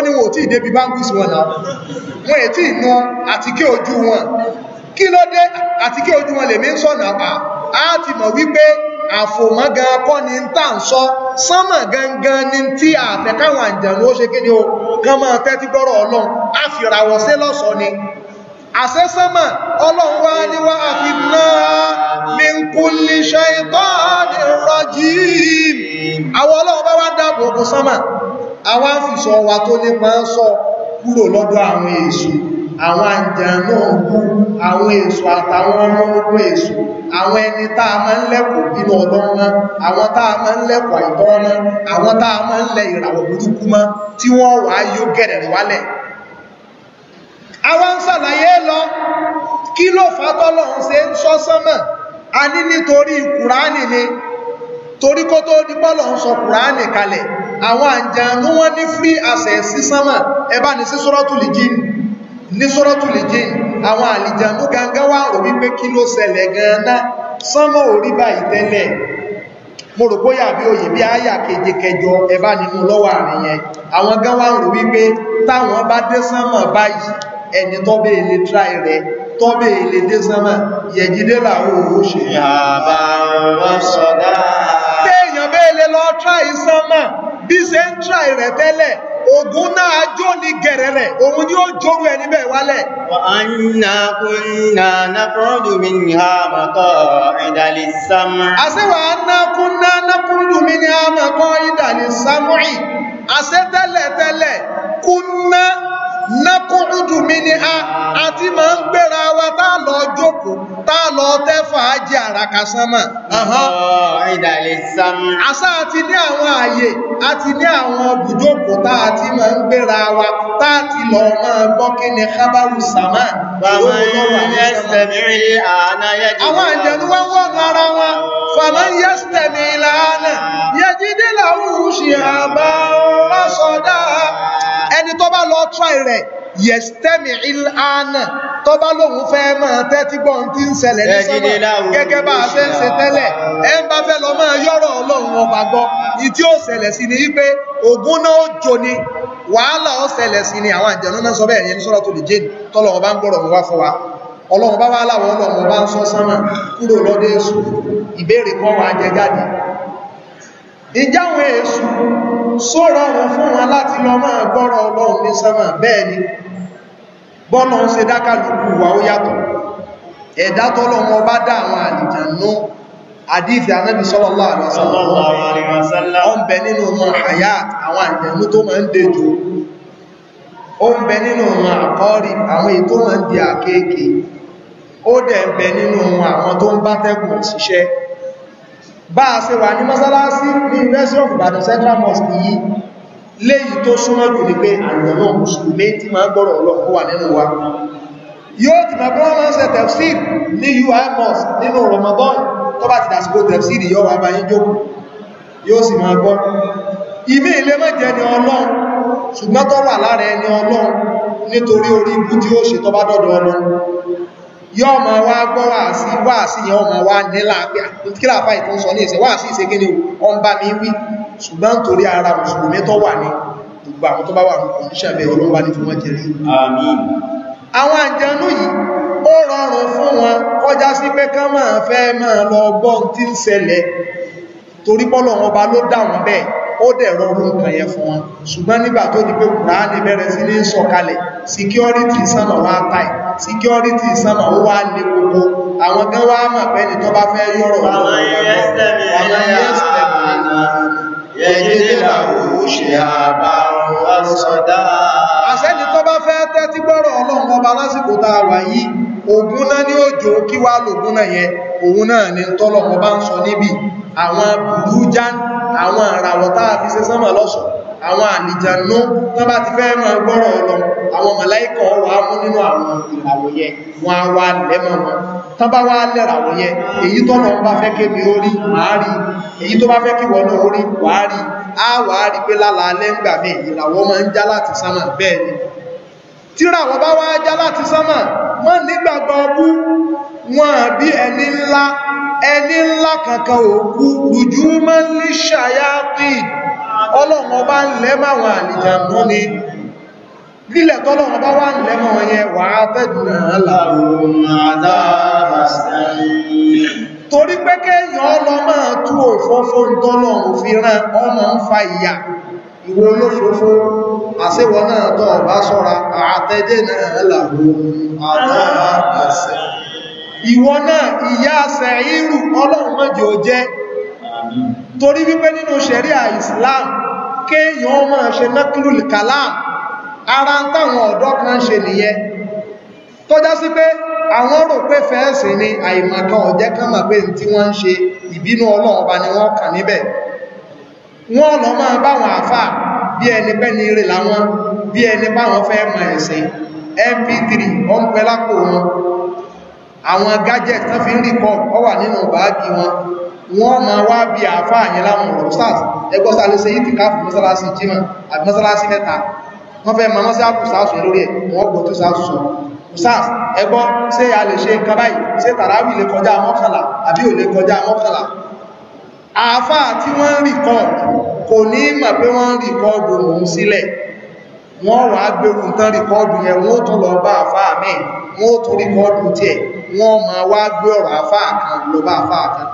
ní wọn ò tí ì bangus wọn wọn ò tí ì wọn kí ló dé àti kí ojú wọn lè mí sọ̀nà pa á ti mọ̀ wípé àfòmọ́ gan kọ́ ni ń tà ń sọ sánmà gangan ni tí àfẹ́ káwọn àjànú ó ṣe kí ni o kán máa tẹ́tí gbọ́rọ̀ ọlọ́run á fi ra wọ́n sí lọ́sọ̀ọ́ ni àṣẹ sánmà ọlọ́run wá ní wá àfi náà mi ń kú lè ṣe ìtọ́ni rajim àwọn ọlọ́run bá wá dáàbò ògùn sánmà àwọn àfìsọ wa tó nípa ń sọ kúrò lọ́dọ̀ àwọn èṣù àwọn àjànú ogun àwọn èso àtàwọn ọmọ ogun èso àwọn ẹni tá a máa ń lẹ́kọ̀ọ́ bínú ọdún mọ́ àwọn tá a máa ń lẹ́kọ̀ọ́ àìtọ́ mọ́ àwọn tá a máa ń lẹ ìràwọ̀ burúkú mọ́ tí wọ́n wà yóò gẹ̀rẹ̀ wálẹ̀ àwọn sàlàyé lọ kí ló fà tọ́lọ̀ ń ṣe ń sọ sánmà a ní nítorí kùránì ni torí kó tó di bọ́lọ̀ ń sọ kùránì kalẹ̀ àwọn àjànú wọn ní free access sánmà ẹ bá ní sí sọ́rọ́tù lè jíni ní sọ́rọ́tùlì jẹ́ àwọn àlìjànú gangan wá rò wípé kí ló ṣẹlẹ̀ gan-an sánmọ́ orí báyìí tẹ́lẹ̀ mo rò bóyá bí òye bí àyà keje kẹjọ ẹ̀bá nínú lọ́wọ́ àríyẹn àwọn gan wá rò wípé táwọn bá dé sánmọ̀ báyìí ẹni tọ́bẹ̀ ilé tráì rẹ̀ tọ́bẹ̀ ilé dé sánmọ̀ yẹ̀jídé làwọn ògún náà jó ní gẹ̀rẹ̀rẹ̀ òun ni ó jórú ẹni bẹ́ẹ̀ wálẹ̀. àṣewà anákúnná nákúrúdù mi ní àmàkọ́ ìdàlẹ̀ sámúrì àṣetẹ́lẹ̀tẹ́lẹ̀ kúnná nákúrúdù mi ni a àti máa ń gbéra wa tá a lọ jókòó tá a lọ tẹ́ fàájì àràkàsánmọ̀. àṣà àti ní àwọn ààyè àti ní àwọn ibùjókòó tá a ti máa ń gbéra wa tá a ti lọ máa gbọ́ kí ni kábàrù sàmà. àwọn àjẹnú wọn wọnú ara wọn fàmọ́ yẹ́sítẹ̀mì ìlànà yẹjídìláwù ṣì àbá wọn sọdá ẹni tó bá lọ try rẹ̀ yẹ̀stẹ́mì ìlànà tó bá lóun fẹ́ máa tẹ́tí gbọ́ ohun tí ń ṣẹlẹ̀ ní sọ́mọ̀ gẹ́gẹ́ bá a ṣe ń ṣe tẹ́lẹ̀ ẹ ń bá fẹ́ lọ máa yọ̀rọ̀ ọlọ́run ọba gbọ́ ìtí ó ṣẹlẹ̀ sí ni wípé ògún náà ó jò ní wàhálà ó ṣẹlẹ̀ sí ni àwọn àjẹ̀nú náà sọ bẹ́ẹ̀ yẹn ní sọ́rọ̀ tó lè jẹ́ni tọ́lọ̀ ọba ń gbọ́rọ̀ wá fún wa ọlọ́run bá wà láwọn ọlọ́run ọba ń sọ sánmà kúrò lọ́dẹ ìjáwọn èṣù sọ̀rọ̀ wọn fún wọn láti lọ máa gbọ́rọ̀ ọlọ́run ní sánmà bẹ́ẹ̀ ni bọ́nà ń ṣe dákàlùkù wà ó yàtọ̀ ẹ̀dá tọ́lọ́mọ bá dá àwọn àlìjànú àdífì anábi sallallahu alaihi wasallam ó ń bẹ nínú àwọn tó ń bá tẹ́kùn ṣiṣẹ́ bá a ṣe wà ní mọ́sálásí ní University of Ibadan Central Mosque yìí léyìí tó súnmọ́ jù ní pé àyànà mùsùlùmí tí máa gbọ́rọ̀ ọlọ́pọ̀ wà nínú wa yóò ti mọ̀ pé wọ́n máa ń ṣe tefsir ní UI Mosque nínú Ramadan tó bá ti dàsìkò tefsir yóò wà báyí jókòó yóò sì máa gbọ́ ìmí ilé má ni Ọlọ́run ṣùgbọ́n tó wà lára ẹni Ọlọ́run nítorí orí ibú tí ó ṣe tó bá dọ̀dọ̀ yọ́ ma wá gbọ́ wàásí wàásí yẹn ọmọ wá nílá kílà fà ìtún sọ ní ìsẹ̀ wàásí ìsẹ̀ gíní ọm bá mi wí ṣùgbọ́n torí ara mùsùlùmí tó wà ní gbogbo àwọn tó bá wà nùkùn ní ṣẹ̀bẹ̀ olóńgbà ní fún wọn jẹrí àwọn àjẹnú yìí ó rọrùn fún wọn kọjá sí pé kán máa fẹ́ máa lọ gbọ́n tí ń ṣẹlẹ̀ torí ó dẹ̀ rọrùn nǹkan yẹn fún wọn ṣùgbọ́n nígbà tó di pé kùránì bẹ̀rẹ̀ sí ní sọ̀kalẹ̀ security sánà wá táì security sánà ó wá lé gbogbo àwọn gan wá mọ̀ pé ní tó bá fẹ́ yọ̀rọ̀ àwọn ẹ̀yẹ́sẹ̀mì àṣẹ́ni tó bá fẹ́ tẹ́tí gbọ́rọ̀ ọlọ́run ọba lásìkò tá a wà yìí ògùn náà ní òjò kí wá lògùn náà yẹn òun náà ni tọ́lọ̀ ọba ń sọ níbi àwọn burúján àwọn àràwọ̀ táà fi ṣe sánmà lọ́ṣọ̀ àwọn àlìjànú tán bá ti fẹ́ máa gbọ́rọ̀ lọ àwọn màláíkà wà mú nínú àwọn ìràwọ̀ yẹ wọn a wá lẹ́mọ̀ wọn tán bá wá lẹ́ràwọ̀ yẹ èyí tọ́nà bá fẹ́ kébi orí wàárí èyí tó bá fẹ́ tíra wọn bá wá já láti sánmà mọ́ nígbàgbọ́ ọkú wọn bí ẹni ńlá ẹni ńlá kankan òkú lùjú mọ́ ní ṣàyáàtì ọlọ́run ọba ń lẹ́mọ̀ àwọn ni lílẹ̀ tọ́lọ́run ọba wá ń lẹ́mọ̀ wọn yẹn wà á tẹ́dùn torí pé kéèyàn ọlọ́mọ̀ tú òfófó ń tọ́lọ́run fi rán ọmọ ń fa ìyà ìwọ olófòófó àṣíwọ náà tó ọ̀bá ṣọ́ra àtẹ́dẹ́ náà làwọ àtàràṣẹ́ ìwọ náà ìyá àṣẹ irú ọlọ́run mọ́jọ jẹ́ torí wípé nínú ṣẹ̀ríà Islam kéèyàn ọmọ ṣe naqlul kalam ara ń táwọn ọ̀dọ́ kan ṣe nìyẹn tó já sí pé àwọn rò pé fẹ́ẹ̀sì ni àìmọ̀kan ọ̀jẹ́ kan mà pé tí wọ́n ń ṣe ìbínú ọlọ́run ọba ni wọ́n kà níbẹ̀ wọ́n lọ máa báwọn àfà bí ẹni pẹ́ni rè láwọn bí ẹni báwọn fẹ́ mọ̀ ẹ̀sìn mp3 wọ́n pẹ́ lápò wọn àwọn gadget tán fi ń rí kọ́ ọ wà nínú báàgì wọn wọ́n máa wá bí àfà yẹn láwọn ọ̀rọ̀ stars ẹgbọ́sá ló ṣe yìí ti káàfù mọ́sálásí jimá àbí mọ́sálásí mẹ́ta wọ́n fẹ́ máa mọ́sálásí àkùsáàsù lórí ẹ̀ wọ́n gbọ́ tó sáàsù sọ sars ẹgbọ́ ṣé a lè ṣe nǹkan báyìí ṣé tàràwì lè kọjá mọ́kànlá àbí ò lè kọjá mọ́kànlá àfá tí wọ́n ń record kò ní mọ̀ pé wọ́n ń record òun sílẹ̀ wọ́n wà gbẹ̀rù tán record yẹn wọ́n tún lọ bá àfá mi wọ́n tún record tiẹ̀ wọ́n ma wá gbé àfá kan lọ bá àfá kan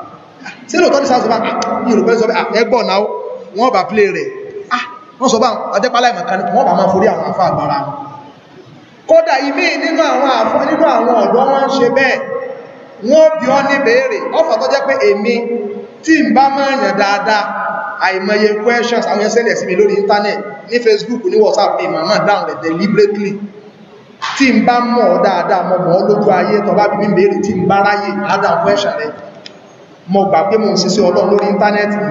tí lóòótọ́ ní sáà sọ bá ní ah, olùkọ́ sọ bá ah, ẹgbọ́n náà wọ́n bá play rẹ̀ ah, wọ́n sọ bá adẹ́pálá ìmọ̀ká ní wọ́n bá máa forí àwọn àfá àgbára kódà ilé nínú àwọn àfọ́ nínú àwọn ọ̀dọ́ wọn ń tí mba bá máa yàn dáadáa àìmọye questions àwọn yẹn sẹ́lẹ̀ sí mi lórí internet ní facebook ní whatsapp ní màmá dáhùn rẹ̀ deliberately tí n bá mọ̀ ọ́ dáadáa mo mọ̀ ọ́ lójú ayé tó bá bí mi béèrè tí n bá ráyè ládàá rẹ̀ mo gbà mo ń ṣiṣẹ́ ọlọ́run lórí internet ní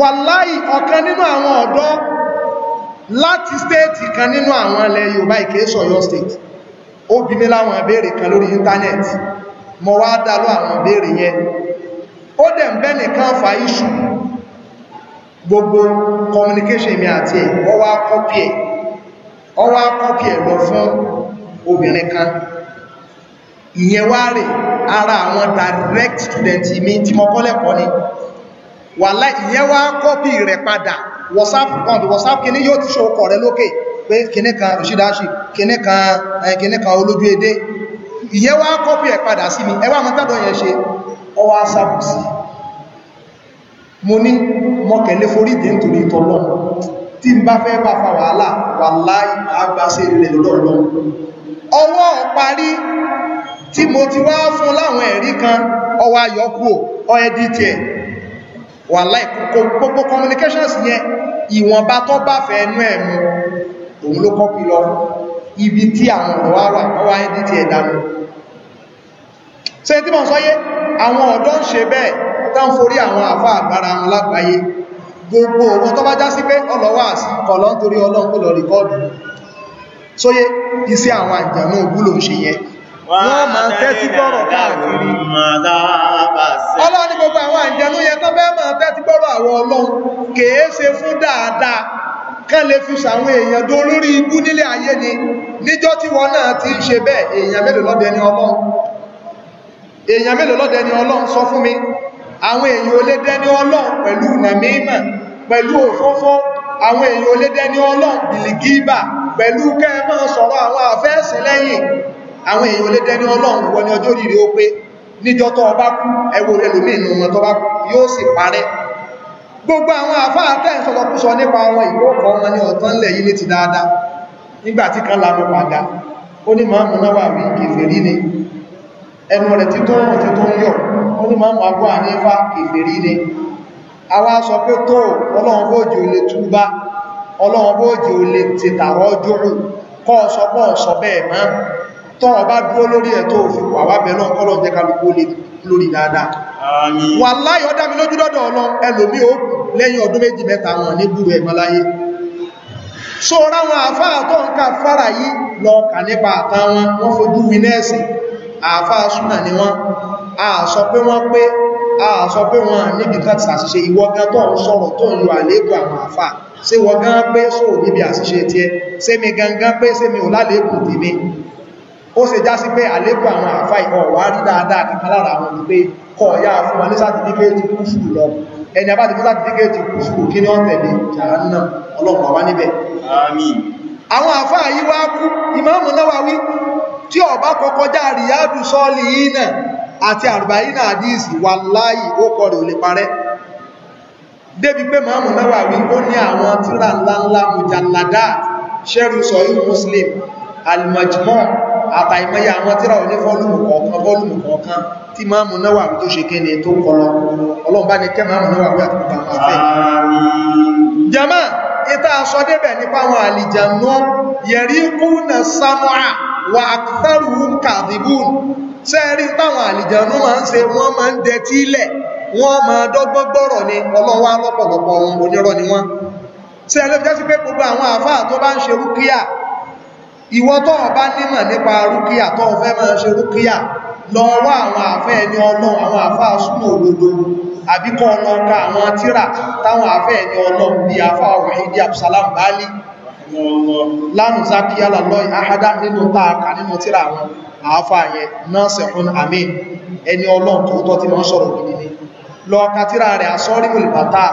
wàláì ọ̀kan nínú àwọn ọ̀dọ́ láti stéètì kan nínú àwọn ilẹ̀ yorùbá state láwọn ìbéèrè kan lórí mo wá dá lọ àwọn ìbéèrè yẹn ó dẹ̀ ń bẹ́ nìkan fa iṣu gbogbo communication mi àti ẹ̀ ọ wá kọ́pì ẹ̀ ọ wá kọ́pì ẹ̀ lọ fún obìnrin kan ìyẹn wá rè ara àwọn direct student mi tí mo kọ́ lẹ́kọ̀ọ́ ni wàhálà ìyẹn wá kọ́pì rẹ̀ padà whatsapp kan bí whatsapp kìíní yóò ti ṣe okọ̀ rẹ lókè pé kìíní kan òṣìdáṣì eh, kìíní kan olójú edé ìyẹn wá kọ́pù ẹ̀ padà sí mi ẹwà mọ́ tàbí ọ̀yẹ̀ ṣe ọwá sáàbù sí mo ní mọ́kẹ̀lé forídé nítorí tọ́lọ́ tí n bá fẹ́ bá fa wàhálà wà láì agbáṣe rẹ̀ lọ́lọ́ ọwọ́ parí tí mo ti wá fún láwọn ẹ̀rí kan ọwá yọkú ọ̀ẹ́dìtì ẹ̀ wà láì gbogbo ibi tí àwọn ọ̀rọ̀ wá ọwá ẹ̀dìtì ẹ̀ dànù ṣe tí mọ̀ sọ́yé àwọn ọ̀dọ́ ń ṣe bẹ́ẹ̀ tán forí àwọn àfá àgbára wọn lágbàáyé gbogbo ọmọ tó bá já sí pé ọlọ́wàs kọ̀lọ́ torí ọlọ́run kó lọ rìkọ́ọ̀dù sóyé iṣẹ́ àwọn àjànú òbúlò ń ṣe yẹn wọ́n máa ń tẹ́tí gbọ́rọ̀ káàkiri ọlọ́run ní gbogbo àwọn àjànú yẹn tó bẹ́ẹ̀ máa tẹ́tí gbọ́rọ̀ àwọn ọlọ́run kèé ṣe fún dáadáa kán lè fi ṣàwọn èèyàn tó lórí ibú nílé ayé ni níjọ́ tí wọn náà ti ń ṣe bẹ́ẹ̀ èèyàn mélòó lọ́dẹ ní ọlọ́run èèyàn mélòó lọ́dẹ ni ọlọ́run sọ fún mi àwọn èèyàn olédẹ ni ọlọ́run pẹ̀lú nàmímà pẹ̀lú òfófó àwọn èèyàn olédẹ ni ọlọ́run bìlìgíbà pẹ̀lú kẹ́ẹ̀mọ́ sọ̀rọ̀ àwọn àfẹ́ẹ̀sì lẹ́yìn àwọn èèyàn olédẹ ni ọlọ́run wọ ni ọjọ́ rírì ó pé níjọ́ tó ọba kú ẹwọ rẹ lómi ìnú wọn tó bá kú yóò sì parẹ́ gbogbo àwọn àfáà tẹ́ẹ̀ sọlọkúsọ nípa àwọn ìkókọ̀ wọn ní ọ̀tán lẹ̀ yìí ní ti dáadáa nígbà tí kan lanu padà ó ní màmú náà wà wí kèfèrí ni ẹnu rẹ̀ tí tó ń rùn tí tó ń yọ̀ ó ní máa mọ̀ àgbà ní fá kèfèrí ni a wá sọ pé tó ọlọ́run bóòjì ò lè túbá ọlọ́run bóòjì ò lè tètàrọ́ jùrù kọ́ sọ bọ́ sọ bẹ́ẹ̀ má tọ́rọ bá dúró lórí ẹ̀ tó fi wà wá bẹ̀lọ́ kọ́lọ̀ jẹ́ kálukú lórí dáadáa wà láyọ̀ dámi lójú dọ́dọ̀ ọlọ́run ẹlòmí ó lẹ́yìn ọdún méjì mẹ́ta wọn ní gbúrú ẹ̀mọ́ láyé so ráwọn àfáà tó ń ká fara yìí lọ kà nípa àtàwọn wọ́n fojú wí nẹ́ẹ̀sì àáfáà súnà ni wọ́n a sọ pé wọ́n pé a sọ pé wọ́n níbi kan ti àṣìṣe ìwọ́gán tó ń sọ̀rọ̀ tó ń lo àléébù àwọn àáfáà ṣé wọ́gán pé sóò níbi àṣìṣe tiẹ̀ ṣé mi gangan pé ṣé mi ò láléébù tèmi ó ṣe já sí pé àléébù àwọn àáfáà ìwọ̀ wá rí dáadáa kankan lára àwọn olùgbé kọ̀ ya fún wọn ní sátifíkéètì kúfù lọ ẹni abá ti fún sátifíkéètì kúfù kí ni wọ́n tẹ̀lé jàánà ọlọ́pàá wá níbẹ̀ àwọn àáfáà yìí wá kú Ìmáàmù Nawawi tí ọba kọ́kọ́ já ríyádù sọ́ọ̀lì yìí náà àti àrùbáyínà àdíìsì wà láàyè ó kọ rẹ̀ ò lè parẹ́ débi pé Ìmáàmù Nawawi ó ní àwọn tíra ńláńlá mujallada sẹ́rù sọ̀yí muslim al-majmu' àtàìmọ́yà àwọn tíra òní fọ́lùmù kọ̀ọ̀kan fọ́lùmù kọ̀ọ̀kan tí Ìmáàmù Nawawi tó ṣe kéne tó kọlọ ọlọ́mbá ni kẹ́ Ìmáàmù Nawawi wà àkùtàrùhùn kàdìbùn sẹ́rí táwọn àlìjànú máa ń ṣe wọ́n máa ń dẹtí ilẹ̀ wọ́n máa dọ́gbọ́n gbọ́rọ̀ ni ọlọ́wọ́ lọ́pọ̀lọpọ̀ ohun onírọ́ ni wọ́n ṣe ẹlẹ́fi jẹ́ sí pé gbogbo àwọn àfáà tó bá ń ṣe rúkíà ìwọ tó bá nímọ̀ nípa rúkíà tó fẹ́ máa ṣe rúkíà lọ wá àwọn àfẹ́ ẹni ọlọ́run àwọn àfáà súnmọ́ òdodo àbíkọ́ ọlọ́ka àwọn tíra táwọn àfẹ́ ẹni ọlọ́run bíi àfáà ọ̀rẹ́ ìdí àbùsálàmù báálí lánù zákí alàlọ́ àhádá nínú tààkà nínú tíra àwọn àáfà yẹ náà sẹ̀kún àmì ẹni ọlọ́run tó tọ́ ti mọ́ sọ̀rọ̀ gidi ni lọ́ọ̀ka tíra rẹ̀ asọ́rí olùbàtà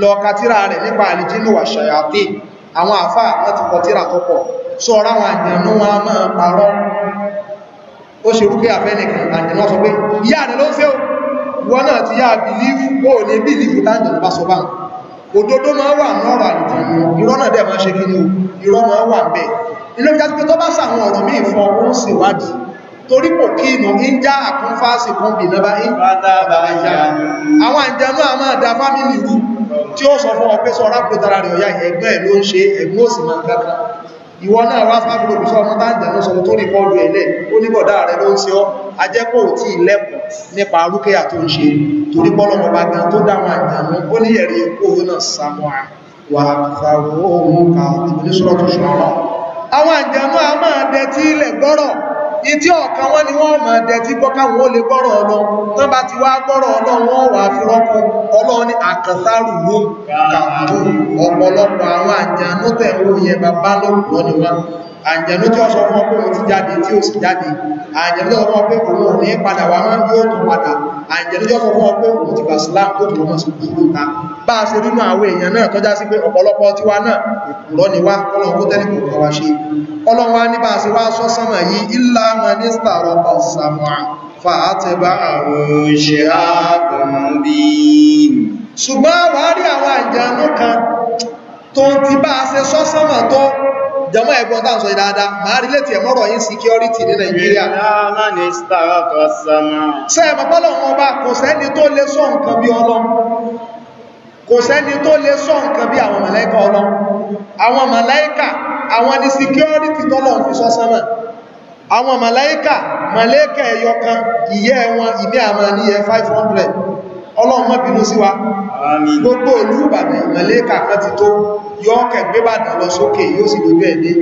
lọ́ọ̀ka tíra rẹ̀ nípa àlìjínú wà ṣàyàtì àwọn àáfà wọ́n ti kọ tíra tọ́pọ̀ sọ́ọ̀rọ̀ àwọn àjẹ̀nú wọn máa parọ́ ó ṣe rúkẹ́ àfẹ́nìkan àjẹ̀nú sọ pé ìyá rẹ̀ ló ń fẹ́ wọn náà ti yá bìlífù bóò ní bìlífù òdodo máa wà nọ́rọ̀ àdìmú irọ́ náà dẹ̀ máa ṣe kí ní irọ́ máa wà bẹ́ẹ̀ inú ìjájú pé tó bá sàwọn ọ̀rọ̀ míì fọ oún síwádìí torí kò kí inú ń já àkúnfáàsì kan bì náà bá ń bàjá àwọn àjẹmọ́ a máa da fámìlì rú tí ó sọ fún ọ pé sọ rápò tara rẹ̀ ọ̀yá ẹgbẹ́ ló ń ṣe ẹgbẹ́ òsì máa kankan ìwọ náà wá sábà gbogbo sọ ọmọ táǹdà ló sọ tó rìkọlù ẹ̀lẹ́ ó nígbọ̀dá rẹ̀ ló ń ṣe ọ́ ajẹ́pọ̀ tí ilẹ̀kùn nípa rúkẹ́yà tó ń ṣe torí pọ́lọ́mọ̀ bá gan tó dáwọn àjàmú ó ní ẹ̀rí kóhùn náà samuel wà fàrọ̀ ohun ká ìbìlẹ̀ sọ́rọ̀ tó ṣọ́rọ̀ àwọn àjàmú a máa dẹ tí ilẹ̀ gbọ́rọ̀ ìtí ọ̀kan wọn ni wọ́n mọ̀ dẹ̀tí gbọ́káwọn ó lè gbọ́rọ̀ ọlọ́run tán bá ti wá gbọ́rọ̀ ọlọ́run wọ́n wà fi rọ́kù ọlọ́run àkàsárù wo kàkó ọ̀pọ̀lọpọ̀ àwọn àjànú tẹ̀ ń bàbá lóòrùn ni wọ́n àjẹ̀lú tí ó sọ fún ọkùnrin ti jáde tí ó sì jáde àjẹ̀lú tí ó sọ pé òun ò ní padà wá máa yóò tó padà àjẹ̀lú tí ó sọ fún ọkùnrin òun ti bàṣílá tó tó mọ̀ sí kúrò ta bá a ṣe nínú àwọn èèyàn náà tó já sí pé ọ̀pọ̀lọpọ̀ tí wá náà kò wá ṣe ti bá a ṣe sọ tó jọmọ́ ẹ̀gbọ́n tá à ń sọ yìí dáadáa rí létí ẹ̀mọ́rọ̀ insecurity ní nàìjíríà. ṣé ẹ̀mọ́ pọ́lọ́ wọn bá kò sẹ́ni tó lè sọ nǹkan bí ọlọ́run kò sẹ́ni tó lè sọ nǹkan bí àwọn màláíkà ọlọ́run àwọn màláíkà àwọn ni security tọ́lọ̀ fi sọ sánmà àwọn màláíkà màláíkà ẹ̀yọ ọlọ́run má bínú sí wa gbogbo olú ìbàdàn mọ̀lẹ́kà kan ti tó yọ kẹgbẹ́ bàdàn lọ sókè yóò sì lójú ẹ̀ dé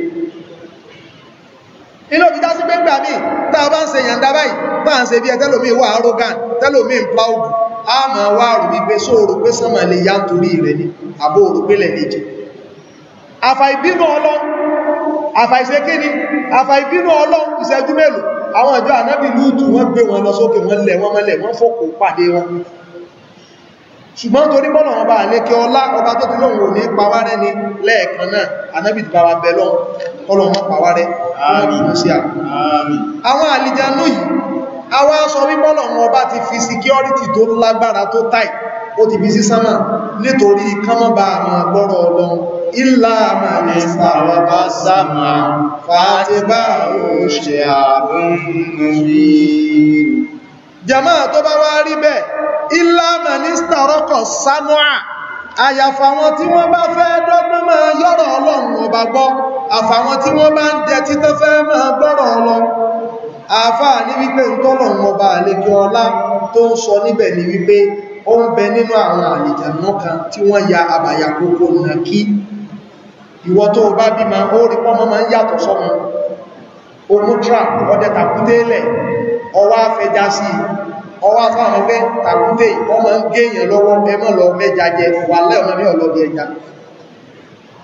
inú òbí sí pé gbà míì tá a bá ń ṣe yàndá báyìí tá à ń ṣe bí ẹ tẹ́lòmíì wà arrogant tẹ́lòmíì ń pa ogun a mọ̀ wá rò wípé só o rò pé sánmà lè yá nítorí rẹ̀ ni àbó o rò pé lẹ̀ lè jẹ àfàìbínú ọlọ́ àfàìṣekéni àfàìbínú ọlọ́ ìṣẹ́jú mélòó àwọn ìjọ ànábì lúùtù wọ́n gbé wọn lọ sókè wọ́n lẹ̀ wọ́n mọ́lẹ̀ wọ́n fòkò pàdé wọn ṣùgbọ́n torí bọ́nà ọba àlékẹ́ ọlá ọba tó ti lóhun ò ní pàwárẹ́ ni lẹ́ẹ̀kan náà anábì ti bára bẹ lọ́n ọlọ́mọ pàwárẹ́ àwọn àlìjànú yìí àwọn aṣọ wípọ́nà ọba ti fi security tó lágbára tó tight ó ti fi sí sánmà nítorí kánmọ́bà àwọn agbọ́rọ̀ ọlọ́run ìlà àmàlẹ̀ ìsàwọ̀bá sánmà fàátẹ́bà òṣè jama tó bá wá rí bẹ́ẹ̀ ilá mẹ́nísítà rọ́kọ̀ samoa àyàfà wọn tí wọ́n bá fẹ́ dọ́gbọ́n máa yọ̀rọ̀ ọlọ́run ọba gbọ́ àfàwọn tí wọ́n bá ń jẹ títọ́ fẹ́ máa gbọ́rọ̀ ọlọ́run àáfàá ní wípé ntọ́lọ̀run ọba àlejò ọlá tó ń sọ níbẹ̀ ni wípé ó ń bẹ nínú àwọn àlejànà kan tí wọ́n ya àbàyà kókó nàkí ìwọ tó bá bímọ ó rí pọ́nmọ́ máa ń yàtọ̀ sọ́mọ omútra ọdẹ tàkúté lẹ̀ ọwá fẹja sí ọwá fáwọn pé tàkúté ọmọ ń gẹ́yàn lọ́wọ́ ẹmọ́ lọ mẹ́ja jẹ wà lẹ́ọ̀mọ́ ní ọlọ́dẹ ẹja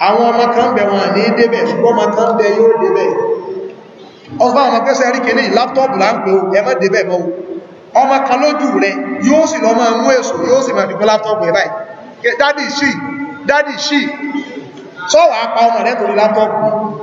àwọn ọmọ kan bẹ̀ wọn ní débẹ̀ ṣùgbọ́n ọmọ kan bẹ̀ yóò débẹ̀ ọba ọmọ pẹ́sẹ̀ rí kìíní láptọ́pù láńpò ẹmọ́ débẹ̀ mọ́ ọmọ kan lójú rẹ̀ yóò sì lọ máa mú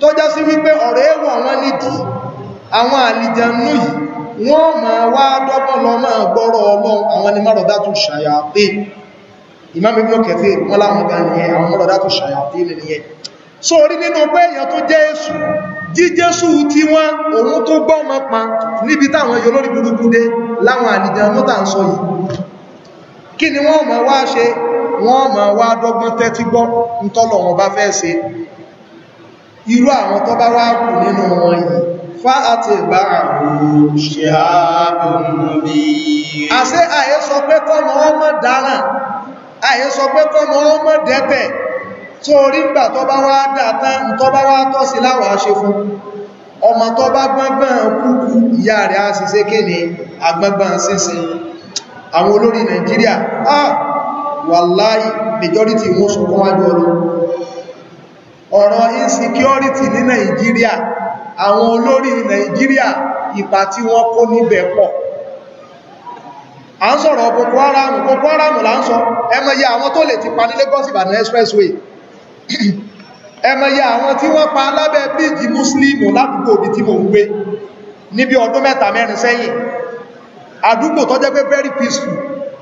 tó já sí wípé ọ̀rọ̀ ẹ̀wọ̀ wọn nídìí àwọn àlìjànú yìí wọ́n máa wá dọ́gbọ́n lọ máa gbọ́rọ̀ ọlọ́run àwọn ni tó ṣàyàpé Imam Ibn Kathir wọ́n láwọn ni àwọn nìyẹn so orí nínú pé èèyàn tó jẹ́ jíjésù tí wọ́n òun tó gbọ́ ọmọ pa níbi táwọn yóò lórí burúkú irú àwọn tó bá wá kù nínú wọn yìí fá àti ìbá àwọn ṣe àbòmọ̀bí àṣẹ àyè sọ pé kọ́mọ ọmọ dáràn àyè sọ pé kọ́mọ ọmọ dẹ́tẹ̀ tó orí gbà tó bá wá kúkú ìyá rẹ̀ á sì ṣe kí ni agbọ́ngbọ́n àwọn olórí Nàìjíríà ah wàláì majority wọn sọ fún wájú ọ̀rọ̀ insecurity ní Nàìjíríà àwọn olórin Nàìjíríà ipa tí wọ́n kó níbẹ̀ pọ̀ a ń sọ̀rọ̀ Boko Haram Boko Haram là ń sọ ẹmọye àwọn tó lè ti pa ní Lagos Ìbàdàn expressway ẹmọye àwọn tí wọ́n pa lábẹ́ Muslim ládùúgbò bí tí ń gbé níbi ọdún mẹ́ta mẹ́rin sẹ́yìn àdúgbò very peaceful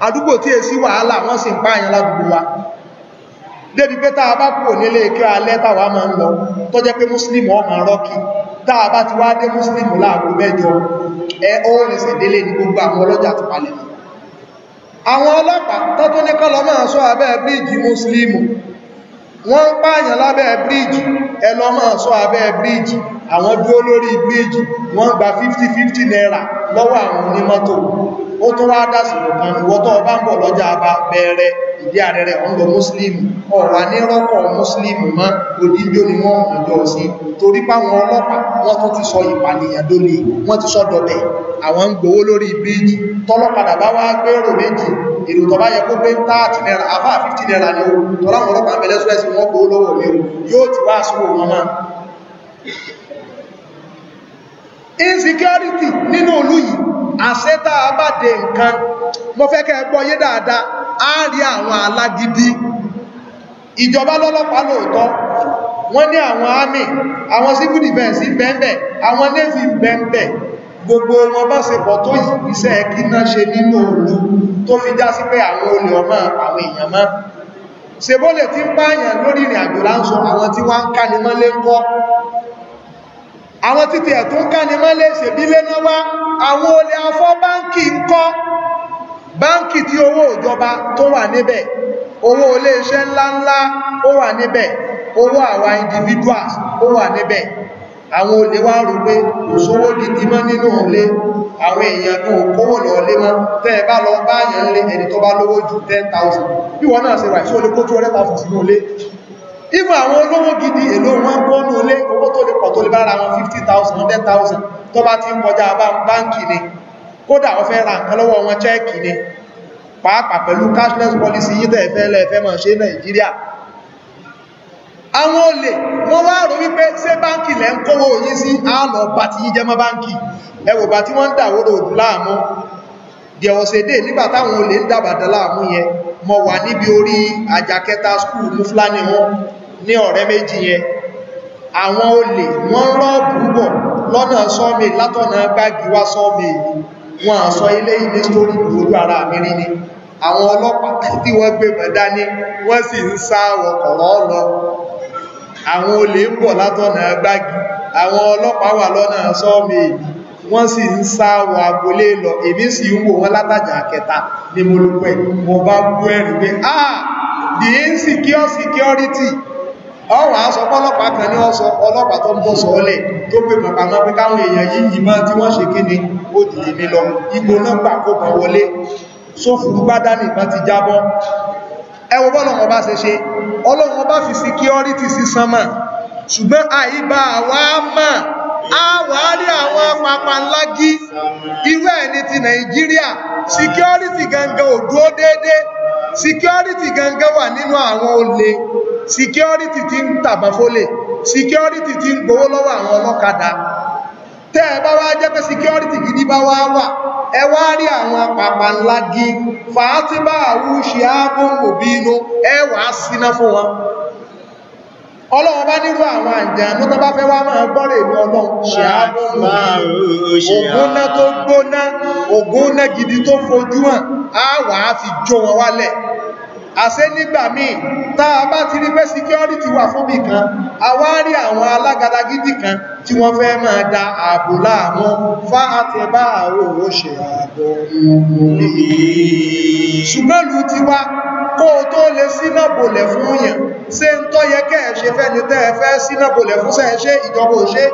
àdúgbò tí wàhálà wọ́n sì ń pààyàn ládùúgbò wa débi pé táa bá kúrò nílé kí ọ alẹ́ táwa máa ń lọ tó jẹ́ pé muslim ọmọ rọ́kì táa bá ti wá dé muslim láàgbò mẹ́jọ ẹ ó rìn sí délé ní gbogbo àwọn ọlọ́jà ti palẹ̀ àwọn ọlọ́pàá tọ́tún àwọn dúró lórí méjì wọ́n gba 50-50 naira lọ́wọ́ àwọn onímọ́tò ó tún wá dásìkò kan ìwọ tó bá ń bọ̀ lọ́jà Aba bẹ̀rẹ̀ ìdí àrẹrẹ ọ̀nà mùsùlùmí ọ̀wà ní rọ́pọ̀ mùsùlùmí mọ́ odíjó ni wọ́n ọjọ́ sí torí páwọn ọlọ́pàá wọ́n tún ti sọ ìpànìyàn dólé wọ́n ti sọ dọ̀bẹ̀ àwọn ń gbowó lórí bíríjì tọ́lọ́padà bá wá gbèrò méjì èrò tó bá yẹ kó pé 30 naira àfá 50 naira ni ó tọ́láwọn ọlọ́pàá mẹ́lẹ́sọ́lẹ́sì wọ́n gbowó lọ́wọ́ mi yóò ti wá sówó wọn máa insecurity nínú ìlú yìí àṣẹ́tà àbàdé nǹkan mo fẹ́ kẹ́ ẹ gbọ́ yé dáadáa á rí àwọn alágídí ìjọba lọ́lọ́pàá lóòótọ́ wọ́n ní àwọn army àwọn civil defense bẹ́ẹ̀bẹ̀ àwọn navy bẹ́ẹ̀bẹ̀ gbogbo wọn bá ṣe pọ̀ tó yìí iṣẹ́ kí náà ṣe nínú òru tó fi já sí pé àwọn olè ọmọ àwọn èèyàn mọ́ ṣebólè tí ń pààyàn lórí ìrìn àjò láńsọ àwọn tí wọ́n ń ká ní mọ́lé ń kọ́ àwọn títí ẹ̀tún kánimọ́ lè ṣèbílé náà wá àwọn olè afọ́ báńkì ń kọ́ báńkì tí owó ìjọba tó wà níbẹ̀ owó olè iṣẹ́ ńláńlá ó wà níbẹ̀ owó àwa individuals ó wà níbẹ̀ àwọn olè wá rú pé òṣòwò gidi mọ́ nínú olè àwọn èèyàn tó kówó lọ lé mọ́ tẹ́ ẹ bá lọ báyàn lé ẹni tó bá lówó ju 10,000 bí wọ́n náà ṣe wà ìṣó olè kó tó 100,000 sínú olè ìmọ̀ àwọn olówó gidi èlò wọn kó ní olé owó tó lè pọ̀ tó lè bára wọn 50,000 100,000 tó bá ti ń kọjá báńkì ni kódà wọ́n fẹ́ ra nǹkan lọ́wọ́ wọn chẹ́ẹ̀kì ni pàápàá pẹ̀lú cashless policy yídẹ̀ ẹ̀fẹ́ lẹ́ẹ̀fẹ́ mọ̀ ṣe Nàìjíríà àwọn olè wọ́n wá rò wípé ṣé báńkì lẹ́ ń kówó yí sí àlọ́ bá ti yí jẹmọ́ báńkì ẹwò bá tí wọ́n ń dàwóró òdù láàmú dẹ̀wọ̀sẹ̀dé nígbà táwọn olè ń dàbàdà láàmú yẹn mo wà níbi orí àjàkẹta skúù mú fúlání wọn ní ọ̀rẹ́ méjì yẹn àwọn olè wọ́n rọ́ọ̀bù bọ̀ lọ́nà sọ́ọ̀mì látọ̀nà gbági wá wọn àsọ ilé ilé sórí ìgbòrò ara mi ni àwọn ọlọ́pàá [laughs] tí wọ́n gbé mọ̀dá ní wọ́n sì ń sá wọ́n sì ń sá wọ lọ èmi sì ń wò wọ́n látàjà kẹta ní mo lò pẹ̀ mo bá bú ẹ̀rù pé ah the insecure security ọwọ́ aṣọ ọlọ́pàá kan ní ọsọ ọlọ́pàá tó ń bọ́ sọ ọlẹ̀ tó pè mọ̀ pàmọ́ pé káwọn èèyàn yìí ìmọ́ tí wọ́n ṣe kí ni ó dìde ní lọ igbó nọ́mbà kó bọ̀ wọlé sófùrú bá dání ìbọn ti jábọ́ ẹwọ àwárí àwọn papanlágí irú ẹ̀ ní ti nàìjíríà security gangan ò dúró déédéé security gangan wà nínú àwọn olè security ti ń tàbáfólè security ti ń gbowó lọ́wọ́ àwọn ọlọ́kadà tẹ́ ẹ bá wá jẹ́ pé security gidi bá wá wà ẹ wá rí àwọn papanlágí fàátì bá àwùṣe ààbò òbí inú ẹ wàá síná fún wọn. ọlọ́run bá nírú àwọn àjàmú tó bá fẹ́ wá máa gbọ́rọ̀ èmì ọlọ́run ṣe àgbọ́nà tó gbóná ògúnná gidi tó fojú hàn á wà á fi jó wọn wálẹ̀ àṣẹ nígbà míì tá a bá ti rí pé security wà fún mi kan a wá rí àwọn alágadagídí kan tí wọ́n fẹ́ máa da ààbò láàmú fá àti bá àwọn òwò ṣe ààbò òní ṣùgbọ́n lù ti wá kó o tó lè ṣínà bòlẹ̀ fún yàn ṣé ń tọ́ yẹ kẹ́ ẹ̀ ṣe fẹ́ ni tẹ́ ẹ fẹ́ ṣínà bòlẹ̀ fún sẹ́ ṣe ìjọba òṣè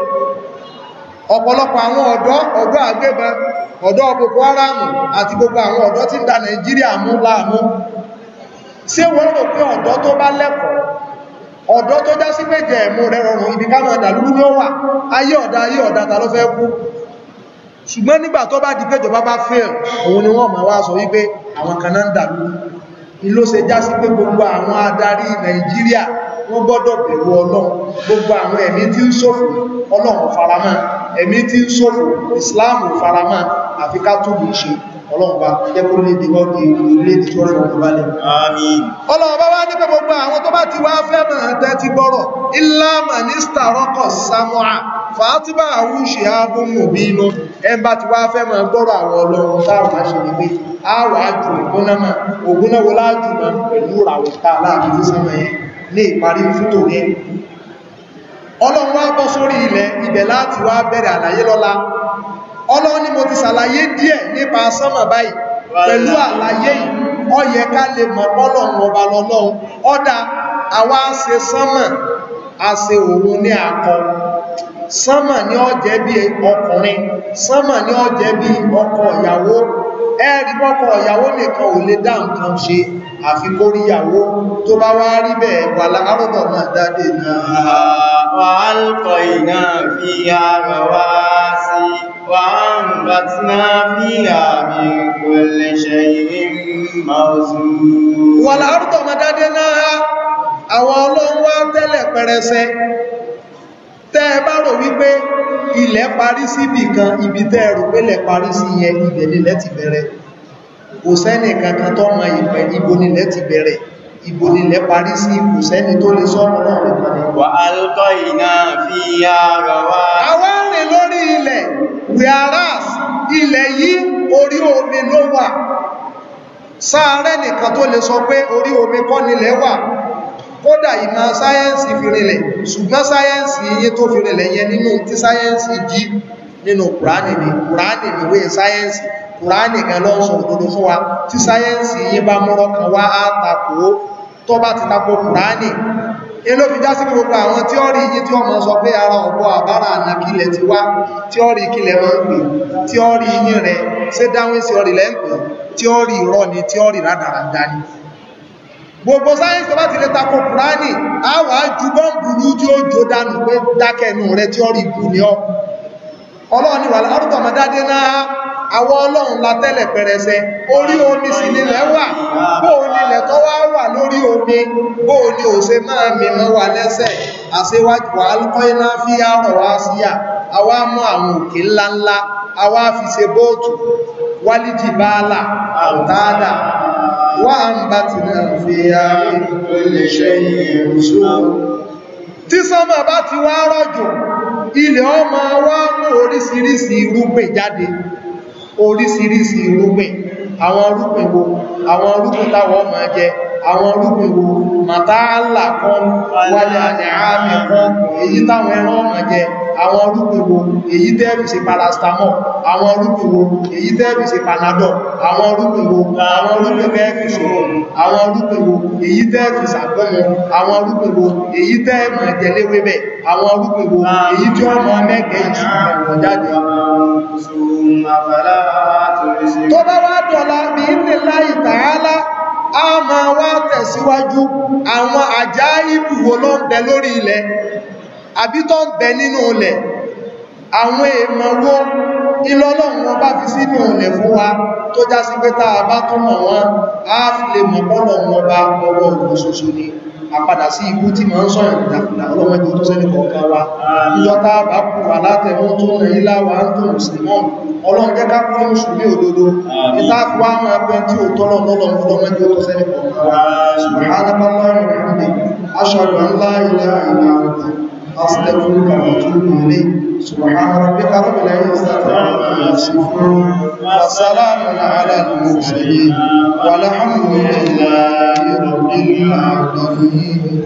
ọ̀pọ̀lọpọ̀ àwọn ọ̀dọ́ ọ̀dọ́ àgbébọn ọ̀dọ́ Boko Haram àti gbogbo àwọn ọ̀dọ́ tí ń da Nàìjíríà mú láàmú ṣé wọ́n rò pé ọ̀dọ́ tó bá lẹ́kọ̀ọ́ ọ̀dọ́ tó já sí méjẹ̀ ẹ̀mú rẹ̀ rọrùn ibi ká máa dàlúrú ló wà ayé ọ̀dá ayé ọ̀dá ta ló fẹ́ kú ṣùgbọ́n nígbà tó bá di pé ìjọba bá fẹ́ òun ni wọ́n máa wá sọ wípé àwọn kan náà ń dàlúrú ìló ṣe já sí pé gbogbo àwọn adarí Nàìjíríà wọ́n gbọ́dọ̀ bẹ̀rù Ọlọ́run gbogbo àwọn ẹ̀mí tí ń ṣòfò Ọlọ́run faramọ́ ẹ̀mí tí ń ṣòfò Islam faramọ́ àfi ká túbù ṣe ọlọ́pàá jẹ́kú ní ìdíwọ́ kí ilé ti ṣọ́rẹ́ wọn balẹ̀. ọlọ́ọ̀bá wá ní pé gbogbo àwọn tó bá ti wá fẹ́ mọ̀ tẹ́ ti gbọ́rọ̀ ìlàmà ní starọ́kọ̀ samoa fàátìbà àwúṣe abúmù bí inú ẹmbá ọlọ́run wá bọ́ sórí ilẹ̀ ibẹ̀ láti wá bẹ̀rẹ̀ àlàyé lọ́la ọlọ́run ni mo ti ṣàlàyé díẹ̀ nípa sánmà báyìí pẹ̀lú àlàyé yìí ó yẹ ká lè mọ̀ pọ́lọ̀run ọba lọ́lọ́run ọ̀dà àwa ṣe sánmà àṣe òun ní akọ sánmà ni ó jẹ́ bí ọkùnrin sánmà ni ó jẹ́ bí ọkọ ìyàwó ẹ̀rí pọ́kọ ìyàwó nìkan ò lè dá nǹkan ṣe àfi kóríyàwó tó bá wá rí bẹ́ẹ̀ wà láàrùbọ̀ máa dáadé náà wà á lọ́kọ̀ ìná fi àmà wá وأنبتنا فيها من كل شيء موزون والأرض مددناها àwọn ọlọ́run wá tẹ́lẹ̀ pẹrẹsẹ tẹ́ ẹ bá rò wípé ilẹ̀ parí sí ibì kan ibi tẹ́ ẹ rò pé ilẹ̀ parí sí yẹn ibẹ̀ nílẹ̀ ti bẹ̀rẹ̀ kò sẹ́nì kankan tó mọ ìpẹ́ ibo nílẹ̀ ti bẹ̀rẹ̀ ibo nílẹ̀ parí sí kò sẹ́ni tó lè sọ́run náà lè ilẹ̀ whereas ilẹ̀ yìí orí omi ló wà sáàrẹ́ nìkan tó lè sọ pé orí omi kọ́ nílẹ̀ wà kódà ìmọ̀ sáyẹ́ǹsì fìrìnlẹ̀ ṣùgbọ́n sáyẹ́ǹsì iye tó fìrìnlẹ̀ yẹn nínú tí sáyẹ́ǹsì jí nínú kùránì ni wa tí sáyẹ́ǹsì iye bá kùránì èlò fi já sí gbogbo àwọn tíọ́rì yìí tí ọmọ sọ pé ara ọ̀bọ àbára ànàkílẹ̀ ti wá tíọ́rì kílẹ̀ wọ́n ń pè tíọ́rì yìí rẹ̀ ṣé dáwìn sí ọ̀rì lẹ́ǹpẹ̀ tíọ́rì rọ̀ ni tíọ́rì rádaràdá ni gbogbo sáyẹ́ǹsì bá ti lè tako kùránì á wà á ju bọ́ǹbù tí ó jó dànù pé dákẹ́nu rẹ̀ tíọ́rì ikú ni ọ ọlọ́ọ̀ni wà lárúkọ̀ mọ́dádé náà àwọn ọlọ́run la tẹ́lẹ̀ pẹrẹsẹ orí omi sì nílẹ̀ wà bó nílẹ̀ tó wá wà lórí omi bó ní òṣè máa mímọ́ wà lẹ́sẹ̀ àṣewájú alkọ́iná fi àrọ̀ wá sí à àwa mọ́ àwọn òkè ńláńlá àwa fi ṣe bóòtù báàlà àtàdà wà ń bá fi ṣe tí bá ti wá rọ̀jò ilẹ̀ ọmọ wa mú oríṣiríṣi irúgbìn jáde oríṣiríṣi irúgbìn àwọn irúgbìn wo àwọn irúgbìn táwọ̀ máa jẹ àwọn irúgbìn wo màtáàlà kan wáyé àdìhàmì kan èyí táwọn ẹran máa jẹ àwọn orúgbìwò èyí tẹ́ẹ̀bì sí paracetamol àwọn orúgbìwò èyí tẹ́ẹ̀bì sí panadol àwọn orúgbìwò àwọn orúgbìwò ṣòro àwọn orúgbìwò èyí tẹ́ẹ̀bì sàgbọ́mọ àwọn orúgbìwò èyí tẹ́ẹ̀mù ẹ̀jẹ̀léwébẹ̀ àwọn orúgbìwò èyí tí ó mọ mẹ́gẹ̀ tó bá wá dọ̀la bí ní láì tààlá a máa wá tẹ̀síwájú àwọn àjá ìbùwò ló lórí ilẹ̀ àbí tó ń bẹ nínú ilẹ̀ àwọn èèmọ̀wó ìlọ́lọ́run wọn bá fi sínú ilẹ̀ fún wa tó já sí pé a bá tó mọ̀ wọn á fi lè mọ̀ pọ́lọ̀ wọn bá ọwọ́ òun ṣoṣo ni àpadà sí ikú tí ma ń sọ̀rọ̀ ìdàkùdà ọlọ́mọdé tó sẹ́lẹ̀ kọ̀ọ̀kan wa níyọta bá kú alátẹ̀mọ́ tó rẹ̀ ilá wa ń dùn símọ́ ọlọ́njẹ́ ká kúrò àwọn أستغفرك وأتوب إليك سبحان ربك رب العزة عما يصفون وسلام على المرسلين والحمد لله رب العالمين